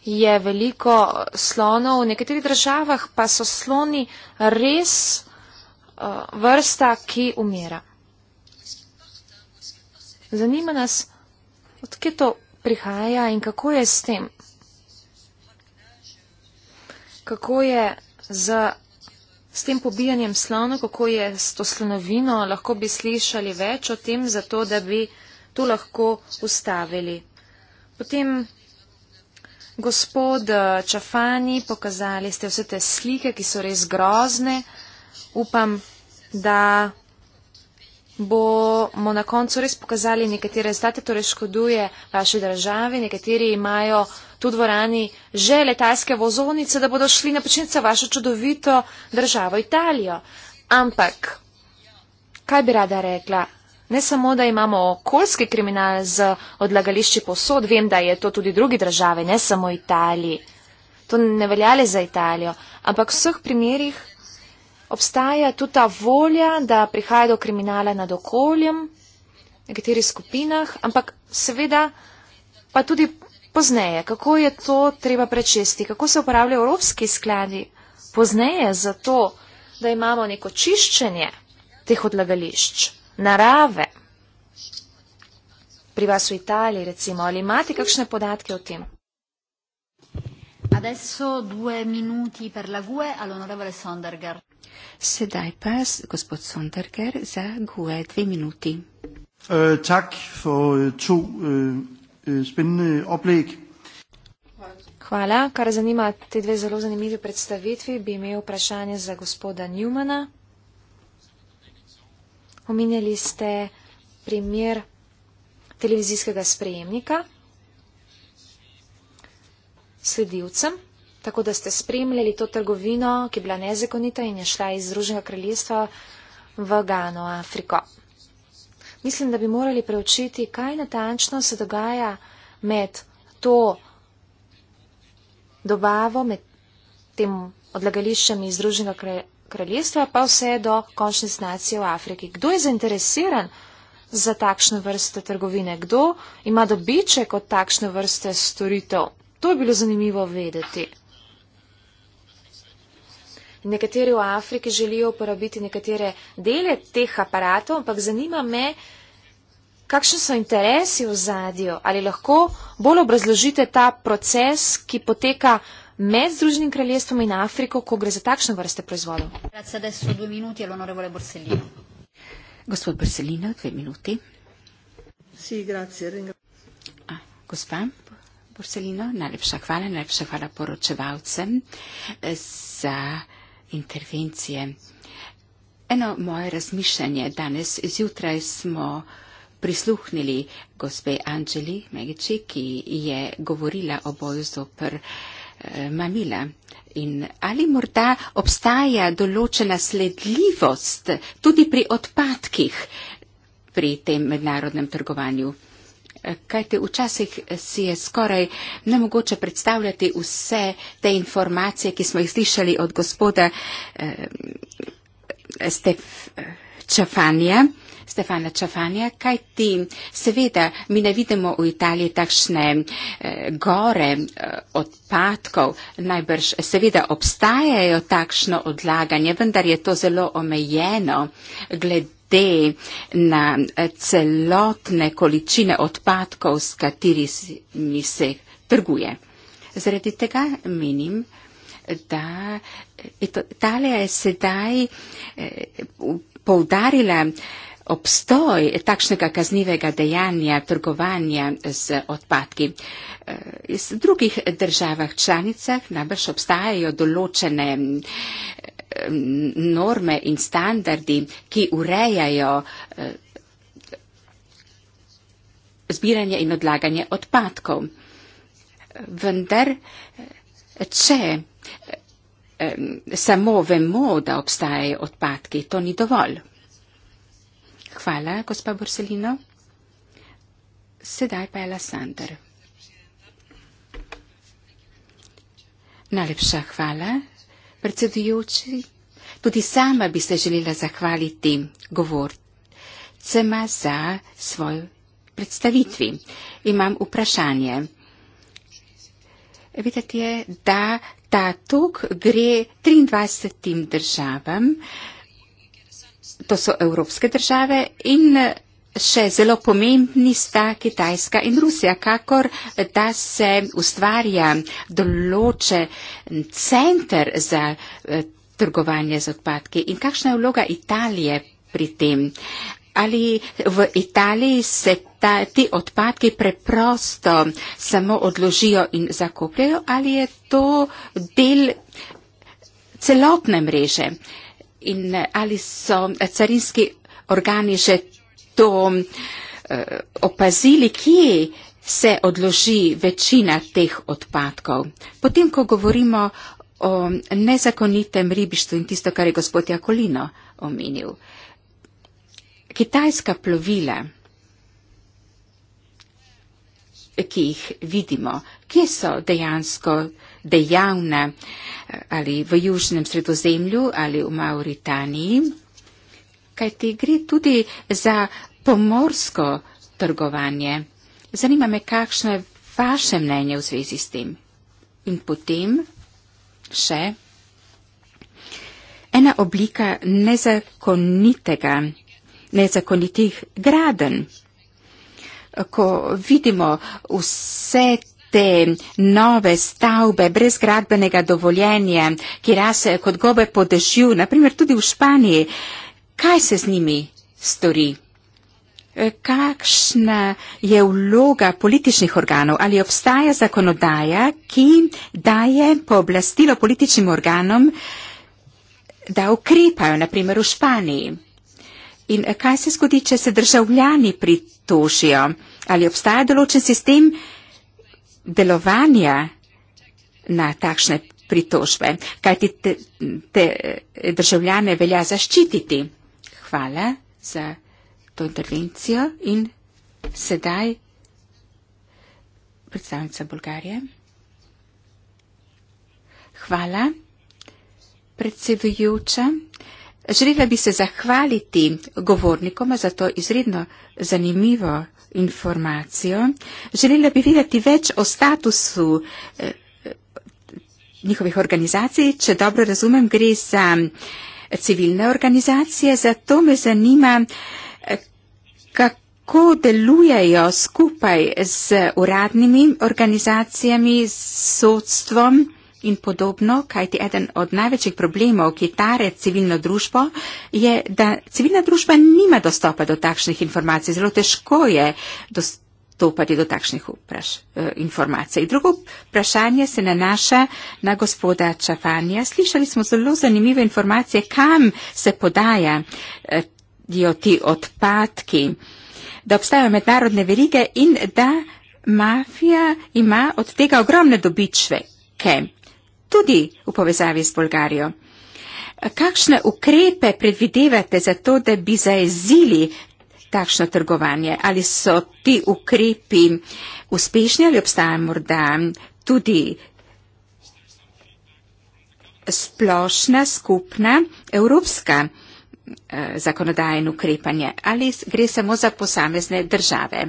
je veliko slonov, v nekaterih državah pa so sloni res eh, vrsta, ki umira. Zanima nas, odkje to prihaja in kako je s tem? Kako je z, s tem pobijanjem slonov, kako je s to slonovino, lahko bi slišali več o tem, zato da bi to lahko ustavili. Potem Gospod eh, Čafani, pokazali ste vse te slike, ki so res grozne. Upam, da bomo na koncu res pokazali nekatere rezultate, torej škoduje vaše države, nekateri imajo tu dvorani že letalske vozovnice, da bodo šli na počinjce vašo čudovito državo Italijo. Ampak, kaj bi rada rekla, Ne samo, da imamo okoljski kriminal z odlagališči posod, vem, da je to tudi drugi države, ne samo Italiji. To ne velja le za Italijo, ampak v vseh primerjih obstaja tudi ta volja, da prihaja do kriminala nad okoljem, v nekaterih skupinah, ampak seveda pa tudi pozneje, kako je to treba prečesti, kako se uporabljajo evropski skladi pozneje za to, da imamo neko čiščenje teh odlagališč narave pri vas v Italiji, recimo, ali imate kakšne podatke o tem? E, Sedaj pa gospod Sonderger za GUE dve minuti. Uh, tak for eh, to uh, spændende oplæg. Hvala, kar zanima te dve zelo zanimive predstavitvi, bi imel vprašanje za gospoda Newmana. Omenjali ste primer televizijskega sprejemnika sledilcem, tako da ste spremljali to trgovino, ki je bila nezakonita in je šla iz Združenega kraljestva v Gano, Afriko. Mislim, da bi morali preučiti, kaj natančno se dogaja med to dobavo, med tem odlagališčem iz Združenega kraljestva kraljestva pa vse do končne snacije v Afriki. Kdo je zainteresiran za takšne vrste trgovine? Kdo ima dobiček od takšne vrste storitev? To je bilo zanimivo vedeti. Nekateri v Afriki želijo uporabiti nekatere dele teh aparatov, ampak zanima me, kakšni so interesi v zadju. Ali lahko bolj obrazložite ta proces, ki poteka med Združenim kraljestvom in Afriko, ko gre za takšne vrste proizvodov. Gospod Brselina, dve minuti. Si, grazie, Gospa Borselino, najlepša hvala, najlepša hvala poročevalcem eh, za intervencije. Eno moje razmišljanje danes zjutraj smo prisluhnili gospe Anželi Megiči, ki je govorila o boju zopr uh, Eh, mamila. In ali morda obstaja določena sledljivost tudi pri odpadkih pri tem mednarodnem trgovanju? Eh, Kajte včasih si je skoraj nemogoče predstavljati vse te informacije, ki smo jih slišali od gospoda eh, Stef eh, Čafanja. Stefana Čafanja, kaj ti, seveda, mi ne vidimo v Italiji takšne eh, gore eh, odpadkov, najbrž seveda obstajajo takšno odlaganje, vendar je to zelo omejeno glede na eh, celotne količine odpadkov, s katerimi se trguje. Zaradi tega menim, da eh, Italija je sedaj eh, poudarila, obstoj takšnega kaznivega dejanja, trgovanja z odpadki. V eh, drugih državah članicah nabrž obstajajo določene eh, norme in standardi, ki urejajo eh, zbiranje in odlaganje odpadkov. Vendar, če samo vemo, da obstajajo odpadki, to ni dovolj. Hvala, gospa Borselino. Sedaj pa je Lasander. Najlepša hvala, predsedujoči. Tudi sama bi se želela zahvaliti govorcema za svoj predstavitvi. Imam vprašanje. Videti je, da ta tok gre 23 državam to so evropske države in eh, še zelo pomembni sta Kitajska in Rusija, kakor eh, da se ustvarja določen center za eh, trgovanje z odpadki. In kakšna je vloga Italije pri tem? Ali v Italiji se ta, ti odpadki preprosto samo odložijo in zakopljajo, ali je to del celotne mreže? Uh, in eh, ali so eh, carinski organi že to eh, opazili, kje se odloži večina teh odpadkov. Potem, ko govorimo o nezakonitem ribištvu in tisto, kar je gospod Jakolino omenil. Kitajska plovila, ki jih vidimo, kje so dejansko dejavna eh, ali v južnem sredozemlju ali v Mauritaniji, kaj ti gre tudi za pomorsko trgovanje. Zanima me, kakšno je vaše mnenje v zvezi s tem. In potem še ena oblika nezakonitega, nezakonitih graden. Ko vidimo vse te nove stavbe brez gradbenega dovoljenja, ki rase eh, kot gobe po dežju, naprimer tudi v Španiji, kaj se z njimi stori? Eh, kakšna je vloga političnih organov? Ali obstaja zakonodaja, ki daje pooblastilo političnim organom, da ukrepajo, naprimer v Španiji? In eh, kaj se zgodi, če se državljani pritožijo? Ali obstaja določen sistem, ki delovanja na takšne pritožbe, kajti te, te državljane velja zaščititi. Hvala za to intervencijo in sedaj predstavnica Bolgarije. Hvala, predsedujoča. Želela bi se zahvaliti govornikoma za to izredno zanimivo informacijo. Želela bi vedeti več o statusu eh, njihovih organizacij. Če dobro razumem, gre za eh, civilne organizacije, zato me zanima, eh, kako delujejo skupaj z uradnimi organizacijami, s sodstvom in podobno, kajti eden od največjih problemov, ki tare civilno družbo, je, da civilna družba nima dostopa do takšnih informacij. Zelo težko je dostopati do takšnih vpraš, eh, informacij. Drugo vprašanje se nanaša na gospoda Čafanja. Slišali smo zelo zanimive informacije, kam se podaja eh, ti odpadki, da obstajajo mednarodne verige in da. Mafija ima od tega ogromne dobičke tudi v povezavi z Bolgarijo. Kakšne ukrepe predvidevate za to, da bi zaezili takšno trgovanje? Ali so ti ukrepi uspešni ali obstaja morda tudi splošna, skupna, evropska eh, zakonodaja in ukrepanje? Ali gre samo za posamezne države?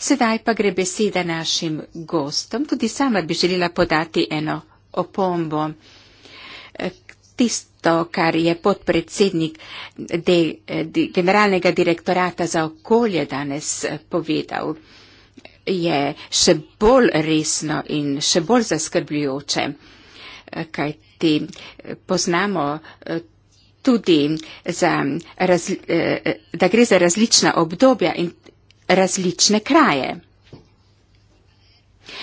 Sedaj pa gre beseda našim gostom. Tudi sama bi želela podati eno opombo. E, tisto, kar je podpredsednik de, de, generalnega direktorata za okolje danes e, povedal, je še bolj resno in še bolj zaskrbljujoče, e, kajti poznamo tudi, za, da gre za različna obdobja in različne kraje.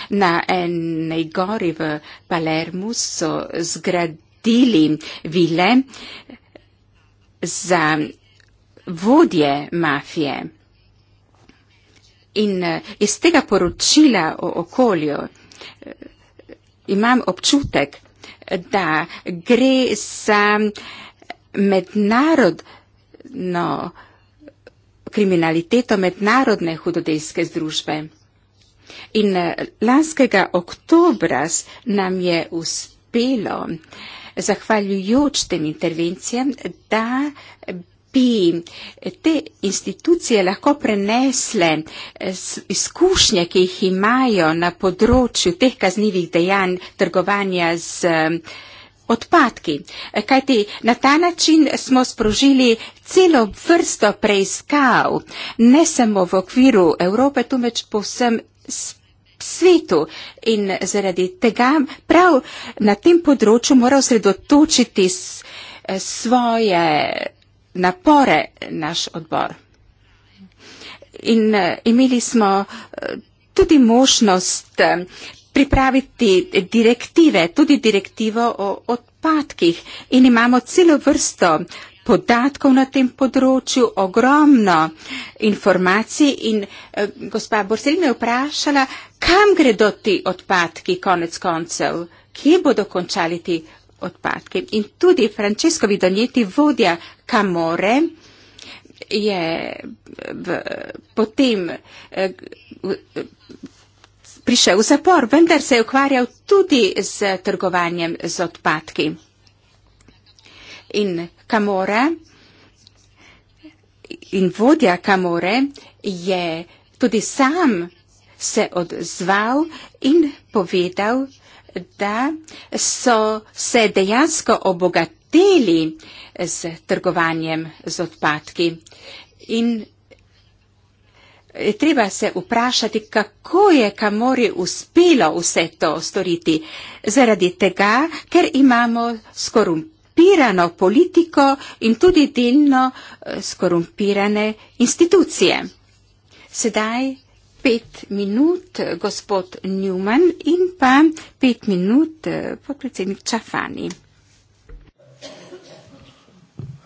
Na enej gori v Palermu so zgradili vile za vodje mafije. In eh, iz tega poročila o okolju eh, imam občutek, da gre za mednarodno kriminaliteto mednarodne hudodejske združbe. In eh, lanskega oktobra nam je uspelo, zahvaljujoč tem intervencijam, da bi te institucije lahko prenesle eh, izkušnje, ki jih imajo na področju teh kaznivih dejanj trgovanja z eh, odpadki. Kajti na ta način smo sprožili celo vrsto preiskav, ne samo v okviru Evrope, tu meč povsem svetu in zaradi tega prav na tem področju mora osredotočiti eh, svoje napore naš odbor. In eh, imeli smo eh, tudi možnost pripraviti direktive, tudi direktivo o odpadkih in imamo celo vrsto podatkov na tem področju, ogromno informacij in eh, gospa Borsel me je vprašala, kam gredo ti odpadki konec koncev, kje bodo končali ti odpadke. In tudi Francesco Vidonjeti, vodja Kamore, je v, potem eh, v, prišel v zapor, vendar se je ukvarjal tudi z trgovanjem z odpadki in Kamore in vodja Kamore je tudi sam se odzval in povedal, da so se dejansko obogateli z trgovanjem z odpadki. In eh, treba se vprašati, kako je Kamori uspelo vse to storiti. Zaradi tega, ker imamo skorumpirano skorumpirano politiko in tudi delno eh, skorumpirane institucije. Sedaj pet minut eh, gospod Newman in pa pet minut eh, podpredsednik Čafani.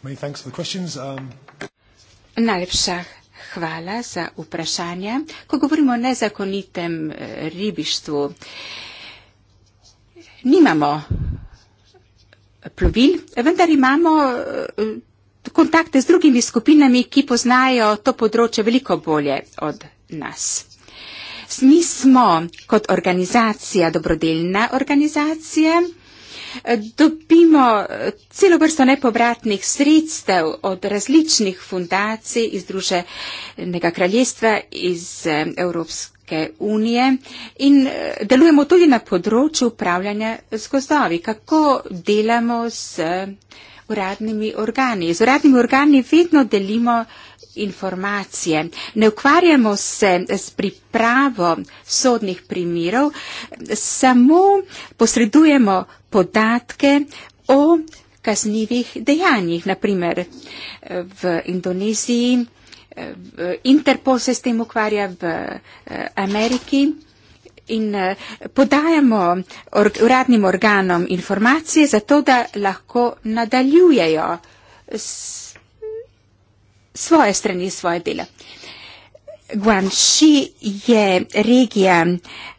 Um, Najlepša hvala za vprašanja. Ko govorimo o nezakonitem ribištvu, nimamo plovil, vendar imamo eh, kontakte z drugimi skupinami, ki poznajo to področje veliko bolje od nas. Mi smo kot organizacija, dobrodelna organizacija, eh, dobimo eh, celo vrsto nepovratnih sredstev od različnih fundacij iz Druženega kraljestva, iz Evropske Evropske unije in eh, delujemo tudi na področju upravljanja z gozdovi. Kako delamo s uradnimi organi? Z uradnimi organi vedno delimo informacije. Ne ukvarjamo se s pripravo sodnih primirov, samo posredujemo podatke o kaznjivih dejanjih. Naprimer, v Indoneziji Interpol se s tem ukvarja v eh, Ameriki in eh, podajamo uradnim organom informacije, zato da lahko nadaljujejo svoje strani, svoje dele. Guangxi je regija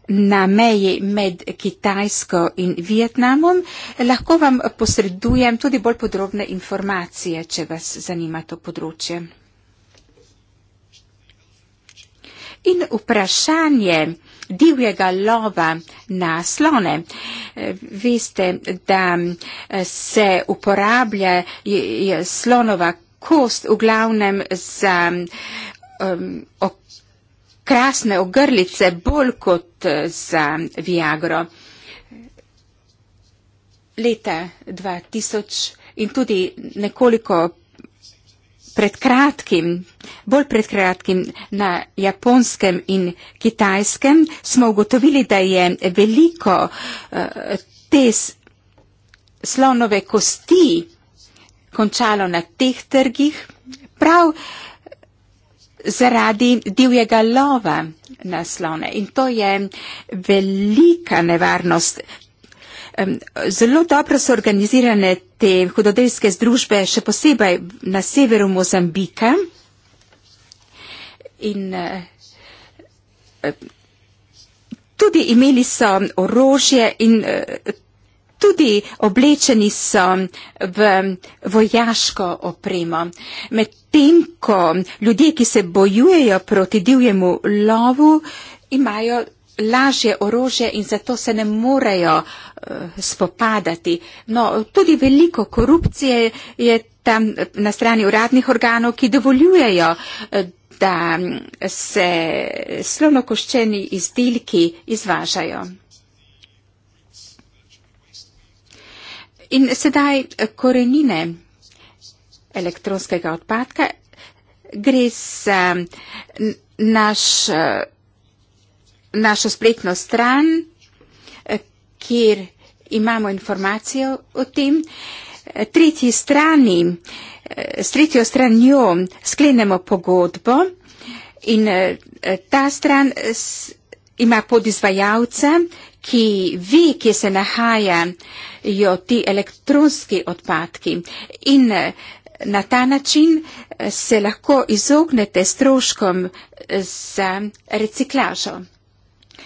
na meji med Kitajsko in Vietnamom. Lahko vam posredujem tudi bolj podrobne informacije, če vas zanima to področje. in vprašanje divjega lova na slone. Eh, veste, da eh, se uporablja slonova kost v glavnem za krasne ogrlice bolj kot eh, za Viagro. Leta 2000 in tudi nekoliko pred kratkim, bolj pred kratkim na japonskem in kitajskem, smo ugotovili, da je veliko uh, eh, te slonove kosti končalo na teh trgih prav zaradi divjega lova na slone. In to je velika nevarnost Zelo dobro so organizirane te hudodelske združbe, še posebej na severu Mozambika. In eh, tudi imeli so orožje in eh, tudi oblečeni so v vojaško opremo. Medtem, ko ljudje, ki se bojujejo proti divjemu lovu, imajo lažje orože in zato se ne morejo eh, spopadati. No, tudi veliko korupcije je tam eh, na strani uradnih organov, ki dovoljujejo, eh, da mm, se slonokoščeni izdelki izvažajo. In sedaj korenine elektronskega odpadka gre za mm, naš našo spletno stran, eh, kjer imamo informacije o tem. Eh, tretji strani, eh, s tretjo stranjo sklenemo pogodbo in ta stran ima podizvajalca, ki ve, kje se nahajajo ti elektronski odpadki. In na ta način se lahko izognete stroškom za reciklažo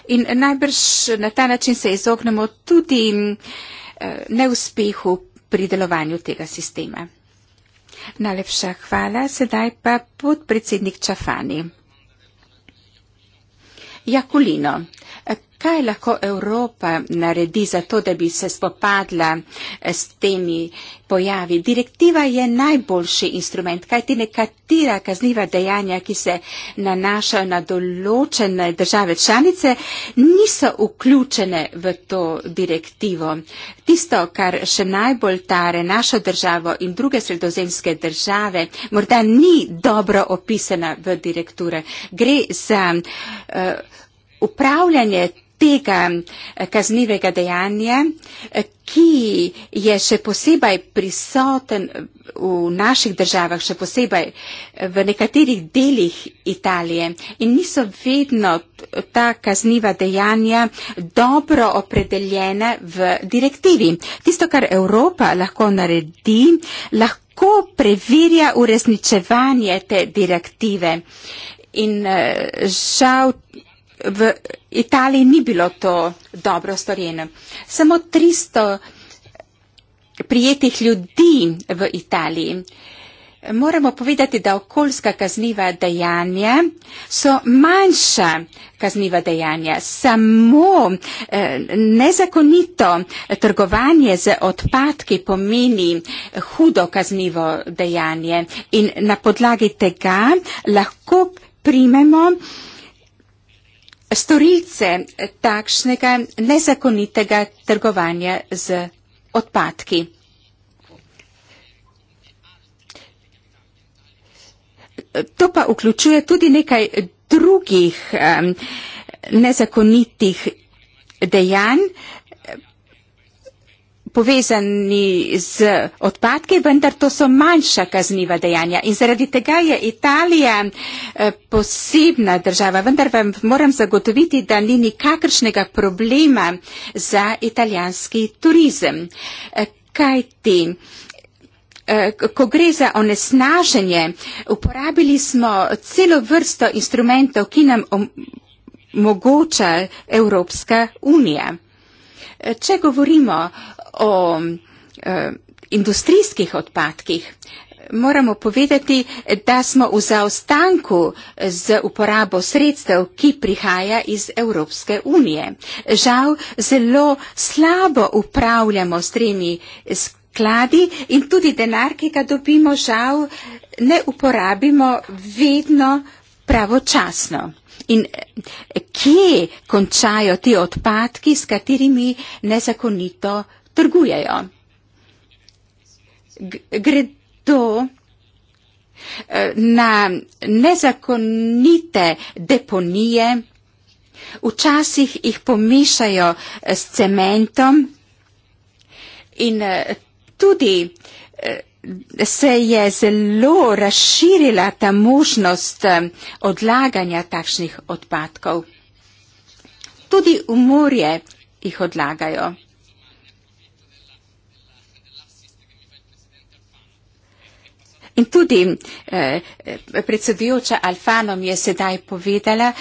in najbrž na ta način se izognemo tudi mm, eh, neuspehu pri delovanju tega sistema. Najlepša hvala, sedaj pa podpredsednik Čafani. Jakulino, Kaj lahko Evropa naredi za to, da bi se spopadla eh, s temi pojavi? Direktiva je najboljši instrument, kaj ti nekatera kazniva dejanja, ki se nanašajo na določene države članice, niso vključene v to direktivo. Tisto, kar še najbolj tare našo državo in druge sredozemske države, morda ni dobro opisana v direktive. Gre za uh, upravljanje tega eh, kaznivega dejanja, eh, ki je še posebej prisoten eh, v naših državah, še posebej v nekaterih delih Italije. In niso vedno ta kazniva dejanja dobro opredeljena v direktivi. Tisto, kar Evropa lahko naredi, lahko preverja urezničevanje te direktive. In žal v Italiji ni bilo to dobro storjeno. Samo 300 prijetih ljudi v Italiji. Moramo povedati, da okoljska kazniva dejanja so manjša kazniva dejanja. Samo eh, nezakonito trgovanje z odpadki pomeni hudo kaznivo dejanje in na podlagi tega lahko primemo storilce takšnega nezakonitega trgovanja z odpadki. To pa vključuje tudi nekaj drugih um, nezakonitih dejanj, povezani z odpadki, vendar to so manjša kazniva dejanja. In zaradi tega je Italija eh, posebna država, vendar vam moram zagotoviti, da ni nikakršnega problema za italijanski turizem. Eh, Kaj ti? Eh, ko gre za onesnaženje, uporabili smo celo vrsto instrumentov, ki nam omogoča Evropska unija. Če govorimo o eh, industrijskih odpadkih, moramo povedati, da smo v zaostanku z uporabo sredstev, ki prihaja iz Evropske unije. Žal, zelo slabo upravljamo s temi skladi in tudi denar, ki ga dobimo, žal, ne uporabimo vedno pravočasno. In eh, kje končajo ti odpadki, s katerimi nezakonito trgujejo. Gredo eh, na nezakonite deponije, včasih jih pomišajo eh, s cementom in eh, tudi se je zelo razširila ta možnost odlaganja takšnih odpadkov. Tudi v morje jih odlagajo. In tudi eh, predsedujoča Alfano mi je sedaj povedala,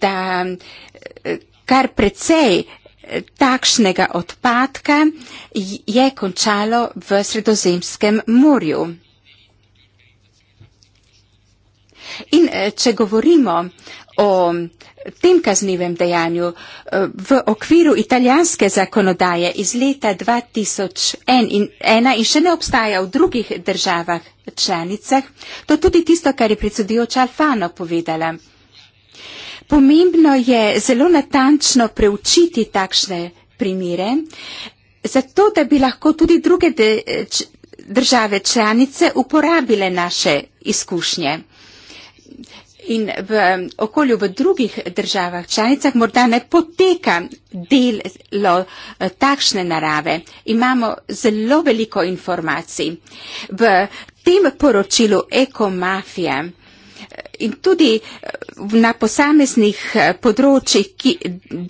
da eh, kar precej eh, takšnega odpadka je končalo v Sredozemskem morju. In eh, če govorimo o tem kaznivem dejanju eh, v okviru italijanske zakonodaje iz leta 2001 in še ne obstaja v drugih državah članicah, to tudi tisto, kar je predsedujoča Alfano povedala. Pomembno je zelo natančno preučiti takšne primire, zato da bi lahko tudi druge de, č, države članice uporabile naše izkušnje in v um, okolju v drugih državah članicah morda ne poteka delo eh, takšne narave. Imamo zelo veliko informacij. V tem poročilu ekomafija eh, in tudi eh, na posameznih področjih ki,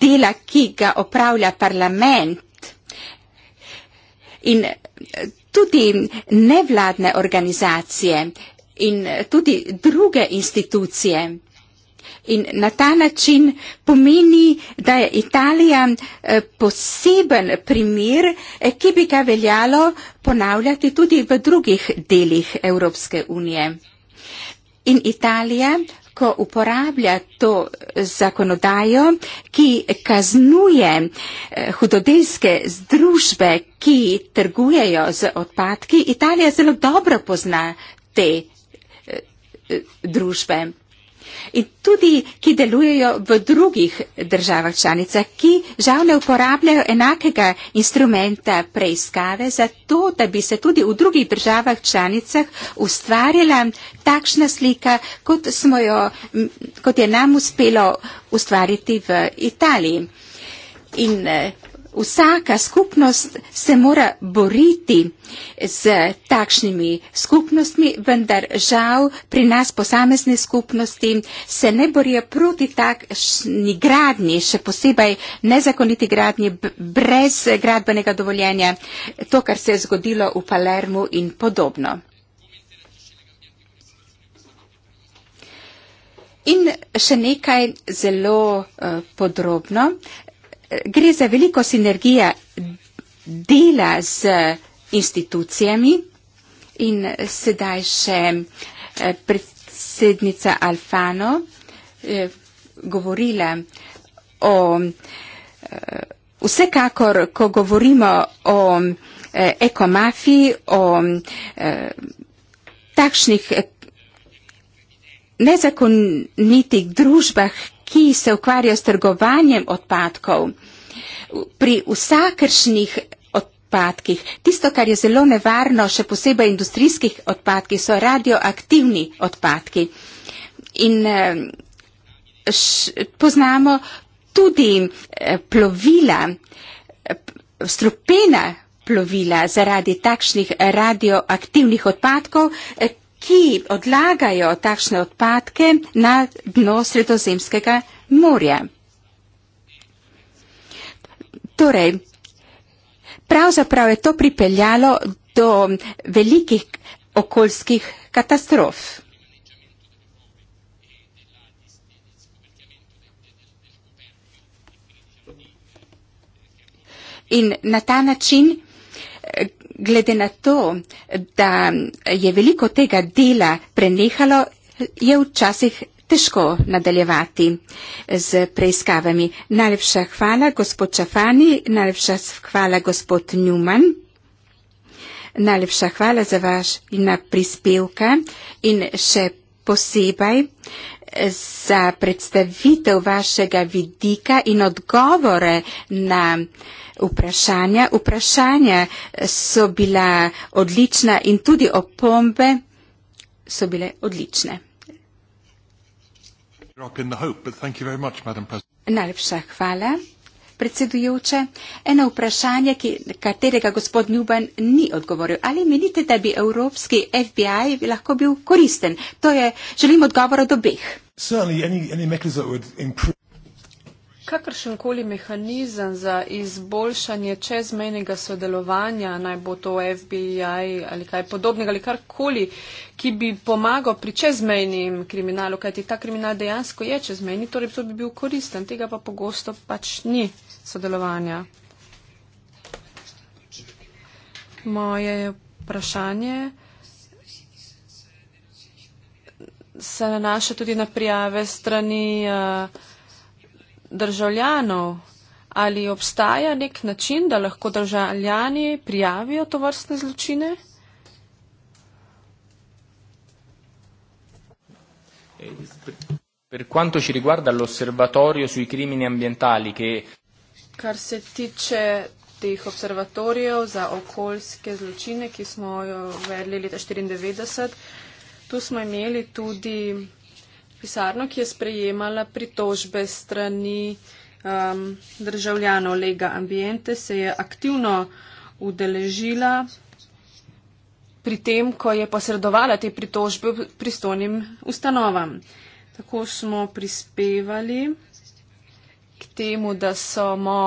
dela, ki ga opravlja parlament in tudi nevladne organizacije in eh, tudi druge institucije. In na ta način pomeni, da je Italija eh, poseben primer, eh, ki bi ga veljalo ponavljati tudi v drugih delih Evropske unije. In Italija, ko uporablja to zakonodajo, ki kaznuje hudodelske združbe, ki trgujejo z odpadki, Italija zelo dobro pozna te Eh, družbe. In tudi, ki delujejo v drugih državah članicah, ki žal ne uporabljajo enakega instrumenta preiskave za to, da bi se tudi v drugih državah članicah ustvarjala takšna slika, kot, jo, kot je nam uspelo ustvariti v Italiji. In eh, Vsaka skupnost se mora boriti z takšnimi skupnostmi, vendar žal pri nas posamezne skupnosti se ne borijo proti takšni gradnji, še posebej nezakoniti gradnji brez gradbenega dovoljenja, to, kar se je zgodilo v Palermu in podobno. In še nekaj zelo uh, podrobno gre za veliko sinergija dela z eh, institucijami in eh, sedaj še eh, predsednica Alfano govorila o vsekakor, ko govorimo o ekomafiji, o takšnih nezakonitih družbah, ki se ukvarja s trgovanjem odpadkov, pri vsakršnih odpadkih, tisto, kar je zelo nevarno, še posebej industrijskih odpadkih, so radioaktivni odpadki. In eh, š, poznamo tudi eh, plovila, eh, strupena plovila zaradi takšnih radioaktivnih odpadkov, ki odlagajo takšne odpadke na dno sredozemskega morja. Torej, pravzaprav je to pripeljalo do velikih okoljskih katastrof. In na ta način eh, glede na to, da je veliko tega dela prenehalo, je včasih težko nadaljevati z preiskavami. Najlepša hvala gospod Čafani, najlepša hvala gospod Njuman. Najlepša hvala za vaš na prispevka in še posebej za predstavitev vašega vidika in odgovore na eh, vprašanja. Vprašanja eh, so bila odlična in tudi opombe so bile odlične. Najlepša hvala, predsedujoče. Eno vprašanje, ki, katerega gospod Ljuban ni odgovoril. Ali menite, da bi evropski FBI lahko bil koristen? To je, želim odgovor od obeh. Kakršen koli mehanizem za izboljšanje čezmejnega sodelovanja, naj bo to FBI ali kaj podobnega ali karkoli, ki bi pomagal pri čezmejnem kriminalu, kajti ta kriminal dejansko je čezmejni, torej to bi bil koristen, tega pa pogosto pač ni sodelovanja. Moje vprašanje se nanaša tudi na prijave strani. Uh, državljanov. Ali obstaja nek način, da lahko državljani prijavijo to vrstne zločine? Kar se tiče teh observatorijev za okoljske zločine, ki smo jo uvedli leta 1994, tu smo imeli tudi pisarno, ki je sprejemala pritožbe strani um, državljanov Lega Ambiente, se je aktivno udeležila pri tem, ko je posredovala te pritožbe pristojnim ustanovam. Tako smo prispevali k temu, da smo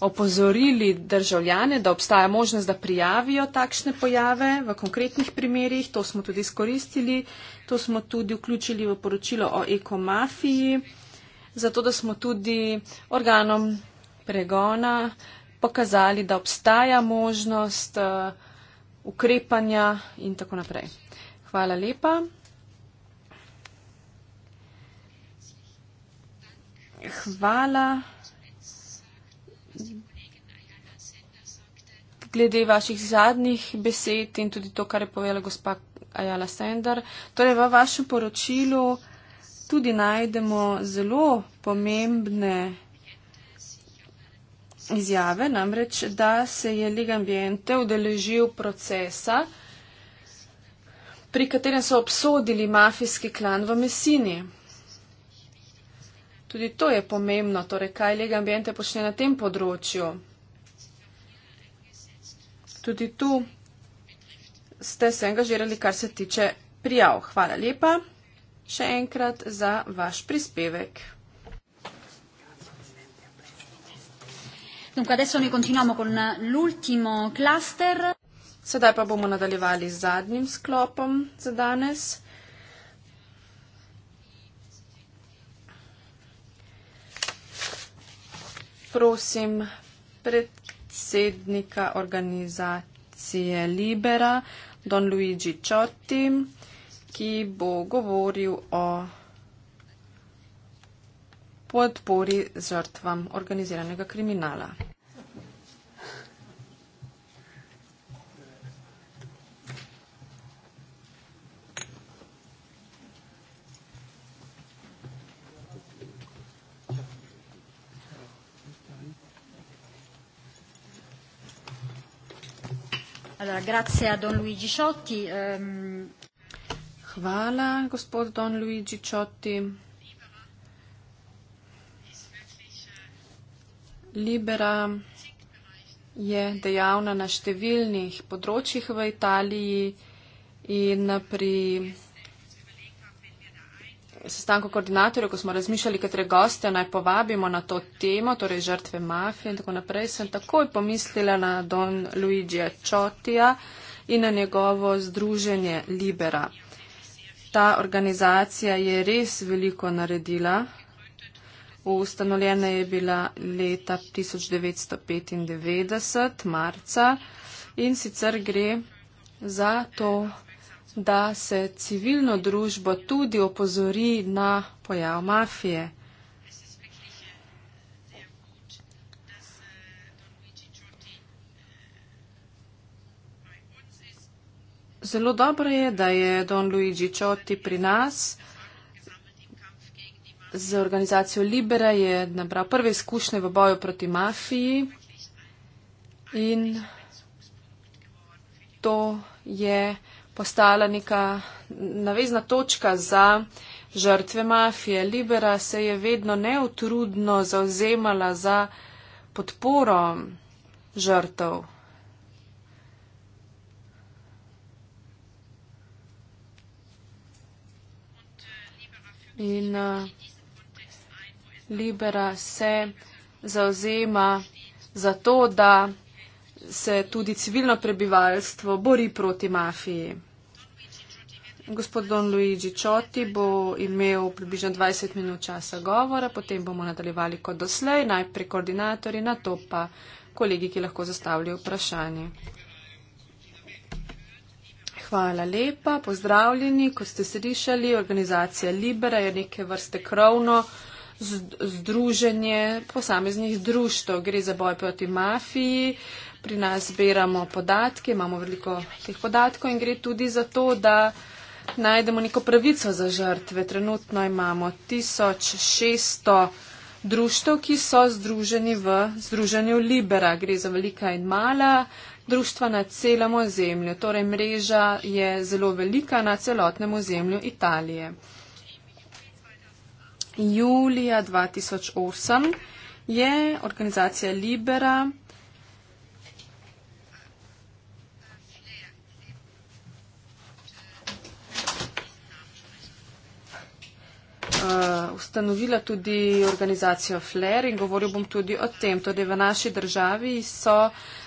opozorili državljane, da obstaja možnost, da prijavijo takšne pojave v konkretnih primerjih. To smo tudi skoristili To smo tudi vključili v poročilo o ekomafiji, zato da smo tudi organom pregona pokazali, da obstaja možnost eh, ukrepanja in tako naprej. Hvala lepa. Hvala. Glede vaših zadnjih besed in tudi to, kar je povedala gospa Ajala Sender. Torej, v vašem poročilu tudi najdemo zelo pomembne izjave, namreč, da se je Liga Ambiente udeležil procesa, pri katerem so obsodili mafijski klan v Mesini. Tudi to je pomembno, torej kaj Liga Ambiente počne na tem področju. Tudi tu ste se angažirali, kar se tiče prijav. Hvala lepa še enkrat za vaš prispevek. Sedaj pa bomo nadaljevali z zadnjim sklopom za danes. Prosim predsednika organizacije Libera, Don Luigi Ciotti, ki bo govoril o podpori žrtvam organiziranega kriminala. Allora, grazie a Don Luigi Ciotti. Ehm, Hvala, gospod Don Luigi Ciotti. Libera je dejavna na številnih področjih v Italiji in pri sestanku koordinatorja, ko smo razmišljali, katere goste naj povabimo na to temo, torej žrtve mafije in tako naprej, sem takoj pomislila na Don Luigi Čotija in na njegovo združenje Libera. Ta organizacija je res veliko naredila. Ustanovljena je bila leta 1995, marca, in sicer gre za to da se civilno družbo tudi opozori na pojav mafije. Zelo dobro je, da je Don Luigi Ciotti pri nas. Z organizacijo Libera je nabral prve izkušnje v boju proti mafiji in to je postala neka navezna točka za žrtve mafije. Libera se je vedno neutrudno zauzemala za podporo žrtev. In uh, Libera se zauzema za to, da se tudi civilno prebivalstvo bori proti mafiji. Gospod Don Luigi Čoti bo imel približno 20 minut časa govora, potem bomo nadaljevali kot doslej, najprej koordinatorji, na to pa kolegi, ki lahko zastavljajo vprašanje. Hvala lepa, pozdravljeni. Kot ste slišali, organizacija Libera je neke vrste krovno združenje posameznih društv. Gre za boj proti mafiji. Pri nas zbiramo podatke, imamo veliko teh podatkov in gre tudi za to, da najdemo neko pravico za žrtve. Trenutno imamo 1600 društev, ki so združeni v združenju Libera. Gre za velika in mala društva na celem ozemlju. Torej mreža je zelo velika na celotnem ozemlju Italije. Julija 2008 je organizacija Libera. Eh, ustanovila tudi organizacijo FLER in govoril bom tudi o tem. Torej v naši državi so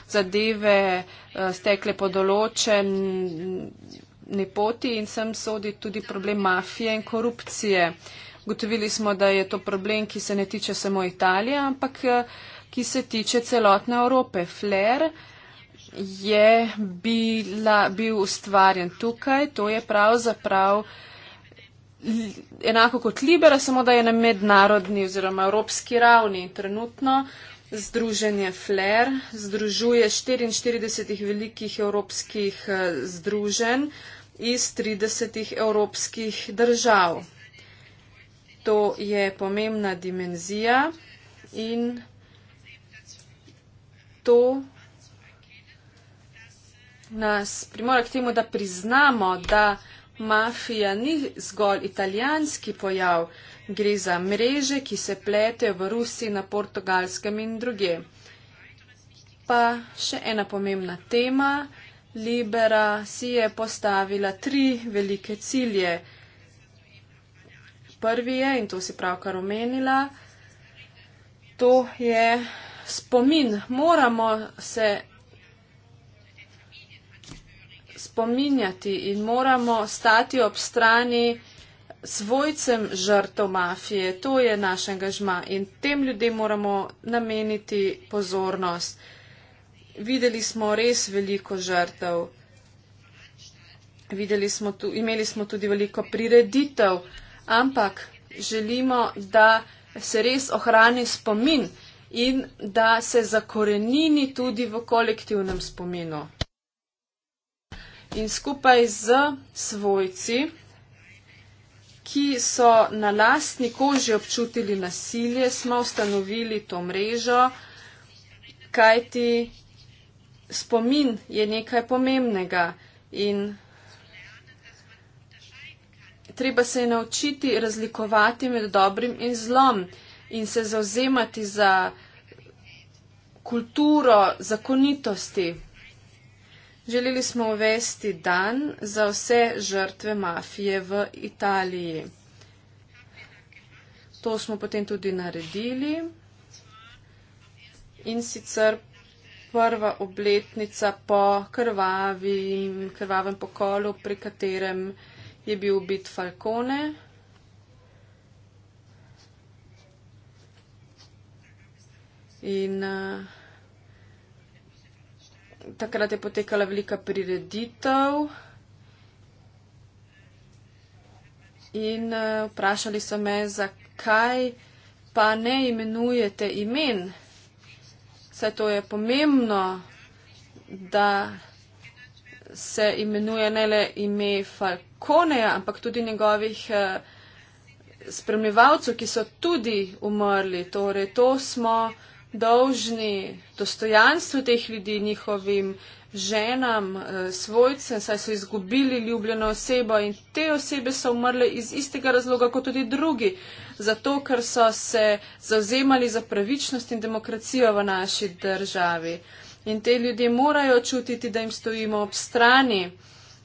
zadeve eh, stekle po določen nepoti in sem sodi tudi problem mafije in korupcije. Gotovili smo, da je to problem, ki se ne tiče samo Italije, ampak eh, ki se tiče celotne Evrope. FLER je bila, bil ustvarjen tukaj, to je pravzaprav prav enako kot Libera, samo da je na mednarodni oziroma evropski ravni trenutno. Združenje FLER združuje 44 velikih evropskih eh, združen iz 30 evropskih držav. To je pomembna dimenzija in to nas primora k temu, da priznamo, da mafija ni zgolj italijanski pojav, gre za mreže, ki se pletejo v Rusiji, na portugalskem in druge. Pa še ena pomembna tema. Libera si je postavila tri velike cilje. Prvi je, in to si pravkar omenila, to je spomin. Moramo se spominjati in moramo stati ob strani svojcem žrtov mafije. To je naš angažma in tem ljudem moramo nameniti pozornost. Videli smo res veliko žrtev. Smo tu, imeli smo tudi veliko prireditev, ampak želimo, da se res ohrani spomin in da se zakorenini tudi v kolektivnem spominu in skupaj z svojci, ki so na lastni koži občutili nasilje, smo ustanovili to mrežo, kajti spomin je nekaj pomembnega in treba se je naučiti razlikovati med dobrim in zlom in se zauzemati za kulturo zakonitosti. Želeli smo uvesti dan za vse žrtve mafije v Italiji. To smo potem tudi naredili. In sicer prva obletnica po krvavim, krvavem pokolu, pri katerem je bil ubit Falcone. In uh, takrat je potekala velika prireditev. In uh, vprašali so me, zakaj pa ne imenujete imen. Saj to je pomembno, da se imenuje ne le ime Falconeja, ampak tudi njegovih uh, spremljevalcev, ki so tudi umrli. Torej, to smo uh, dolžni dostojanstvu teh ljudi, njihovim ženam, eh, svojcem, saj so izgubili ljubljeno osebo in te osebe so umrle iz istega razloga kot tudi drugi, zato ker so se zauzemali za pravičnost in demokracijo v naši državi. In te ljudje morajo čutiti, da jim stojimo ob strani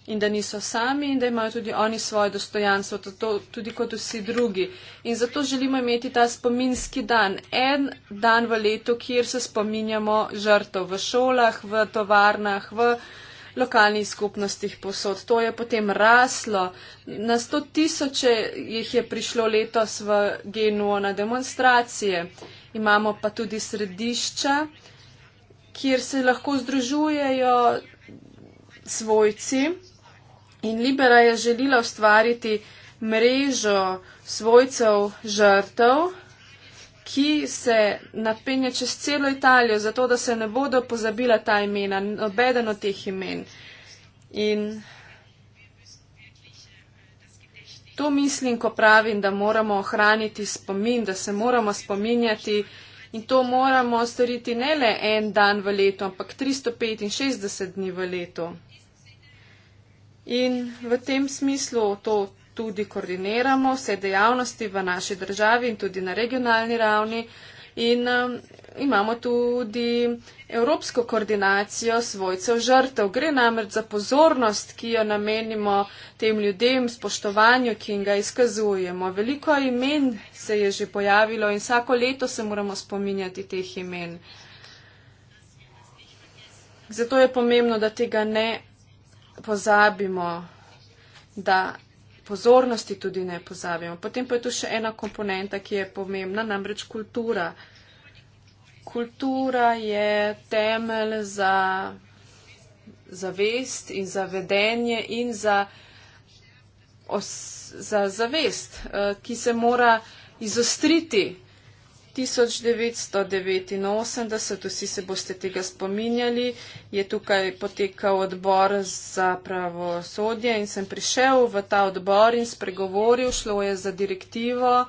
in da niso sami in da imajo tudi oni svoje dostojanstvo, tato, tudi kot vsi drugi. In zato želimo imeti ta spominski dan, en dan v letu, kjer se spominjamo žrtov v šolah, v tovarnah, v lokalnih skupnostih posod. To je potem raslo. Na sto tisoče jih je prišlo letos v Genuo na demonstracije. Imamo pa tudi središča, kjer se lahko združujejo svojci, In Libera je želela ustvariti mrežo svojcev žrtev, ki se napenja čez celo Italijo, zato da se ne bodo pozabila ta imena, obeden od teh imen. In to mislim, ko pravim, da moramo ohraniti spomin, da se moramo spominjati in to moramo storiti ne le en dan v letu, ampak 365 dni v letu. In v tem smislu to tudi koordiniramo, vse dejavnosti v naši državi in tudi na regionalni ravni. In um, imamo tudi evropsko koordinacijo svojcev žrtev. Gre namreč za pozornost, ki jo namenimo tem ljudem, spoštovanju, ki jim ga izkazujemo. Veliko imen se je že pojavilo in vsako leto se moramo spominjati teh imen. Zato je pomembno, da tega ne pozabimo, da pozornosti tudi ne pozabimo. Potem pa je tu še ena komponenta, ki je pomembna, namreč kultura. Kultura je temelj za zavest in zavedenje in za, os, za zavest, eh, ki se mora izostriti 1989, vsi se boste tega spominjali, je tukaj potekal odbor za pravosodje in sem prišel v ta odbor in spregovoril, šlo je za direktivo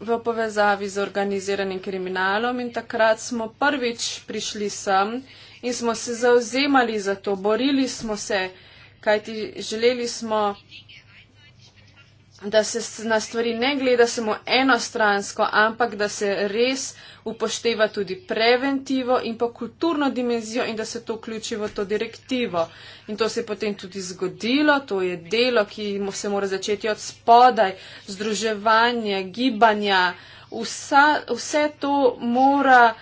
v povezavi z organiziranim kriminalom in takrat smo prvič prišli sem in smo se zauzemali za to, borili smo se, kajti želeli smo da se na stvari ne gleda samo enostransko, ampak da se res upošteva tudi preventivo in pa kulturno dimenzijo in da se to vključi v to direktivo. In to se je potem tudi zgodilo, to je delo, ki se mora začeti od spodaj, združevanje, gibanja, vsa, vse to mora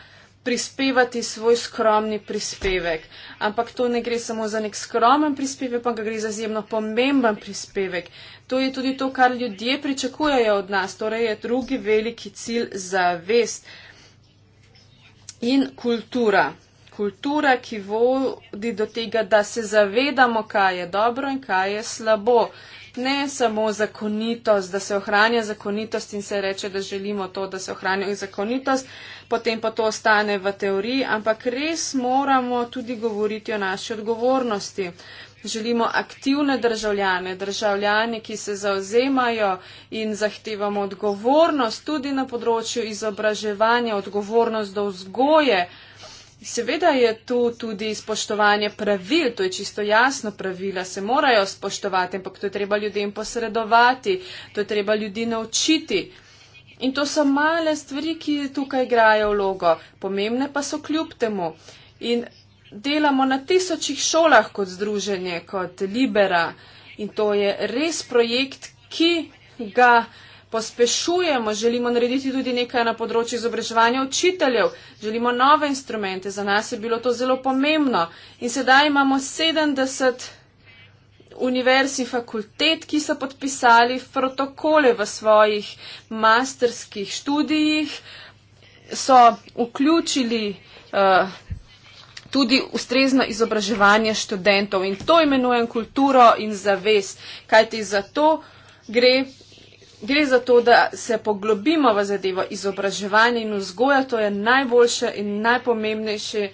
prispevati svoj skromni prispevek. Ampak to ne gre samo za nek skromen prispevek, ampak gre za izjemno pomemben prispevek. To je tudi to, kar ljudje pričakujejo od nas. Torej je drugi veliki cilj zavest in kultura. Kultura, ki vodi do tega, da se zavedamo, kaj je dobro in kaj je slabo ne samo zakonitost, da se ohranja zakonitost in se reče, da želimo to, da se ohranja zakonitost, potem pa to ostane v teoriji, ampak res moramo tudi govoriti o naši odgovornosti. Želimo aktivne državljane, državljane, ki se zauzemajo in zahtevamo odgovornost tudi na področju izobraževanja, odgovornost do vzgoje, Seveda je tu tudi spoštovanje pravil, to je čisto jasno, pravila se morajo spoštovati, ampak to je treba ljudem posredovati, to je treba ljudi naučiti. In to so male stvari, ki tukaj igrajo vlogo, pomembne pa so kljub temu. In delamo na tisočih šolah kot združenje, kot libera. In to je res projekt, ki ga pospešujemo, želimo narediti tudi nekaj na področju izobraževanja učiteljev, želimo nove instrumente, za nas je bilo to zelo pomembno. In sedaj imamo 70 univerz in fakultet, ki so podpisali protokole v svojih masterskih študijih, so vključili uh, tudi ustrezno izobraževanje študentov in to imenujem kulturo in zaves, kajti za to gre gre za to, da se poglobimo v zadevo izobraževanja in vzgoja. To je najboljše in najpomembnejše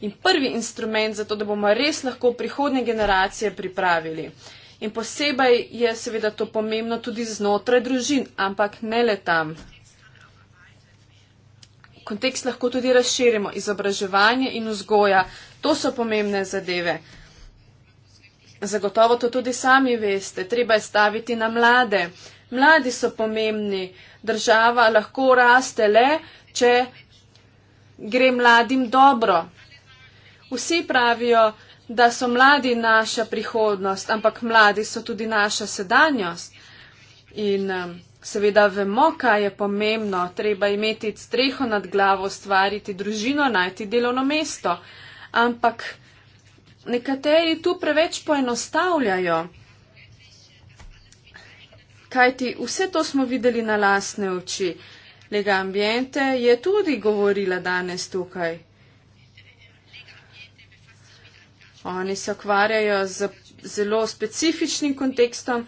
in prvi instrument za to, da bomo res lahko prihodne generacije pripravili. In posebej je seveda to pomembno tudi znotraj družin, ampak ne le tam. Kontekst lahko tudi razširimo. Izobraževanje in vzgoja, to so pomembne zadeve. Zagotovo to tudi sami veste, treba je staviti na mlade, Mladi so pomembni. Država lahko raste le, če gre mladim dobro. Vsi pravijo, da so mladi naša prihodnost, ampak mladi so tudi naša sedanjost. In um, seveda vemo, kaj je pomembno. Treba imeti streho nad glavo, ustvariti družino, najti delovno mesto. Ampak nekateri tu preveč poenostavljajo kajti vse to smo videli na lasne oči. Lega ambiente je tudi govorila danes tukaj. Oni se okvarjajo z zelo specifičnim kontekstom,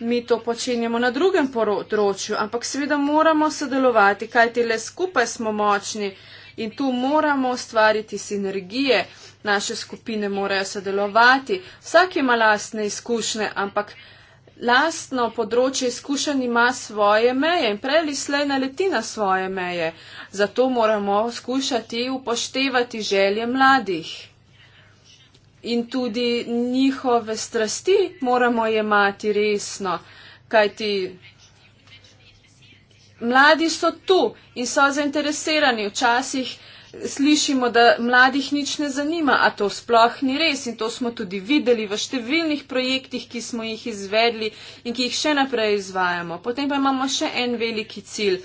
mi to počenjamo na drugem področju, ampak seveda moramo sodelovati, kajti le skupaj smo močni in tu moramo ustvariti sinergije, naše skupine morajo sodelovati, vsak ima lastne izkušnje, ampak lastno področje izkušenj ima svoje meje in prej ali slej naleti na svoje meje. Zato moramo skušati upoštevati želje mladih. In tudi njihove strasti moramo jemati resno, kajti mladi so tu in so zainteresirani. Včasih slišimo, da mladih nič ne zanima, a to sploh ni res in to smo tudi videli v številnih projektih, ki smo jih izvedli in ki jih še naprej izvajamo. Potem pa imamo še en veliki cilj.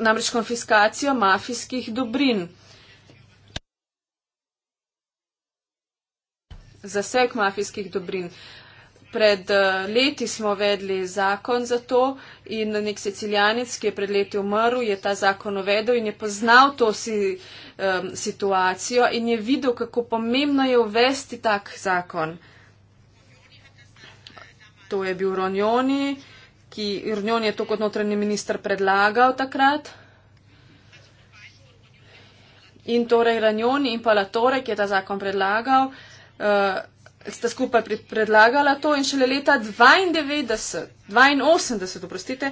Namreč konfiskacijo mafijskih dobrin. Zaseg mafijskih dobrin. Uh, pred eh, leti smo vedli zakon za to in nek sicilijanec, ki je pred leti umrl, je ta zakon uvedel in je poznal to si, um, situacijo in je videl, kako pomembno je uvesti tak zakon. To je bil Ronjoni, ki Ronjoni je to kot notranji minister predlagal takrat. In torej Ranjoni in pa Latore, ki je ta zakon predlagal, eh, sta skupaj predlagala to in šele leta 92, 82, oprostite,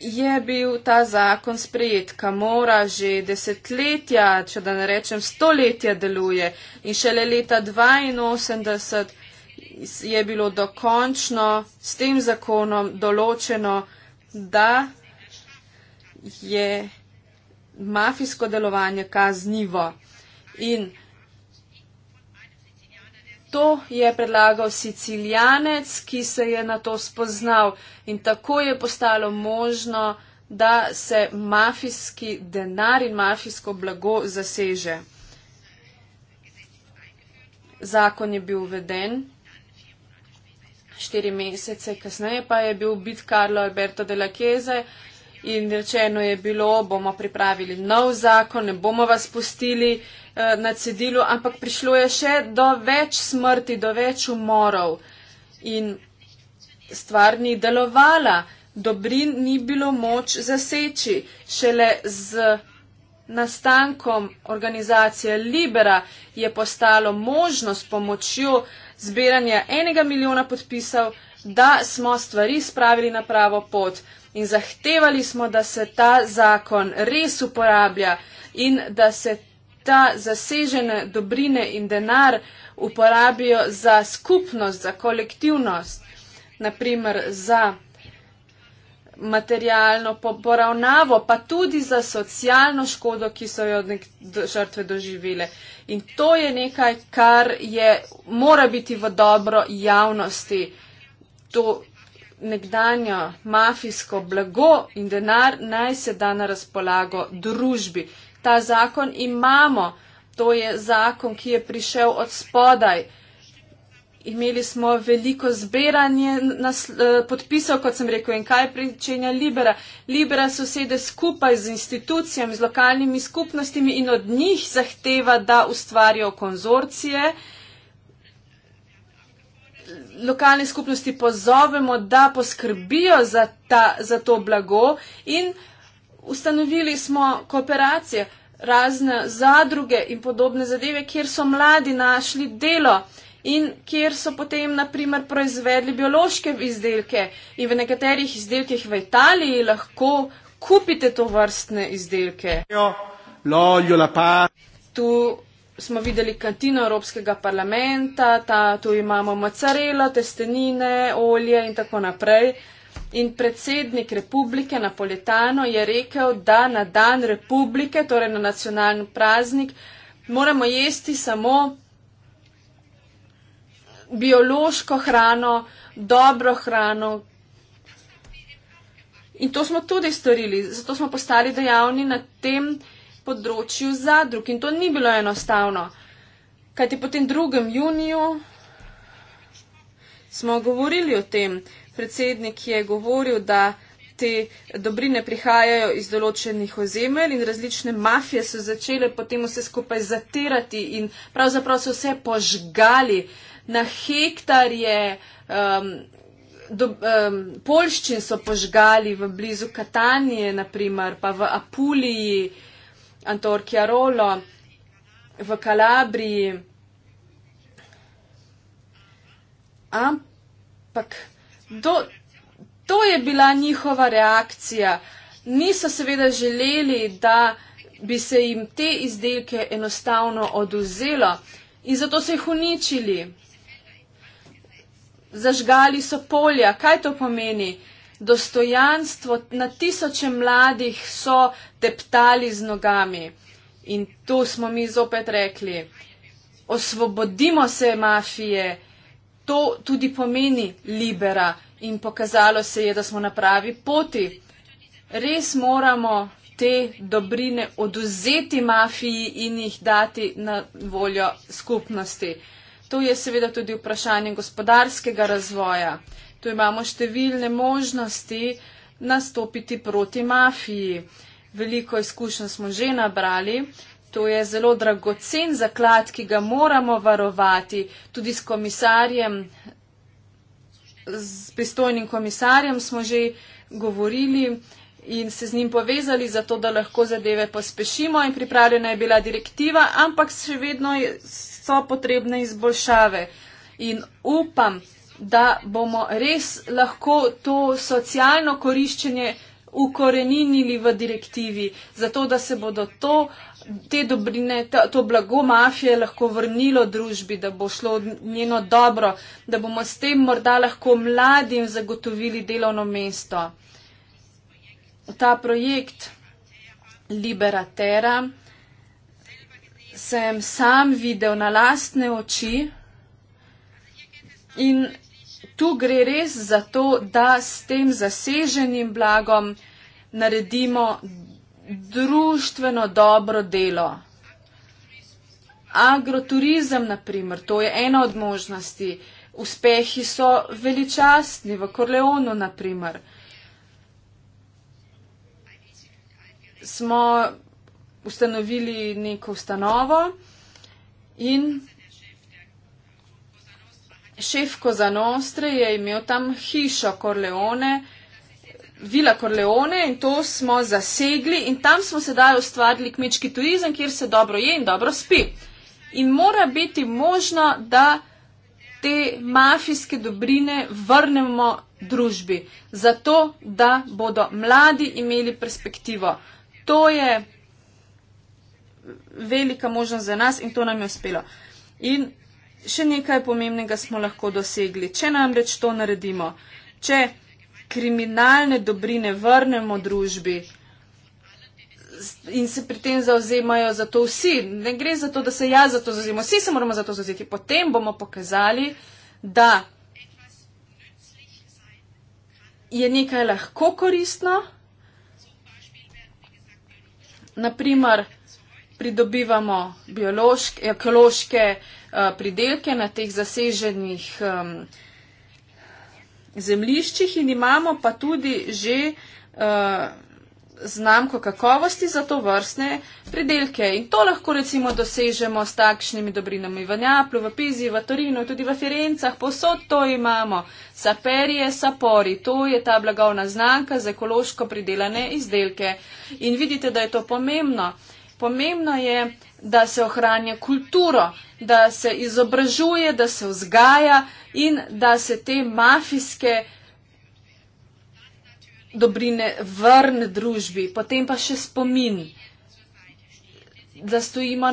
je bil ta zakon sprejet. Kamora že desetletja, če da ne rečem stoletja, deluje in šele leta 82 je bilo dokončno s tem zakonom določeno, da je mafijsko delovanje kaznivo. In To je predlagal Sicilijanec, ki se je na to spoznal in tako je postalo možno, da se mafijski denar in mafijsko blago zaseže. Zakon je bil uveden, štiri mesece kasneje pa je bil bit Karlo Alberto de la Cheze, in rečeno je bilo, bomo pripravili nov zakon, ne bomo vas pustili eh, na cedilu, ampak prišlo je še do več smrti, do več umorov in stvar ni delovala, dobrin ni bilo moč zaseči. Šele z nastankom organizacije Libera je postalo možno s pomočjo zbiranja enega milijona podpisov, da smo stvari spravili na pravo pot in zahtevali smo, da se ta zakon res uporablja in da se ta zasežene dobrine in denar uporabijo za skupnost, za kolektivnost, naprimer za materialno poravnavo, pa tudi za socialno škodo, ki so jo žrtve doživele. In to je nekaj, kar je, mora biti v dobro javnosti. To nekdanjo mafijsko blago in denar naj se da na razpolago družbi. Ta zakon imamo, to je zakon, ki je prišel od spodaj. Imeli smo veliko zbiranje eh, podpisov, kot sem rekel, in kaj pričenja Libera. Libera sosede skupaj z institucijami, z lokalnimi skupnostimi in od njih zahteva, da ustvarijo konzorcije, lokalne skupnosti pozovemo, da poskrbijo za, ta, za to blago in ustanovili smo kooperacije, razne zadruge in podobne zadeve, kjer so mladi našli delo in kjer so potem, naprimer, proizvedli biološke izdelke in v nekaterih izdelkih v Italiji lahko kupite to vrstne izdelke. Tu smo videli kantino Evropskega parlamenta, ta, tu imamo mocarelo, testenine, olje in tako naprej. In predsednik republike Napoletano je rekel, da na dan republike, torej na nacionalni praznik, moramo jesti samo biološko hrano, dobro hrano. In to smo tudi storili, zato smo postali dejavni na tem, področju zadrug in to ni bilo enostavno. Kaj ti po tem drugem juniju smo govorili o tem? Predsednik je govoril, da te dobrine prihajajo iz določenih ozemelj in različne mafije so začele potem vse skupaj zatirati in pravzaprav so vse požgali na hektarje. Um, Do, um, polščin so požgali v blizu Katanije, naprimer, pa v Apuliji, uh, Antorchiarolo v Kalabriji. Ampak do, to je bila njihova reakcija. Niso seveda želeli, da bi se jim te izdelke enostavno oduzelo in zato so jih uničili. Zažgali so polja. Kaj to pomeni? dostojanstvo, na tisoče mladih so teptali z nogami. In tu smo mi zopet rekli, osvobodimo se mafije, to tudi pomeni libera in pokazalo se je, da smo na pravi poti. Res moramo te dobrine oduzeti mafiji in jih dati na voljo skupnosti. To je seveda tudi vprašanje gospodarskega razvoja. Tu imamo številne možnosti nastopiti proti mafiji. Veliko izkušenj smo že nabrali. To je zelo dragocen zaklad, ki ga moramo varovati. Tudi s komisarjem, s pristojnim komisarjem smo že govorili in se z njim povezali, zato da lahko zadeve pospešimo. In pripravljena je bila direktiva, ampak še vedno so potrebne izboljšave. In upam, da bomo res lahko to socialno koriščenje ukoreninili v direktivi, zato da se bodo to, te dobrine, ta, to blago mafije lahko vrnilo družbi, da bo šlo njeno dobro, da bomo s tem morda lahko mladim zagotovili delovno mesto. Ta projekt Liberatera sem sam videl na lastne oči in tu gre res za to, da s tem zaseženim blagom naredimo društveno dobro delo. Agroturizem, naprimer, to je ena od možnosti. Uspehi so veličastni v Korleonu, naprimer. Smo ustanovili neko ustanovo in šef Kozanostre je imel tam hišo Korleone, vila Korleone in to smo zasegli in tam smo sedaj ustvarili kmečki turizem, kjer se dobro je in dobro spi. In mora biti možno, da te mafijske dobrine vrnemo družbi, zato da bodo mladi imeli perspektivo. To je velika možnost za nas in to nam je uspelo. In še nekaj pomembnega smo lahko dosegli, če namreč to naredimo, če kriminalne dobrine vrnemo družbi. In se pri tem zauzemajo za to vsi. Ne gre za to, da se jaz za to zauzemam, vsi se moramo za to zauzeti. Potem bomo pokazali, da je nekaj lahko koristno. Naprimer, pridobivamo biološke, ekološke. Eh, Eh, pridelke na teh zaseženih zemliščih in imamo pa tudi že eh, znamko kakovosti za to vrstne pridelke. In to lahko recimo dosežemo s takšnimi dobrinami v Neaplu, v Pizi, v Torinu, tudi v Firencah, posod to imamo. Saperije, sapori, to je ta blagovna znamka za ekološko pridelane izdelke. In vidite, da je to pomembno. Pomembno je, da se ohranja kulturo, da se izobražuje, da se vzgaja in da se te mafijske dobrine vrne družbi. Potem pa še spomin, da stojimo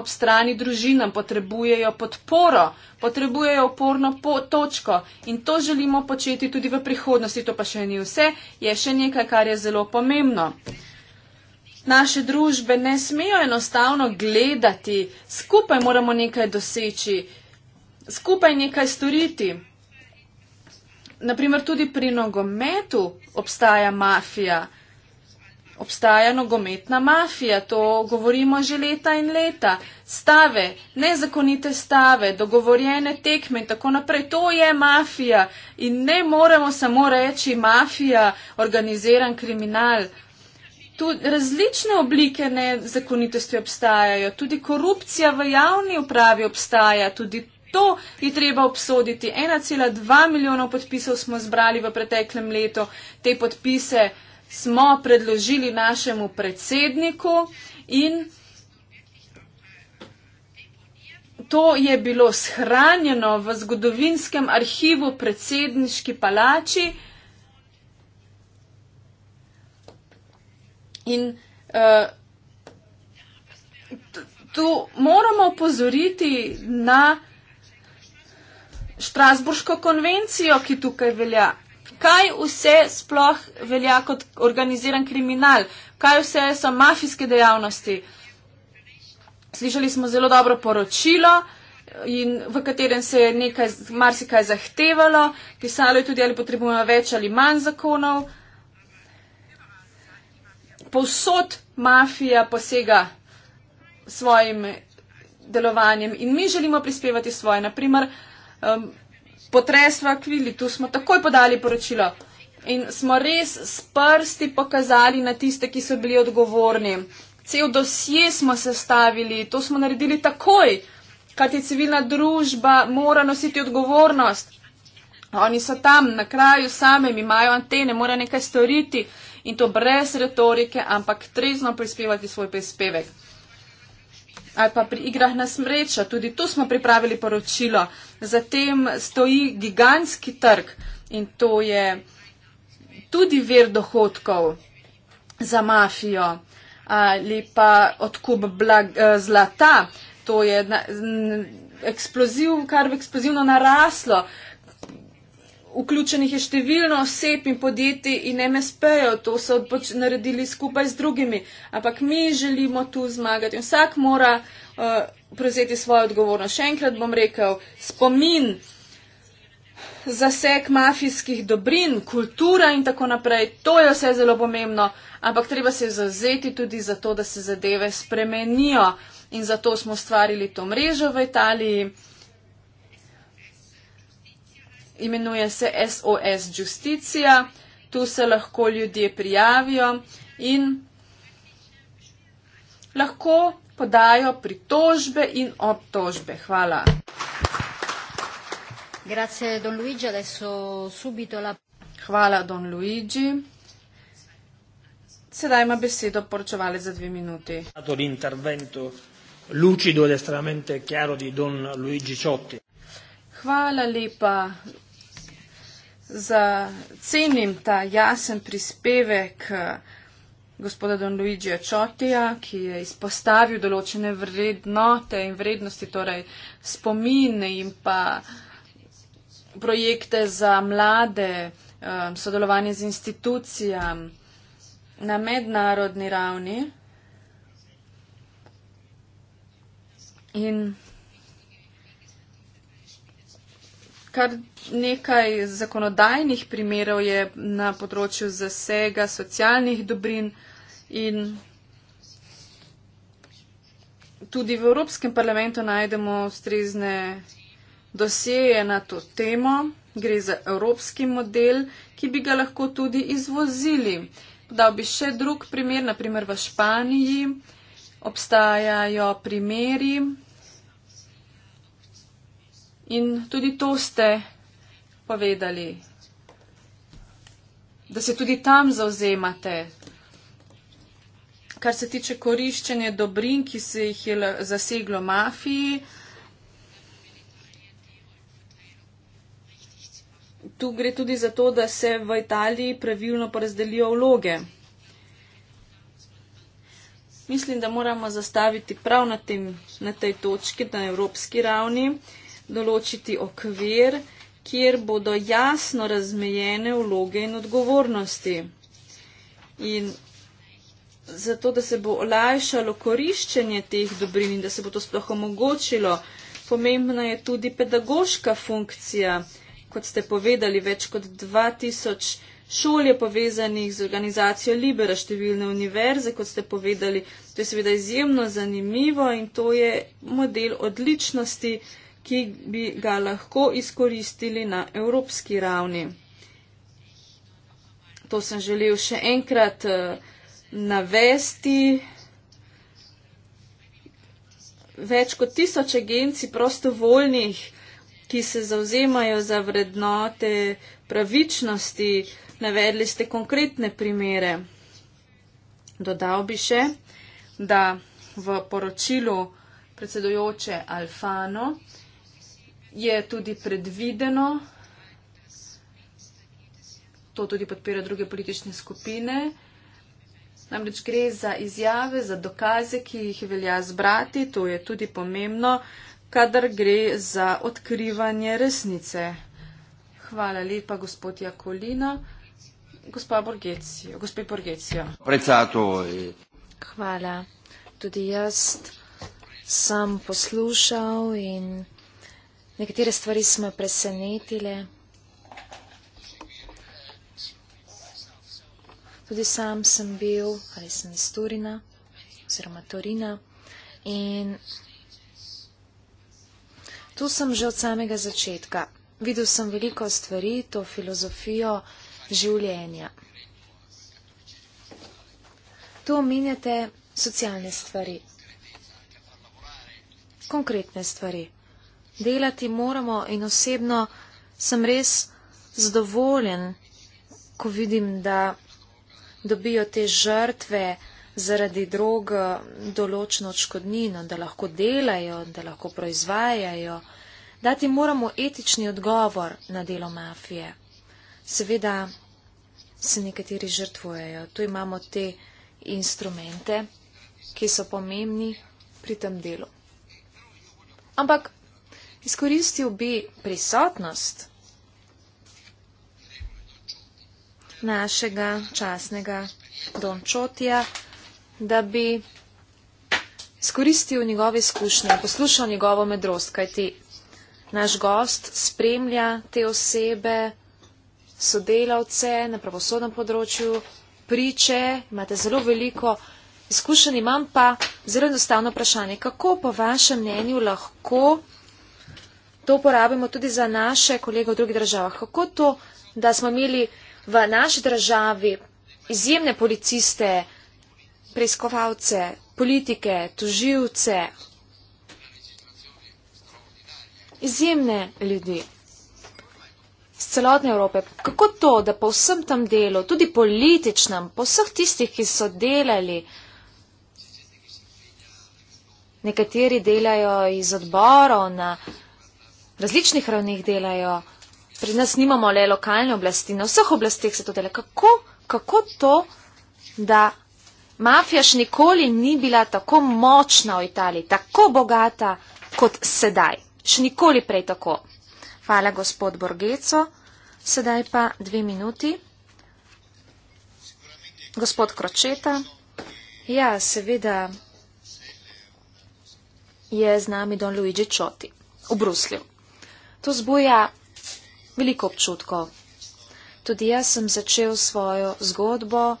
ob strani družinam, potrebujejo podporo, potrebujejo oporno po točko in to želimo početi tudi v prihodnosti. To pa še ni vse, je še nekaj, kar je zelo pomembno naše družbe ne smejo enostavno gledati, skupaj moramo nekaj doseči, skupaj nekaj storiti. Naprimer, tudi pri nogometu obstaja mafija. Obstaja nogometna mafija, to govorimo že leta in leta. Stave, nezakonite stave, dogovorjene tekme in tako naprej, to je mafija. In ne moremo samo reči mafija, organiziran kriminal tudi različne oblike nezakonitosti obstajajo, tudi korupcija v javni upravi obstaja, tudi to je treba obsoditi. 1,2 milijonov podpisov smo zbrali v preteklem letu, te podpise smo predložili našemu predsedniku in to je bilo shranjeno v zgodovinskem arhivu predsedniški palači. In uh, tu moramo pozoriti na Štrasburško konvencijo, ki tukaj velja. Kaj vse sploh velja kot organiziran kriminal? Kaj vse so mafijske dejavnosti? Slišali smo zelo dobro poročilo, in, v katerem se je nekaj, marsikaj zahtevalo, pisalo je tudi, ali potrebujemo več ali manj zakonov. Uh, povsod mafija posega svojim delovanjem in mi želimo prispevati svoje. Naprimer, um, potres v Akvili, tu smo takoj podali poročilo in smo res s prsti pokazali na tiste, ki so bili odgovorni. Cel dosje smo sestavili, to smo naredili takoj, kaj ti civilna družba mora nositi odgovornost. Oni so tam na kraju same, imajo antene, mora nekaj storiti in to brez retorike, ampak trezno prispevati svoj prispevek. Ali pa pri igrah na smrečo, tudi tu smo pripravili poročilo. Zatem stoji gigantski trg in to je tudi ver dohodkov za mafijo ali pa odkup blag, eh, zlata. To je eksploziv, kar v eksplozivno naraslo vključenih je številno oseb in podjetij in MSP-jev, to so pač naredili skupaj z drugimi. Ampak mi želimo tu zmagati in vsak mora uh, prevzeti svojo odgovornost. Še enkrat bom rekel, spomin za sek mafijskih dobrin, kultura in tako naprej, to je vse zelo pomembno, ampak treba se zazeti tudi za to, da se zadeve spremenijo. In zato smo ustvarili to mrežo v Italiji imenuje se SOS Justicija. Tu se lahko ljudje prijavijo in lahko podajo pritožbe in obtožbe. Hvala. Grazie, don Luigi. Adesso subito la... Hvala, don Luigi. Sedaj ima besedo poročevalec za dve minuti. Lucido ed estremamente chiaro di Don Luigi Ciotti. Hvala lepa, Cenim ta jasen prispevek eh, gospoda Don Luigija Čotija, ki je izpostavil določene vrednote in vrednosti, torej spomine in pa projekte za mlade, eh, sodelovanje z institucijam na mednarodni ravni. In kar nekaj zakonodajnih primerov je na področju zasega socialnih dobrin in tudi v Evropskem parlamentu najdemo ustrezne dosjeje na to temo. Gre za evropski model, ki bi ga lahko tudi izvozili. Dal bi še drug primer, naprimer v Španiji obstajajo primeri, In tudi to ste povedali, da se tudi tam zauzemate. Kar se tiče koriščenja dobrin, ki se jih je zaseglo mafiji, tu gre tudi za to, da se v Italiji pravilno porazdelijo vloge. Mislim, da moramo zastaviti prav na, tem, na tej točki, na evropski ravni določiti okvir, kjer bodo jasno razmejene vloge in odgovornosti. In zato, da se bo olajšalo koriščenje teh dobrin in da se bo to sploh omogočilo, pomembna je tudi pedagoška funkcija. Kot ste povedali, več kot 2000 šol je povezanih z organizacijo Libera, številne univerze, kot ste povedali. To je seveda izjemno zanimivo in to je model odličnosti, ki bi ga lahko izkoristili na evropski ravni. To sem želel še enkrat eh, navesti. Več kot tisoč agencij prostovoljnih, ki se zauzemajo za vrednote pravičnosti, navedli ste konkretne primere. Dodal bi še, da v poročilu predsedojoče Alfano, je tudi predvideno, to tudi podpira druge politične skupine. Namreč gre za izjave, za dokaze, ki jih velja zbrati, to je tudi pomembno, kadar gre za odkrivanje resnice. Hvala lepa, gospod Jakolina. Gospod Borgecijo. Borgecijo. Hvala. Tudi jaz sem poslušal in. Nekatere stvari smo presenetile. Tudi sam sem bil, ali sem iz Turina, oziroma Torina. In tu sem že od samega začetka. Videl sem veliko stvari, to filozofijo življenja. Tu omenjate socialne stvari, konkretne stvari delati moramo in osebno sem res zadovoljen, ko vidim, da dobijo te žrtve zaradi drog določeno odškodnino, da lahko delajo, da lahko proizvajajo. Dati moramo etični odgovor na delo mafije. Seveda se nekateri žrtvujejo. Tu imamo te instrumente, ki so pomembni pri tem delu. Ampak Izkoristil bi prisotnost našega časnega Dončotija, da bi izkoristil njegove izkušnje, poslušal njegovo medrost, kajti naš gost spremlja te osebe, sodelavce na pravosodnem področju, priče, imate zelo veliko izkušenj, imam pa zelo enostavno vprašanje, kako po vašem mnenju lahko to uporabimo tudi za naše kolege v drugih državah. Kako to, da smo imeli v naši državi izjemne policiste, preiskovalce, politike, tuživce, izjemne ljudi z celotne Evrope. Kako to, da po vsem tam delu, tudi političnem, po vseh tistih, ki so delali, nekateri delajo iz odborov na različnih ravnih delajo. Pri nas nimamo le lokalne oblasti, na vseh oblastih se to dela. Kako, kako to, da mafija še nikoli ni bila tako močna v Italiji, tako bogata kot sedaj? Še nikoli prej tako. Hvala, gospod Borgeco. Sedaj pa dve minuti. Gospod Kročeta. Ja, seveda je z nami Don Luigi Čoti v Bruslju. To zbuja veliko občutkov. Tudi jaz sem začel svojo zgodbo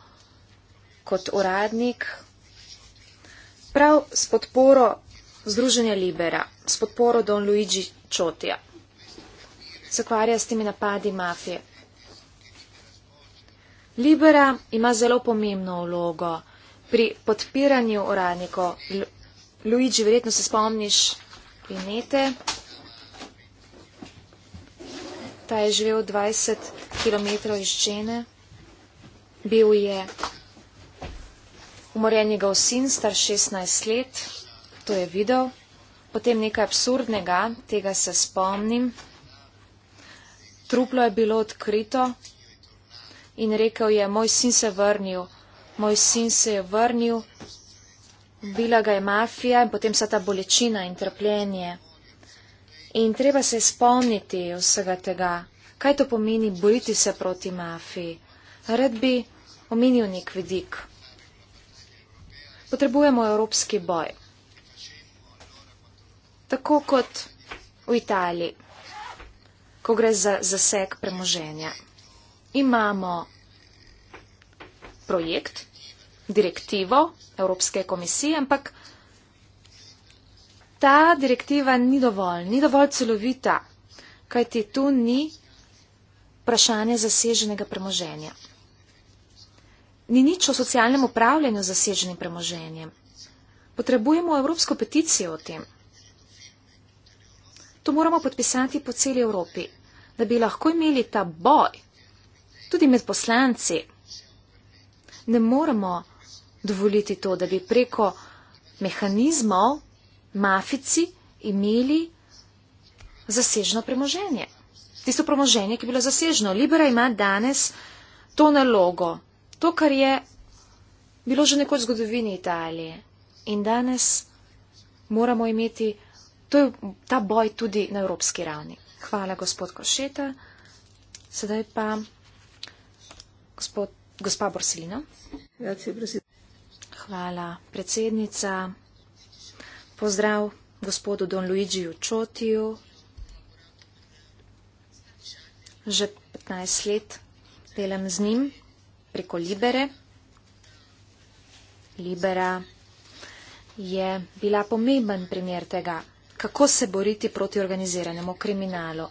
kot uradnik prav s podporo Združenja Libera, s podporo Don Luigi Čotija. Sekvarja s temi napadi mafije. Libera ima zelo pomembno vlogo pri podpiranju uradnikov. Luigi, verjetno se spomniš, vinete. Ta je živel 20 km iz žene. Bil je umorjen njegov sin, star 16 let, to je videl. Potem nekaj absurdnega, tega se spomnim. Truplo je bilo odkrito in rekel je, moj sin se vrnil, moj sin se je vrnil, bila ga je mafija in potem vsa ta bolečina in trpljenje. In treba se spomniti vsega tega, kaj to pomeni boriti se proti mafiji. Rad bi omenil nek vidik. Potrebujemo evropski boj. Tako kot v Italiji, ko gre za zaseg premoženja. Imamo projekt, direktivo Evropske komisije, ampak ta direktiva ni dovolj, ni dovolj celovita, kajti tu ni vprašanje zaseženega premoženja. Ni nič o socialnem upravljanju zaseženim premoženjem. Potrebujemo evropsko peticijo o tem. To moramo podpisati po celi Evropi, da bi lahko imeli ta boj tudi med poslanci. Ne moremo dovoliti to, da bi preko mehanizmov mafici imeli zasežno premoženje. Tisto premoženje, ki je bilo zasežno. Libera ima danes to nalogo, to, kar je bilo že nekoč v zgodovini Italije. In danes moramo imeti to, ta boj tudi na evropski ravni. Hvala, gospod Košeta. Sedaj pa gospod, gospa Borsilina. Hvala, predsednica. Pozdrav gospodu Don Luigiju Čotiju. Že 15 let delam z njim preko Libere. Libera je bila pomemben primer tega, kako se boriti proti organiziranemu kriminalu.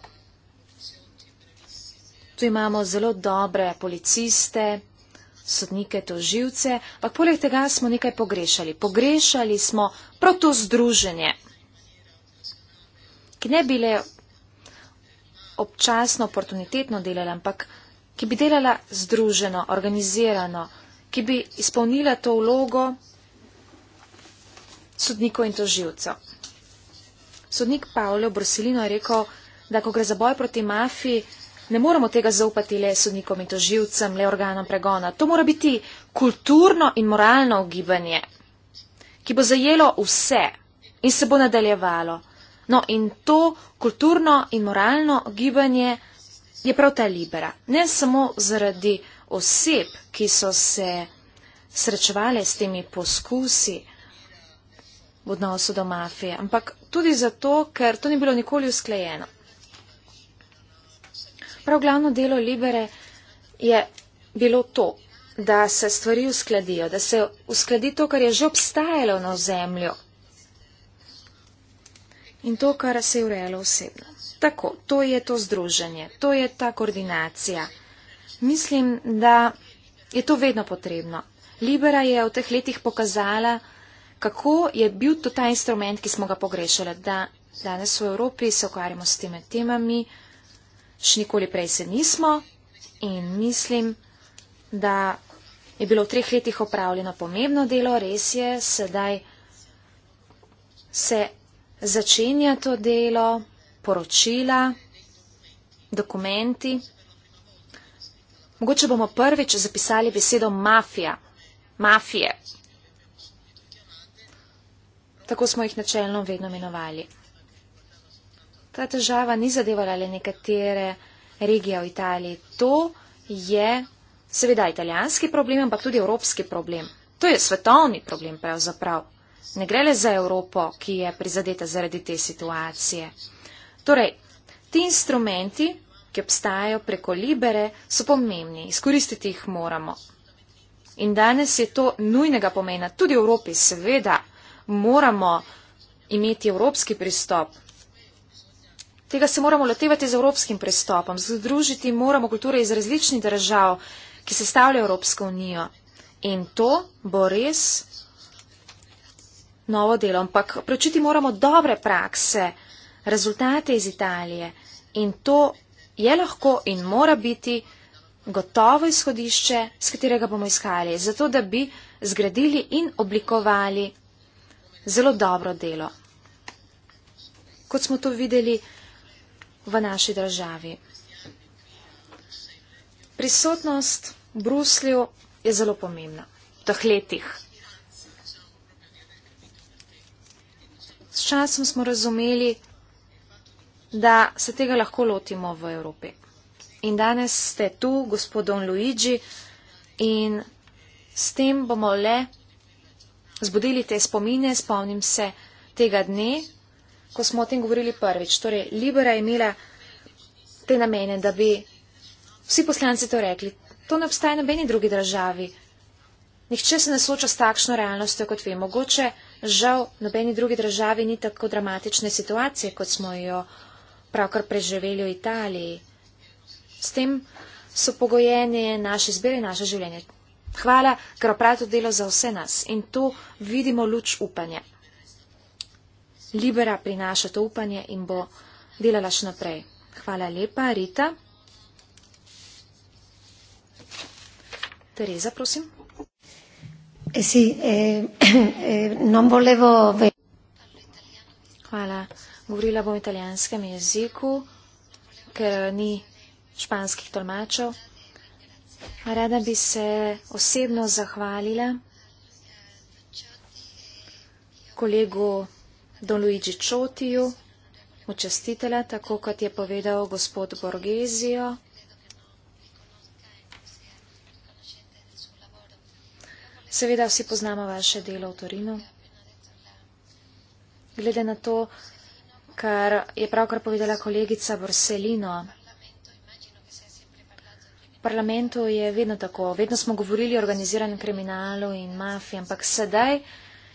Tu imamo zelo dobre policiste, sodnike, toživce, ampak poleg tega smo nekaj pogrešali. Pogrešali smo proto združenje, ki ne bi le občasno, oportunitetno delala, ampak ki bi delala združeno, organizirano, ki bi izpolnila to vlogo sodnikov in toživcev. Sodnik Pavlo Brusilino je rekel, da ko gre za boj proti mafiji, ne moremo tega zaupati le sodnikom in toživcem, le organom pregona. To mora biti kulturno in moralno ugibanje, ki bo zajelo vse in se bo nadaljevalo. No in to kulturno in moralno ugibanje je prav ta libera. Ne samo zaradi oseb, ki so se srečevali s temi poskusi v odnosu do mafije, ampak tudi zato, ker to ni bilo nikoli usklejeno. Prav glavno delo Libere je bilo to, da se stvari uskladijo, da se uskladi to, kar je že obstajalo na ozemlju in to, kar se je urejalo osebno. Tako, to je to združenje, to je ta koordinacija. Mislim, da je to vedno potrebno. Libera je v teh letih pokazala, kako je bil to ta instrument, ki smo ga pogrešali, da danes v Evropi se okvarjamo s temi temami še nikoli prej se nismo in mislim, da je bilo v treh letih opravljeno pomembno delo, res je, sedaj se začenja to delo, poročila, dokumenti. Mogoče bomo prvič zapisali besedo mafija, mafije. Tako smo jih načelno vedno imenovali ta težava ni zadevala le nekatere regije v Italiji. To je seveda italijanski problem, ampak tudi evropski problem. To je svetovni problem pravzaprav. Ne gre le za Evropo, ki je prizadeta zaradi te situacije. Torej, ti instrumenti, ki obstajajo preko libere, so pomembni. Izkoristiti jih moramo. In danes je to nujnega pomena. Tudi v Evropi seveda moramo imeti evropski pristop, Tega se moramo lotevati z evropskim pristopom, združiti moramo kulture iz različnih držav, ki sestavljajo Evropsko unijo. In to bo res novo delo. Ampak preučiti moramo dobre prakse, rezultate iz Italije. In to je lahko in mora biti gotovo izhodišče, s katerega bomo iskali, zato da bi zgradili in oblikovali zelo dobro delo. Kot smo to videli, v naši državi. Prisotnost v Bruslju je zelo pomembna v teh letih. S časom smo razumeli, da se tega lahko lotimo v Evropi. In danes ste tu, gospodon Luigi, in s tem bomo le zbudili te spomine. Spomnim se tega dne, ko smo o tem govorili prvič. Torej, Libera je imela te namene, da bi vsi poslanci to rekli. To ne obstaja na meni drugi državi. Nihče se ne sooča s takšno realnostjo, kot ve. Mogoče žal nobeni drugi državi ni tako dramatične situacije, kot smo jo pravkar preživeli v Italiji. S tem so pogojeni naše izbire in naše življenje. Hvala, ker opravljate delo za vse nas in to vidimo luč upanja. Libera prinaša to upanje in bo delala še naprej. Hvala lepa, Rita. Tereza, prosim. Eh, eh, eh, Hvala. Govorila bom v italijanskem jeziku, ker ni španskih tolmačev. Rada bi se osebno zahvalila kolegu Tereza. Don Luigi Čotiju, učestitele, tako kot je povedal gospod Borgezijo. Seveda vsi poznamo vaše delo v Torinu. Glede na to, kar je pravkar povedala kolegica Borselino, v parlamentu je vedno tako, vedno smo govorili o organiziranem kriminalu in mafiji, ampak sedaj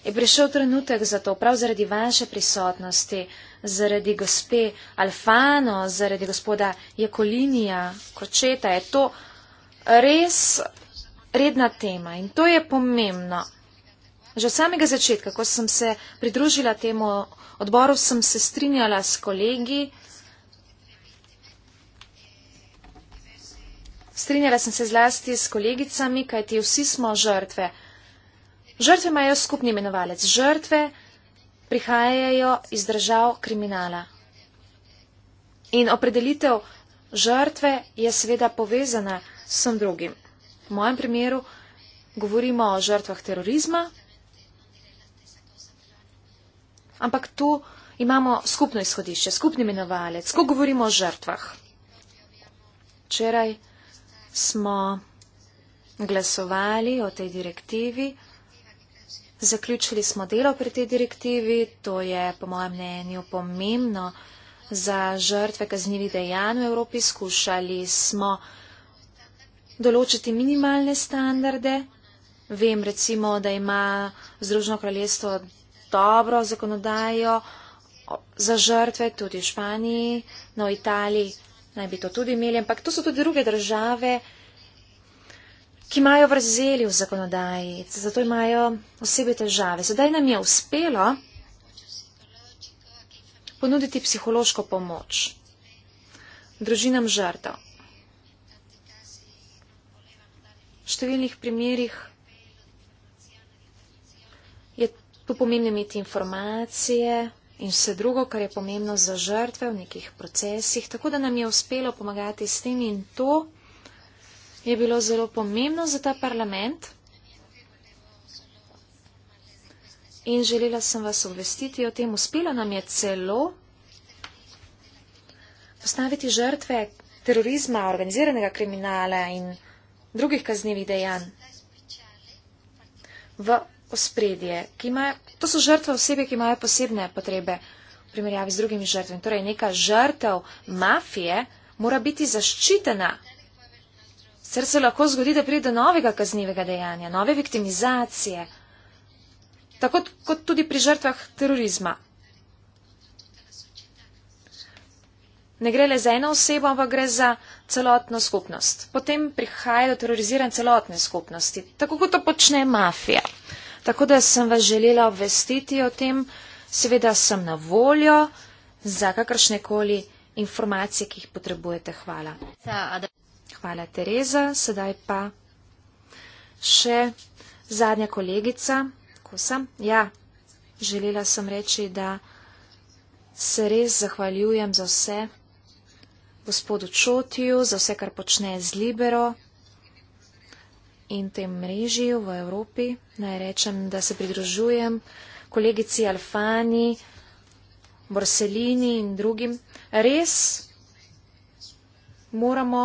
je prišel trenutek za to, prav zaradi vaše prisotnosti, zaradi gospe Alfano, zaradi gospoda Jekolinija, kočeta, je to res redna tema in to je pomembno. Že od samega začetka, ko sem se pridružila temu odboru, sem se strinjala s kolegi. Strinjala sem se zlasti s kolegicami, kajti vsi smo žrtve. Žrtve imajo skupni imenovalec. Žrtve prihajajo iz držav kriminala. In opredelitev žrtve je seveda povezana s vsem drugim. V mojem primeru govorimo o žrtvah terorizma, ampak tu imamo skupno izhodišče, skupni imenovalec. Ko govorimo o žrtvah, včeraj smo glasovali o tej direktivi, Zaključili smo delo pri tej direktivi, to je po mojem mnenju pomembno za žrtve kaznjivih dejanj v Evropi. Skušali smo določiti minimalne standarde. Vem recimo, da ima Združeno kraljestvo dobro zakonodajo za žrtve, tudi v Španiji, no v Italiji naj bi to tudi imeli, ampak to so tudi druge države, ki imajo vrzeli v zakonodaji, zato imajo osebe težave. Sedaj nam je uspelo ponuditi psihološko pomoč družinam žrtev. V številnih primerjih je tu pomembno imeti informacije in vse drugo, kar je pomembno za žrtve v nekih procesih, tako da nam je uspelo pomagati s tem in to je bilo zelo pomembno za ta parlament in želela sem vas obvestiti o tem. Uspelo nam je celo postaviti žrtve terorizma, organiziranega kriminala in drugih kaznjivih dejanj v ospredje. Imajo, to so žrtve osebe, ki imajo posebne potrebe v primerjavi z drugimi žrtvami. Torej, neka žrtev mafije mora biti zaščitena. Sicer se lahko zgodi, da pride do novega kaznivega dejanja, nove viktimizacije, tako kot tudi pri žrtvah terorizma. Ne gre le za eno osebo, ampak gre za celotno skupnost. Potem prihaja do teroriziranja celotne skupnosti, tako kot to počne mafija. Tako da sem vas želela obvestiti o tem, seveda sem na voljo za kakršne koli informacije, ki jih potrebujete. Hvala. Ja, hvala Tereza. Sedaj pa še zadnja kolegica, ko sem. Ja, želela sem reči, da se res zahvaljujem za vse gospodu Čotiju, za vse, kar počne z Libero in tem mrežijo v Evropi. Naj rečem, da se pridružujem kolegici Alfani, Borselini in drugim. Res moramo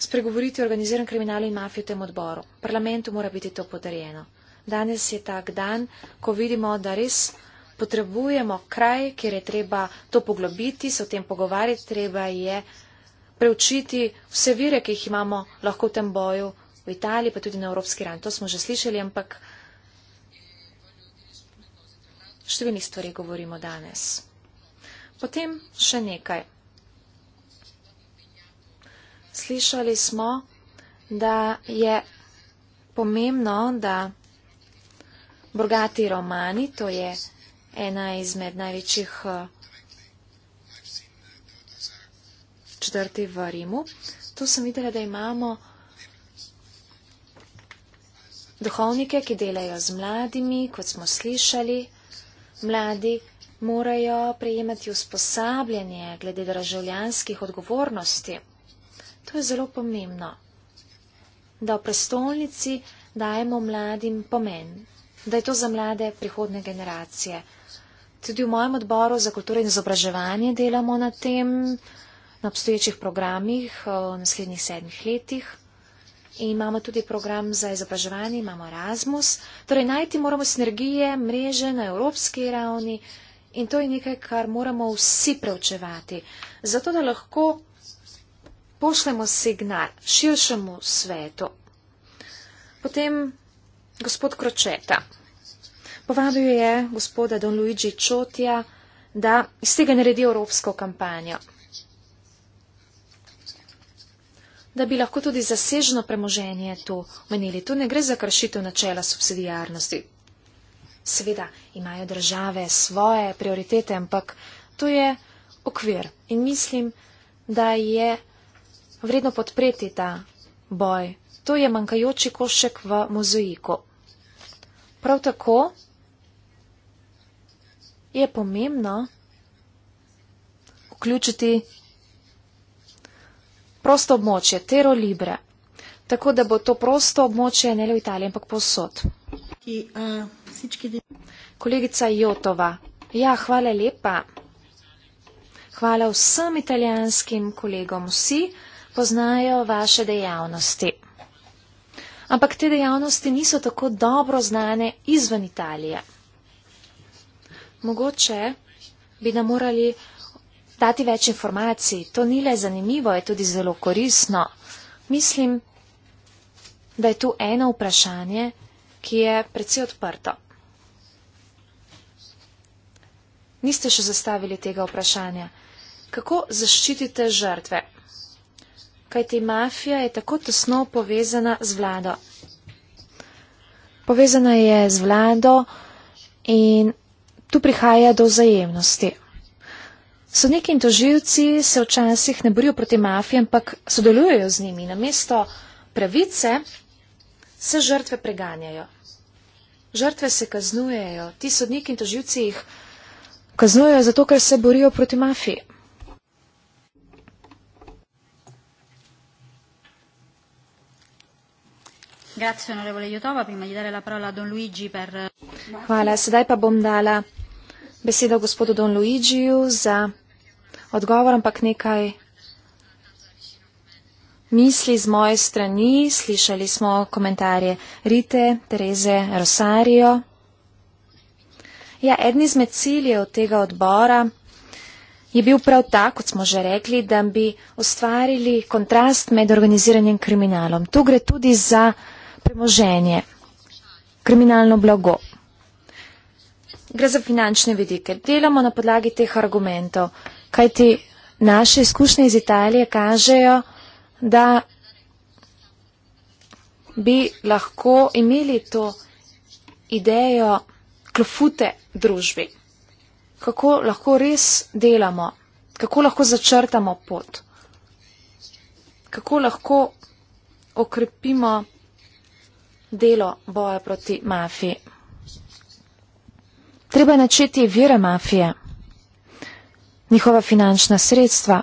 spregovoriti o organiziranem kriminalu in mafiji v tem odboru. Parlamentu mora biti to podarjeno. Danes je tak dan, ko vidimo, da res potrebujemo kraj, kjer je treba to poglobiti, se o tem pogovarjati, treba je preučiti vse vire, ki jih imamo lahko v tem boju v Italiji, pa tudi na evropski ran. To smo že slišali, ampak številnih stvari govorimo danes. Potem še nekaj slišali smo, da je pomembno, da bogati romani, to je ena izmed največjih eh, četrti v Rimu, tu sem videla, da imamo duhovnike, ki delajo z mladimi, kot smo slišali, mladi morajo prejemati usposabljanje glede državljanskih odgovornosti. To je zelo pomembno, da v prestolnici dajemo mladim pomen, da je to za mlade prihodne generacije. Tudi v mojem odboru za kulturo in izobraževanje delamo na tem, na obstoječih programih v naslednjih sedmih letih. In imamo tudi program za izobraževanje, imamo Erasmus. Torej, najti moramo sinergije, mreže na evropski ravni in to je nekaj, kar moramo vsi preučevati. Zato, da lahko pošljemo signal širšemu svetu. Potem gospod Kročeta. Povabil je gospoda Don Luigi Čotija, da iz tega naredi evropsko kampanjo. Da bi lahko tudi zasežno premoženje to menili. Tu ne gre za kršitev načela subsidijarnosti. Seveda imajo države svoje prioritete, ampak to je okvir. In mislim, da je vredno podpreti ta boj. To je manjkajoči košek v mozaiku. Prav tako je pomembno vključiti prosto območje, tero libre, tako da bo to prosto območje ne le v Italiji, ampak posod. Kolegica Jotova, ja, hvala lepa. Hvala vsem italijanskim kolegom, vsi poznajo vaše dejavnosti. Ampak te dejavnosti niso tako dobro znane izven Italije. Mogoče bi nam morali dati več informacij. To ni le zanimivo, je tudi zelo korisno. Mislim, da je tu eno vprašanje, ki je precej odprto. Niste še zastavili tega vprašanja. Kako zaščitite žrtve? kajti mafija je tako tesno povezana z vlado. Povezana je z vlado in tu prihaja do vzajemnosti. Sodniki in toživci se včasih ne borijo proti mafiji, ampak sodelujejo z njimi. Na mesto pravice se žrtve preganjajo. Žrtve se kaznujejo. Ti sodniki in toživci jih kaznujejo zato, ker se borijo proti mafiji. Grazie, onorevole Jutova. Prima di dare la parola a Don Luigi per... Hvala. Sedaj pa bom dala besedo gospodu Don Luigiju za odgovor, ampak nekaj misli z moje strani. Slišali smo komentarje Rite, Tereze, Rosario. Ja, edni izmed ciljev tega odbora je bil prav ta, kot smo že rekli, da bi ustvarili kontrast med organiziranjem kriminalom. Tu gre tudi za premoženje, kriminalno blago. Gre za finančne vidike. Delamo na podlagi teh argumentov, kajti naše izkušnje iz Italije kažejo, da bi lahko imeli to idejo klofute družbi. Kako lahko res delamo, kako lahko začrtamo pot, kako lahko okrepimo delo boja proti mafiji. Treba je načeti vire mafije, njihova finančna sredstva.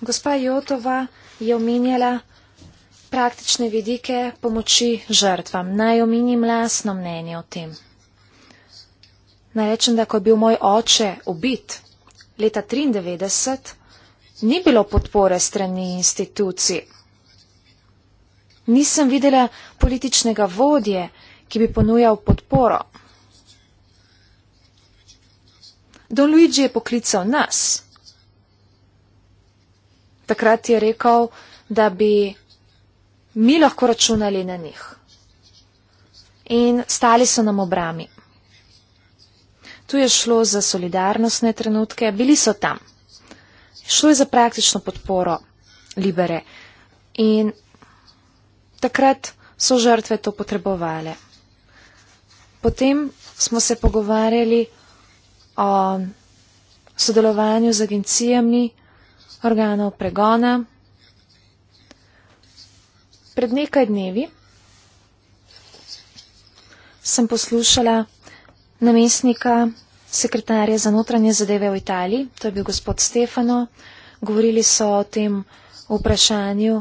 Gospa Jotova je omenjala praktične vidike pomoči žrtvam. Naj omenim lasno mnenje o tem. Naj rečem, da ko je bil moj oče ubit leta 1993, ni bilo podpore strani institucij. Nisem videla političnega vodje, ki bi ponujal podporo. Don Luigi je poklical nas. Takrat je rekel, da bi mi lahko računali na njih. In stali so nam obrami. Tu je šlo za solidarnostne trenutke, bili so tam. Šlo je za praktično podporo Libere. In takrat so žrtve to potrebovali. Potem smo se pogovarjali o sodelovanju z agencijami organov pregona. Pred nekaj dnevi sem poslušala namestnika sekretarja za notranje zadeve v Italiji, to je bil gospod Stefano. Govorili so o tem vprašanju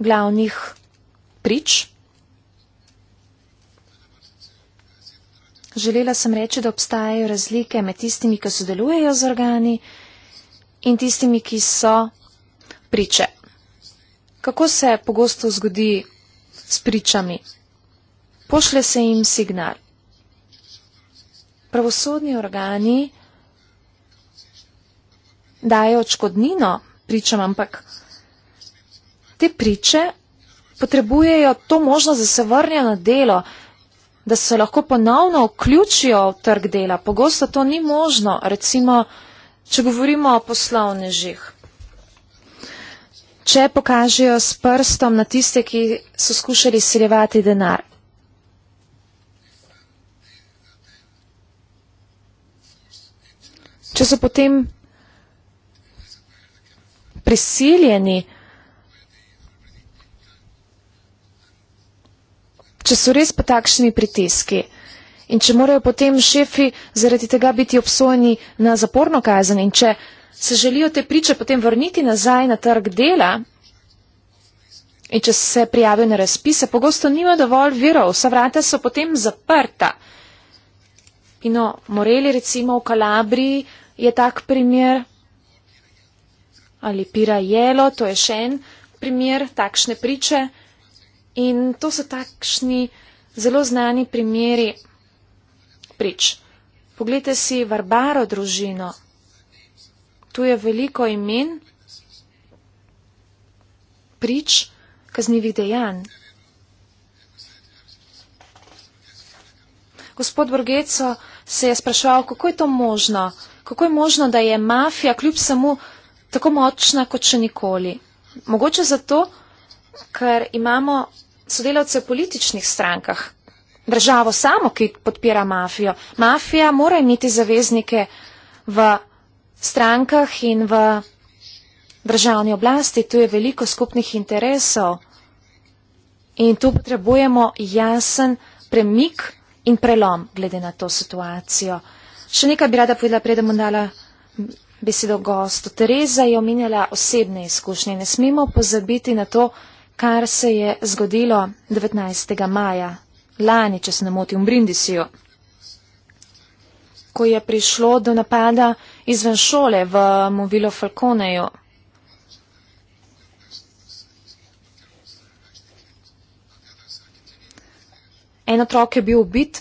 glavnih prič. Želela sem reči, da obstajajo razlike med tistimi, ki sodelujejo z organi in tistimi, ki so priče. Kako se pogosto zgodi s pričami? Pošle se jim signal. Pravosodni organi dajo očkodnino pričam, ampak te priče potrebujejo to možnost, da se vrnejo na delo, da se lahko ponovno vključijo v trg dela. Pogosto to ni možno, recimo, če govorimo o poslovnežih. Če pokažejo s prstom na tiste, ki so skušali siljevati denar. Če so potem prisiljeni, če so res pa takšni pritiski in če morajo potem šefi zaradi tega biti obsojeni na zaporno kazen in če se želijo te priče potem vrniti nazaj na trg dela in če se prijavijo na razpise, pogosto nima dovolj virov, vsa vrata so potem zaprta. Pino Moreli recimo v Kalabriji je tak primer ali Pira Jelo, to je še en primer takšne priče. In to so takšni zelo znani primeri prič. Poglejte si Barbaro družino. Tu je veliko imen prič kaznjivih dejanj. Gospod Borgeco se je spraševal, kako je to možno, kako je možno, da je mafija kljub samo tako močna kot še nikoli. Mogoče zato, ker imamo sodelavce v političnih strankah, državo samo, ki podpira mafijo. Mafija mora imeti zaveznike v strankah in v državni oblasti, tu je veliko skupnih interesov in tu potrebujemo jasen premik in prelom glede na to situacijo. Še nekaj bi rada povedala, preden bom dala besedo gostu. Tereza je omenjala osebne izkušnje. Ne smemo pozabiti na to, kar se je zgodilo 19. maja lani, če se ne motim, v Brindisiju, ko je prišlo do napada izven šole v Movilo Falconeju. En otrok je bil ubit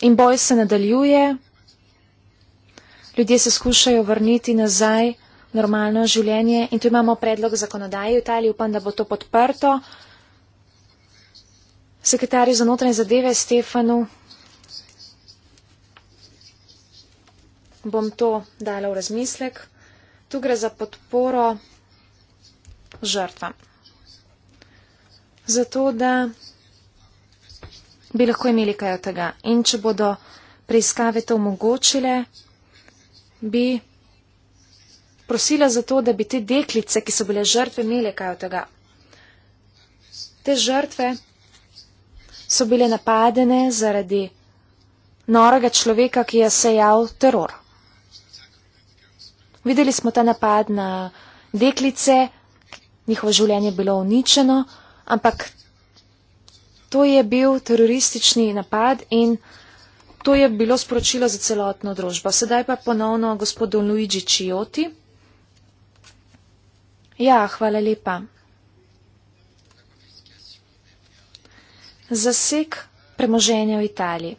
in boj se nadaljuje. Ljudje se skušajo vrniti nazaj normalno življenje. In tu imamo predlog zakonodaje v Italiji, upam, da bo to podprto. Sekretarju za notranje zadeve Stefanu bom to dala v razmislek. Tu gre za podporo žrtvam. Zato, da bi lahko imeli kaj od tega. In če bodo preiskave to omogočile, bi prosila za to, da bi te deklice, ki so bile žrtve, imele kaj od tega. Te žrtve so bile napadene zaradi norega človeka, ki je sejal teror. Videli smo ta napad na deklice, njihovo življenje je bilo uničeno, ampak to je bil teroristični napad in to je bilo sporočilo za celotno družbo. Sedaj pa ponovno gospodu Luigi Čioti. Ja, hvala lepa. Zasek premoženja v Italiji.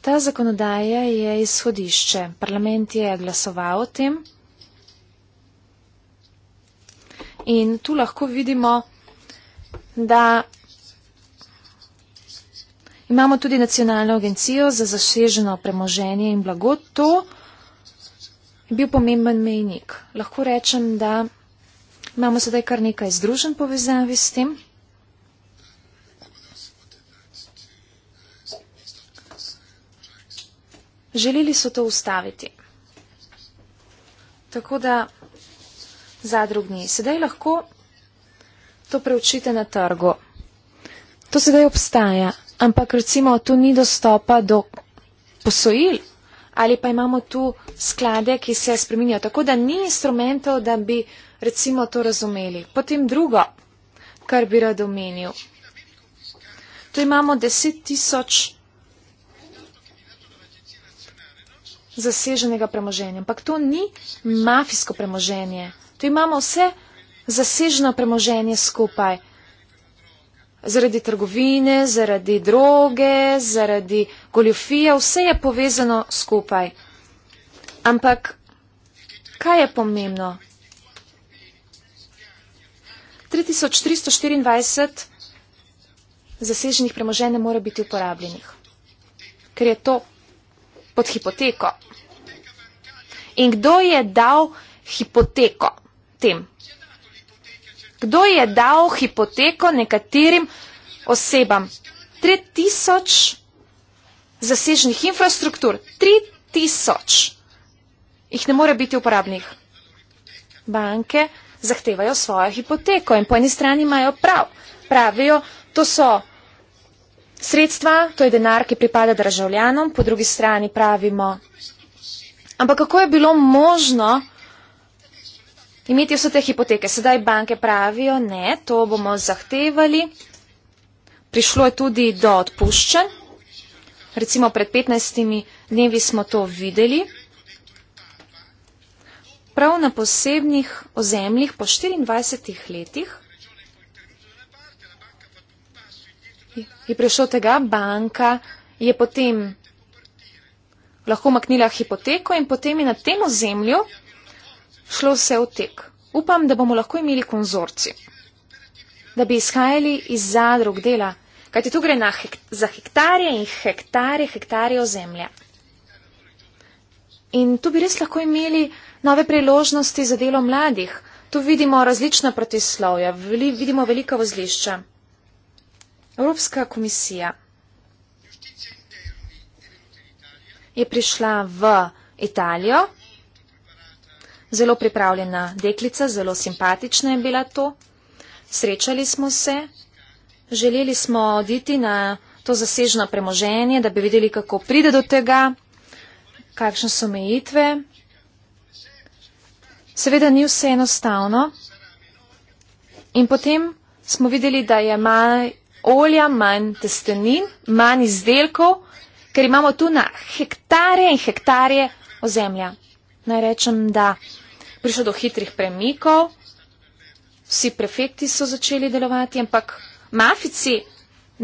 Ta zakonodaja je izhodišče. Parlament je glasoval o tem. In tu lahko vidimo, da imamo tudi nacionalno agencijo za zaseženo premoženje in blago. To je bil pomemben mejnik. Lahko rečem, da. Imamo sedaj kar nekaj združen povezavi s tem. Želeli so to ustaviti. Tako da zadrugni, sedaj lahko to preučite na trgu. To sedaj obstaja, ampak recimo tu ni dostopa do posojil ali pa imamo tu sklade, ki se spreminjajo. Tako da ni instrumentov, da bi recimo to razumeli. Potem drugo, kar bi rad omenil. Tu imamo 10 tisoč zaseženega premoženja, ampak to ni mafijsko premoženje. Tu imamo vse zaseženo premoženje skupaj. Zaradi trgovine, zaradi droge, zaradi goljofije, vse je povezano skupaj. Ampak kaj je pomembno? 3324 zaseženih premožen ne more biti uporabljenih, ker je to pod hipoteko. In kdo je dal hipoteko tem? Kdo je dal hipoteko nekaterim osebam? 3000 zaseženih infrastruktur, 3000 jih ne more biti uporabnih. Banke zahtevajo svojo hipoteko in po eni strani imajo prav. Pravijo, to so sredstva, to je denar, ki pripada državljanom, po drugi strani pravimo. Ampak kako je bilo možno imeti vse te hipoteke? Sedaj banke pravijo, ne, to bomo zahtevali. Prišlo je tudi do odpuščanj. Recimo pred 15 dnevi smo to videli prav na posebnih ozemljih po 24 letih je prišlo tega, banka je potem lahko maknila hipoteko in potem je na tem ozemlju šlo vse v tek. Upam, da bomo lahko imeli konzorci, da bi izhajali iz zadrug dela, kajti tu gre hek za hektarje in hektarje, hektarje ozemlja in tu bi res lahko imeli nove priložnosti za delo mladih. Tu vidimo različna protislovja, vidimo velika vozlišča. Evropska komisija je prišla v Italijo, zelo pripravljena deklica, zelo simpatična je bila to. Srečali smo se, želeli smo oditi na to zasežno premoženje, da bi videli, kako pride do tega kakšne so omejitve. Seveda ni vse enostavno. In potem smo videli, da je manj olja, manj testenin, manj izdelkov, ker imamo tu na hektarje in hektarje ozemlja. Naj rečem, da prišlo do hitrih premikov, vsi prefekti so začeli delovati, ampak mafici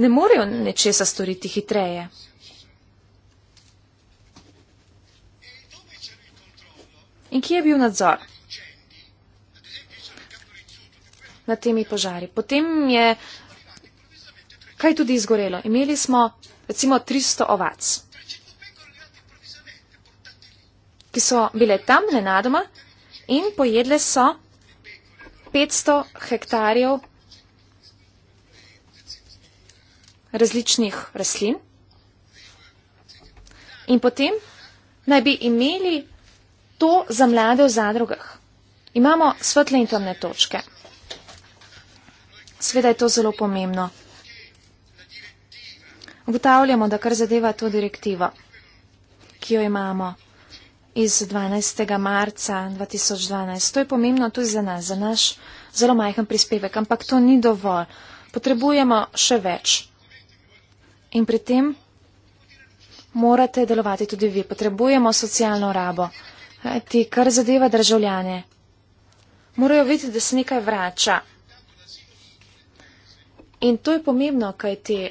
ne morejo nečesa storiti hitreje. In kje je bil nadzor nad temi požari? Potem je kaj tudi izgorelo. Imeli smo recimo 300 ovac, ki so bile tam nenadoma in pojedle so 500 hektarjev različnih rastlin. In potem naj bi imeli to za mlade v zadrugah? Imamo svetle internet točke. Sveda je to zelo pomembno. Ugotavljamo, da kar zadeva to direktivo, ki jo imamo iz 12. marca 2012. To je pomembno tudi za nas, za naš zelo majhen prispevek, ampak to ni dovolj. Potrebujemo še več. In pri tem morate delovati tudi vi. Potrebujemo socialno rabo. Ti, kar zadeva državljane, morajo vedeti, da se nekaj vrača. In to je pomembno, kaj ti.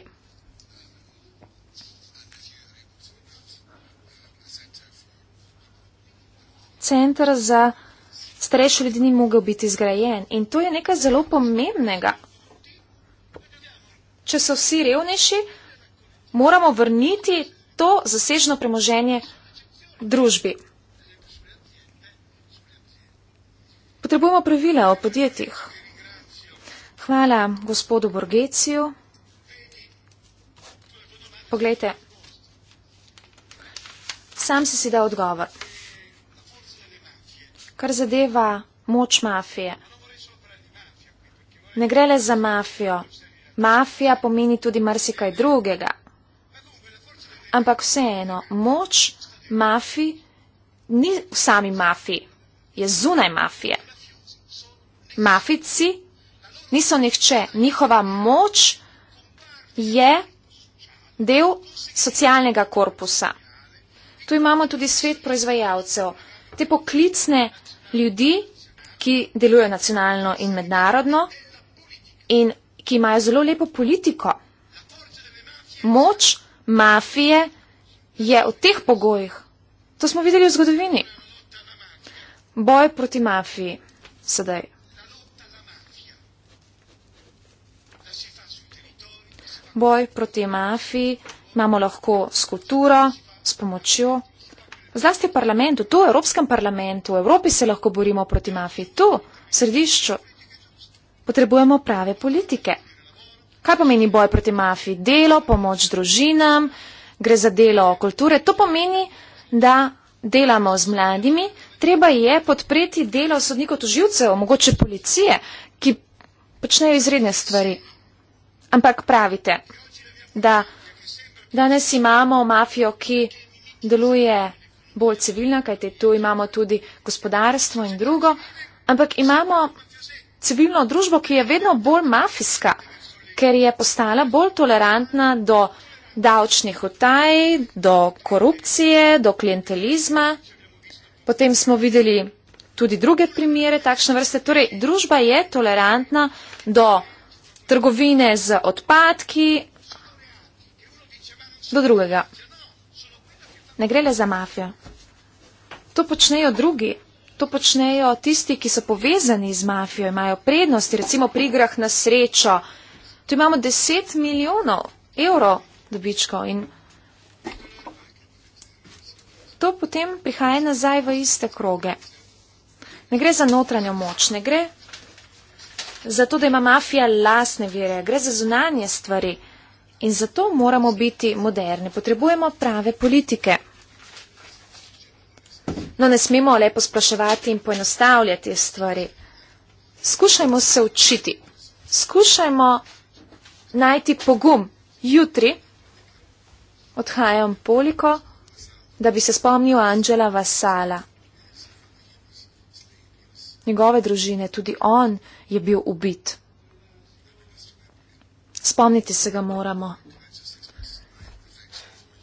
Centr za starejše ljudi ni mogel biti zgrajen in to je nekaj zelo pomembnega. Če so vsi revnejši, moramo vrniti to zasežno premoženje družbi. potrebujemo pravila o podjetjih. Hvala gospodu Borgeciju. Poglejte, sam si si dal odgovor. Kar zadeva moč mafije. Ne gre le za mafijo. Mafija pomeni tudi marsikaj drugega. Ampak vseeno, moč mafij ni v sami mafiji, je zunaj mafije mafici niso nihče. Njihova moč je del socialnega korpusa. Tu imamo tudi svet proizvajalcev, te poklicne ljudi, ki delujejo nacionalno in mednarodno in ki imajo zelo lepo politiko. Moč mafije je v teh pogojih. To smo videli v zgodovini. Boj proti mafiji sedaj. boj proti mafiji imamo lahko s kulturo, s pomočjo. Zlasti v parlamentu, tu v Evropskem parlamentu, v Evropi se lahko borimo proti mafiji, tu v središču. Potrebujemo prave politike. Kaj pomeni boj proti mafiji? Delo, pomoč družinam, gre za delo kulture. To pomeni, da delamo z mladimi, treba je podpreti delo sodnikov tuživcev, mogoče policije, ki počnejo izredne stvari. Ampak pravite, da danes imamo mafijo, ki deluje bolj civilno, kajte tu imamo tudi gospodarstvo in drugo, ampak imamo civilno družbo, ki je vedno bolj mafijska, ker je postala bolj tolerantna do davčnih utaj, do korupcije, do klientelizma. Potem smo videli tudi druge primere takšne vrste. Torej, družba je tolerantna do trgovine z odpadki. Do drugega. Ne gre le za mafijo. To počnejo drugi. To počnejo tisti, ki so povezani z mafijo, imajo prednosti, recimo pri igrah na srečo. Tu imamo 10 milijonov evrov dobičkov in to potem prihaja nazaj v iste kroge. Ne gre za notranjo moč, ne gre zato da ima mafija lasne vire, gre za zunanje stvari in zato moramo biti moderni, potrebujemo prave politike. No, ne smemo lepo spraševati in poenostavljati stvari. Skušajmo se učiti, skušajmo najti pogum. Jutri odhajam poliko, da bi se spomnil Anđela Vasala. Njegove družine, tudi on, je bil ubit. Spomniti se ga moramo.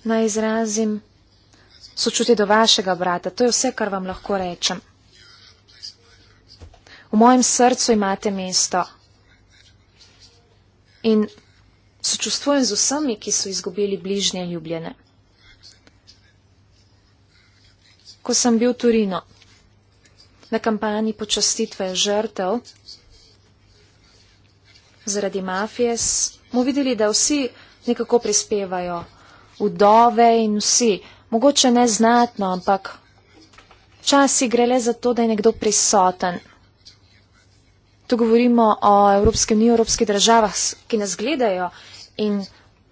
Naj izrazim sočuti do vašega brata. To je vse, kar vam lahko rečem. V mojem srcu imate mesto. In sočustvujem z vsemi, ki so izgubili bližnje ljubljene. Ko sem bil v Turino na kampanji počastitve žrtev zaradi mafije, smo videli, da vsi nekako prispevajo, vdove in vsi, mogoče ne znatno, ampak časi gre le za to, da je nekdo prisoten. Tu govorimo o Evropski uniji, Evropski državah, ki nas gledajo in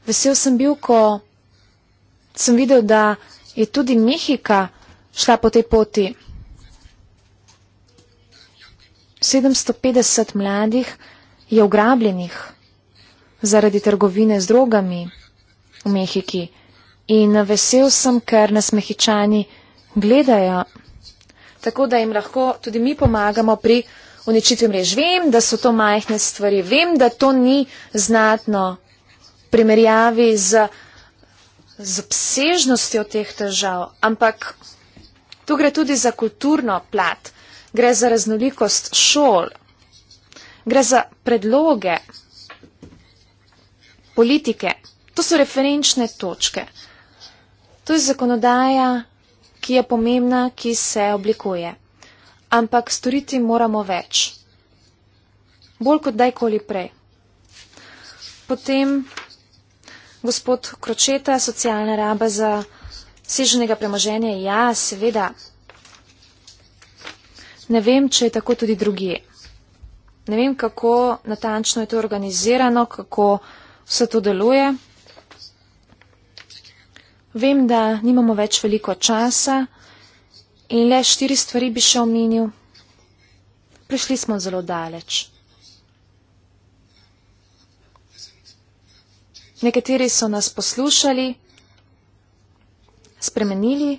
vesel sem bil, ko sem videl, da je tudi Mehika šla po tej poti. 750 mladih je ugrabljenih zaradi trgovine z drogami v Mehiki. In vesel sem, ker nas mehičani gledajo, tako da jim lahko tudi mi pomagamo pri uničitvi mrež. Vem, da so to majhne stvari, vem, da to ni znatno v primerjavi z, z obsežnostjo teh težav, ampak tu gre tudi za kulturno plat, gre za raznolikost šol gre za predloge politike. To so referenčne točke. To je zakonodaja, ki je pomembna, ki se oblikuje. Ampak storiti moramo več. Bolj kot dajkoli prej. Potem gospod Kročeta, socialna raba za seženega premoženja. Ja, seveda. Ne vem, če je tako tudi drugi. Ne vem, kako natančno je to organizirano, kako vse to deluje. Vem, da nimamo več veliko časa in le štiri stvari bi še omenil. Prišli smo zelo daleč. Nekateri so nas poslušali, spremenili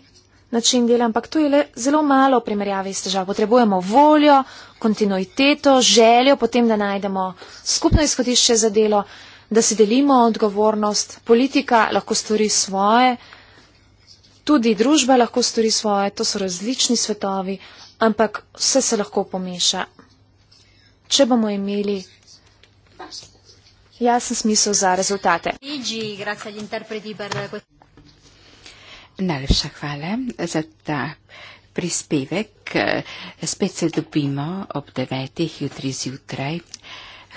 način dela, ampak to je le zelo malo v primerjavi s težavo. Potrebujemo voljo, kontinuiteto, željo potem, da najdemo skupno izhodišče za delo, da si delimo odgovornost. Politika lahko stori svoje, tudi družba lahko stori svoje, to so različni svetovi, ampak vse se lahko pomeša. Če bomo imeli. Jasen smisel za rezultate. Gigi, Najlepša hvala za ta prispevek. Spet se dobimo ob devetih jutri zjutraj.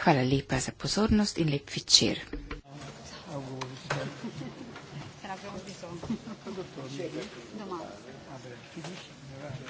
Hvala lepa za pozornost in lep večer. Thank you.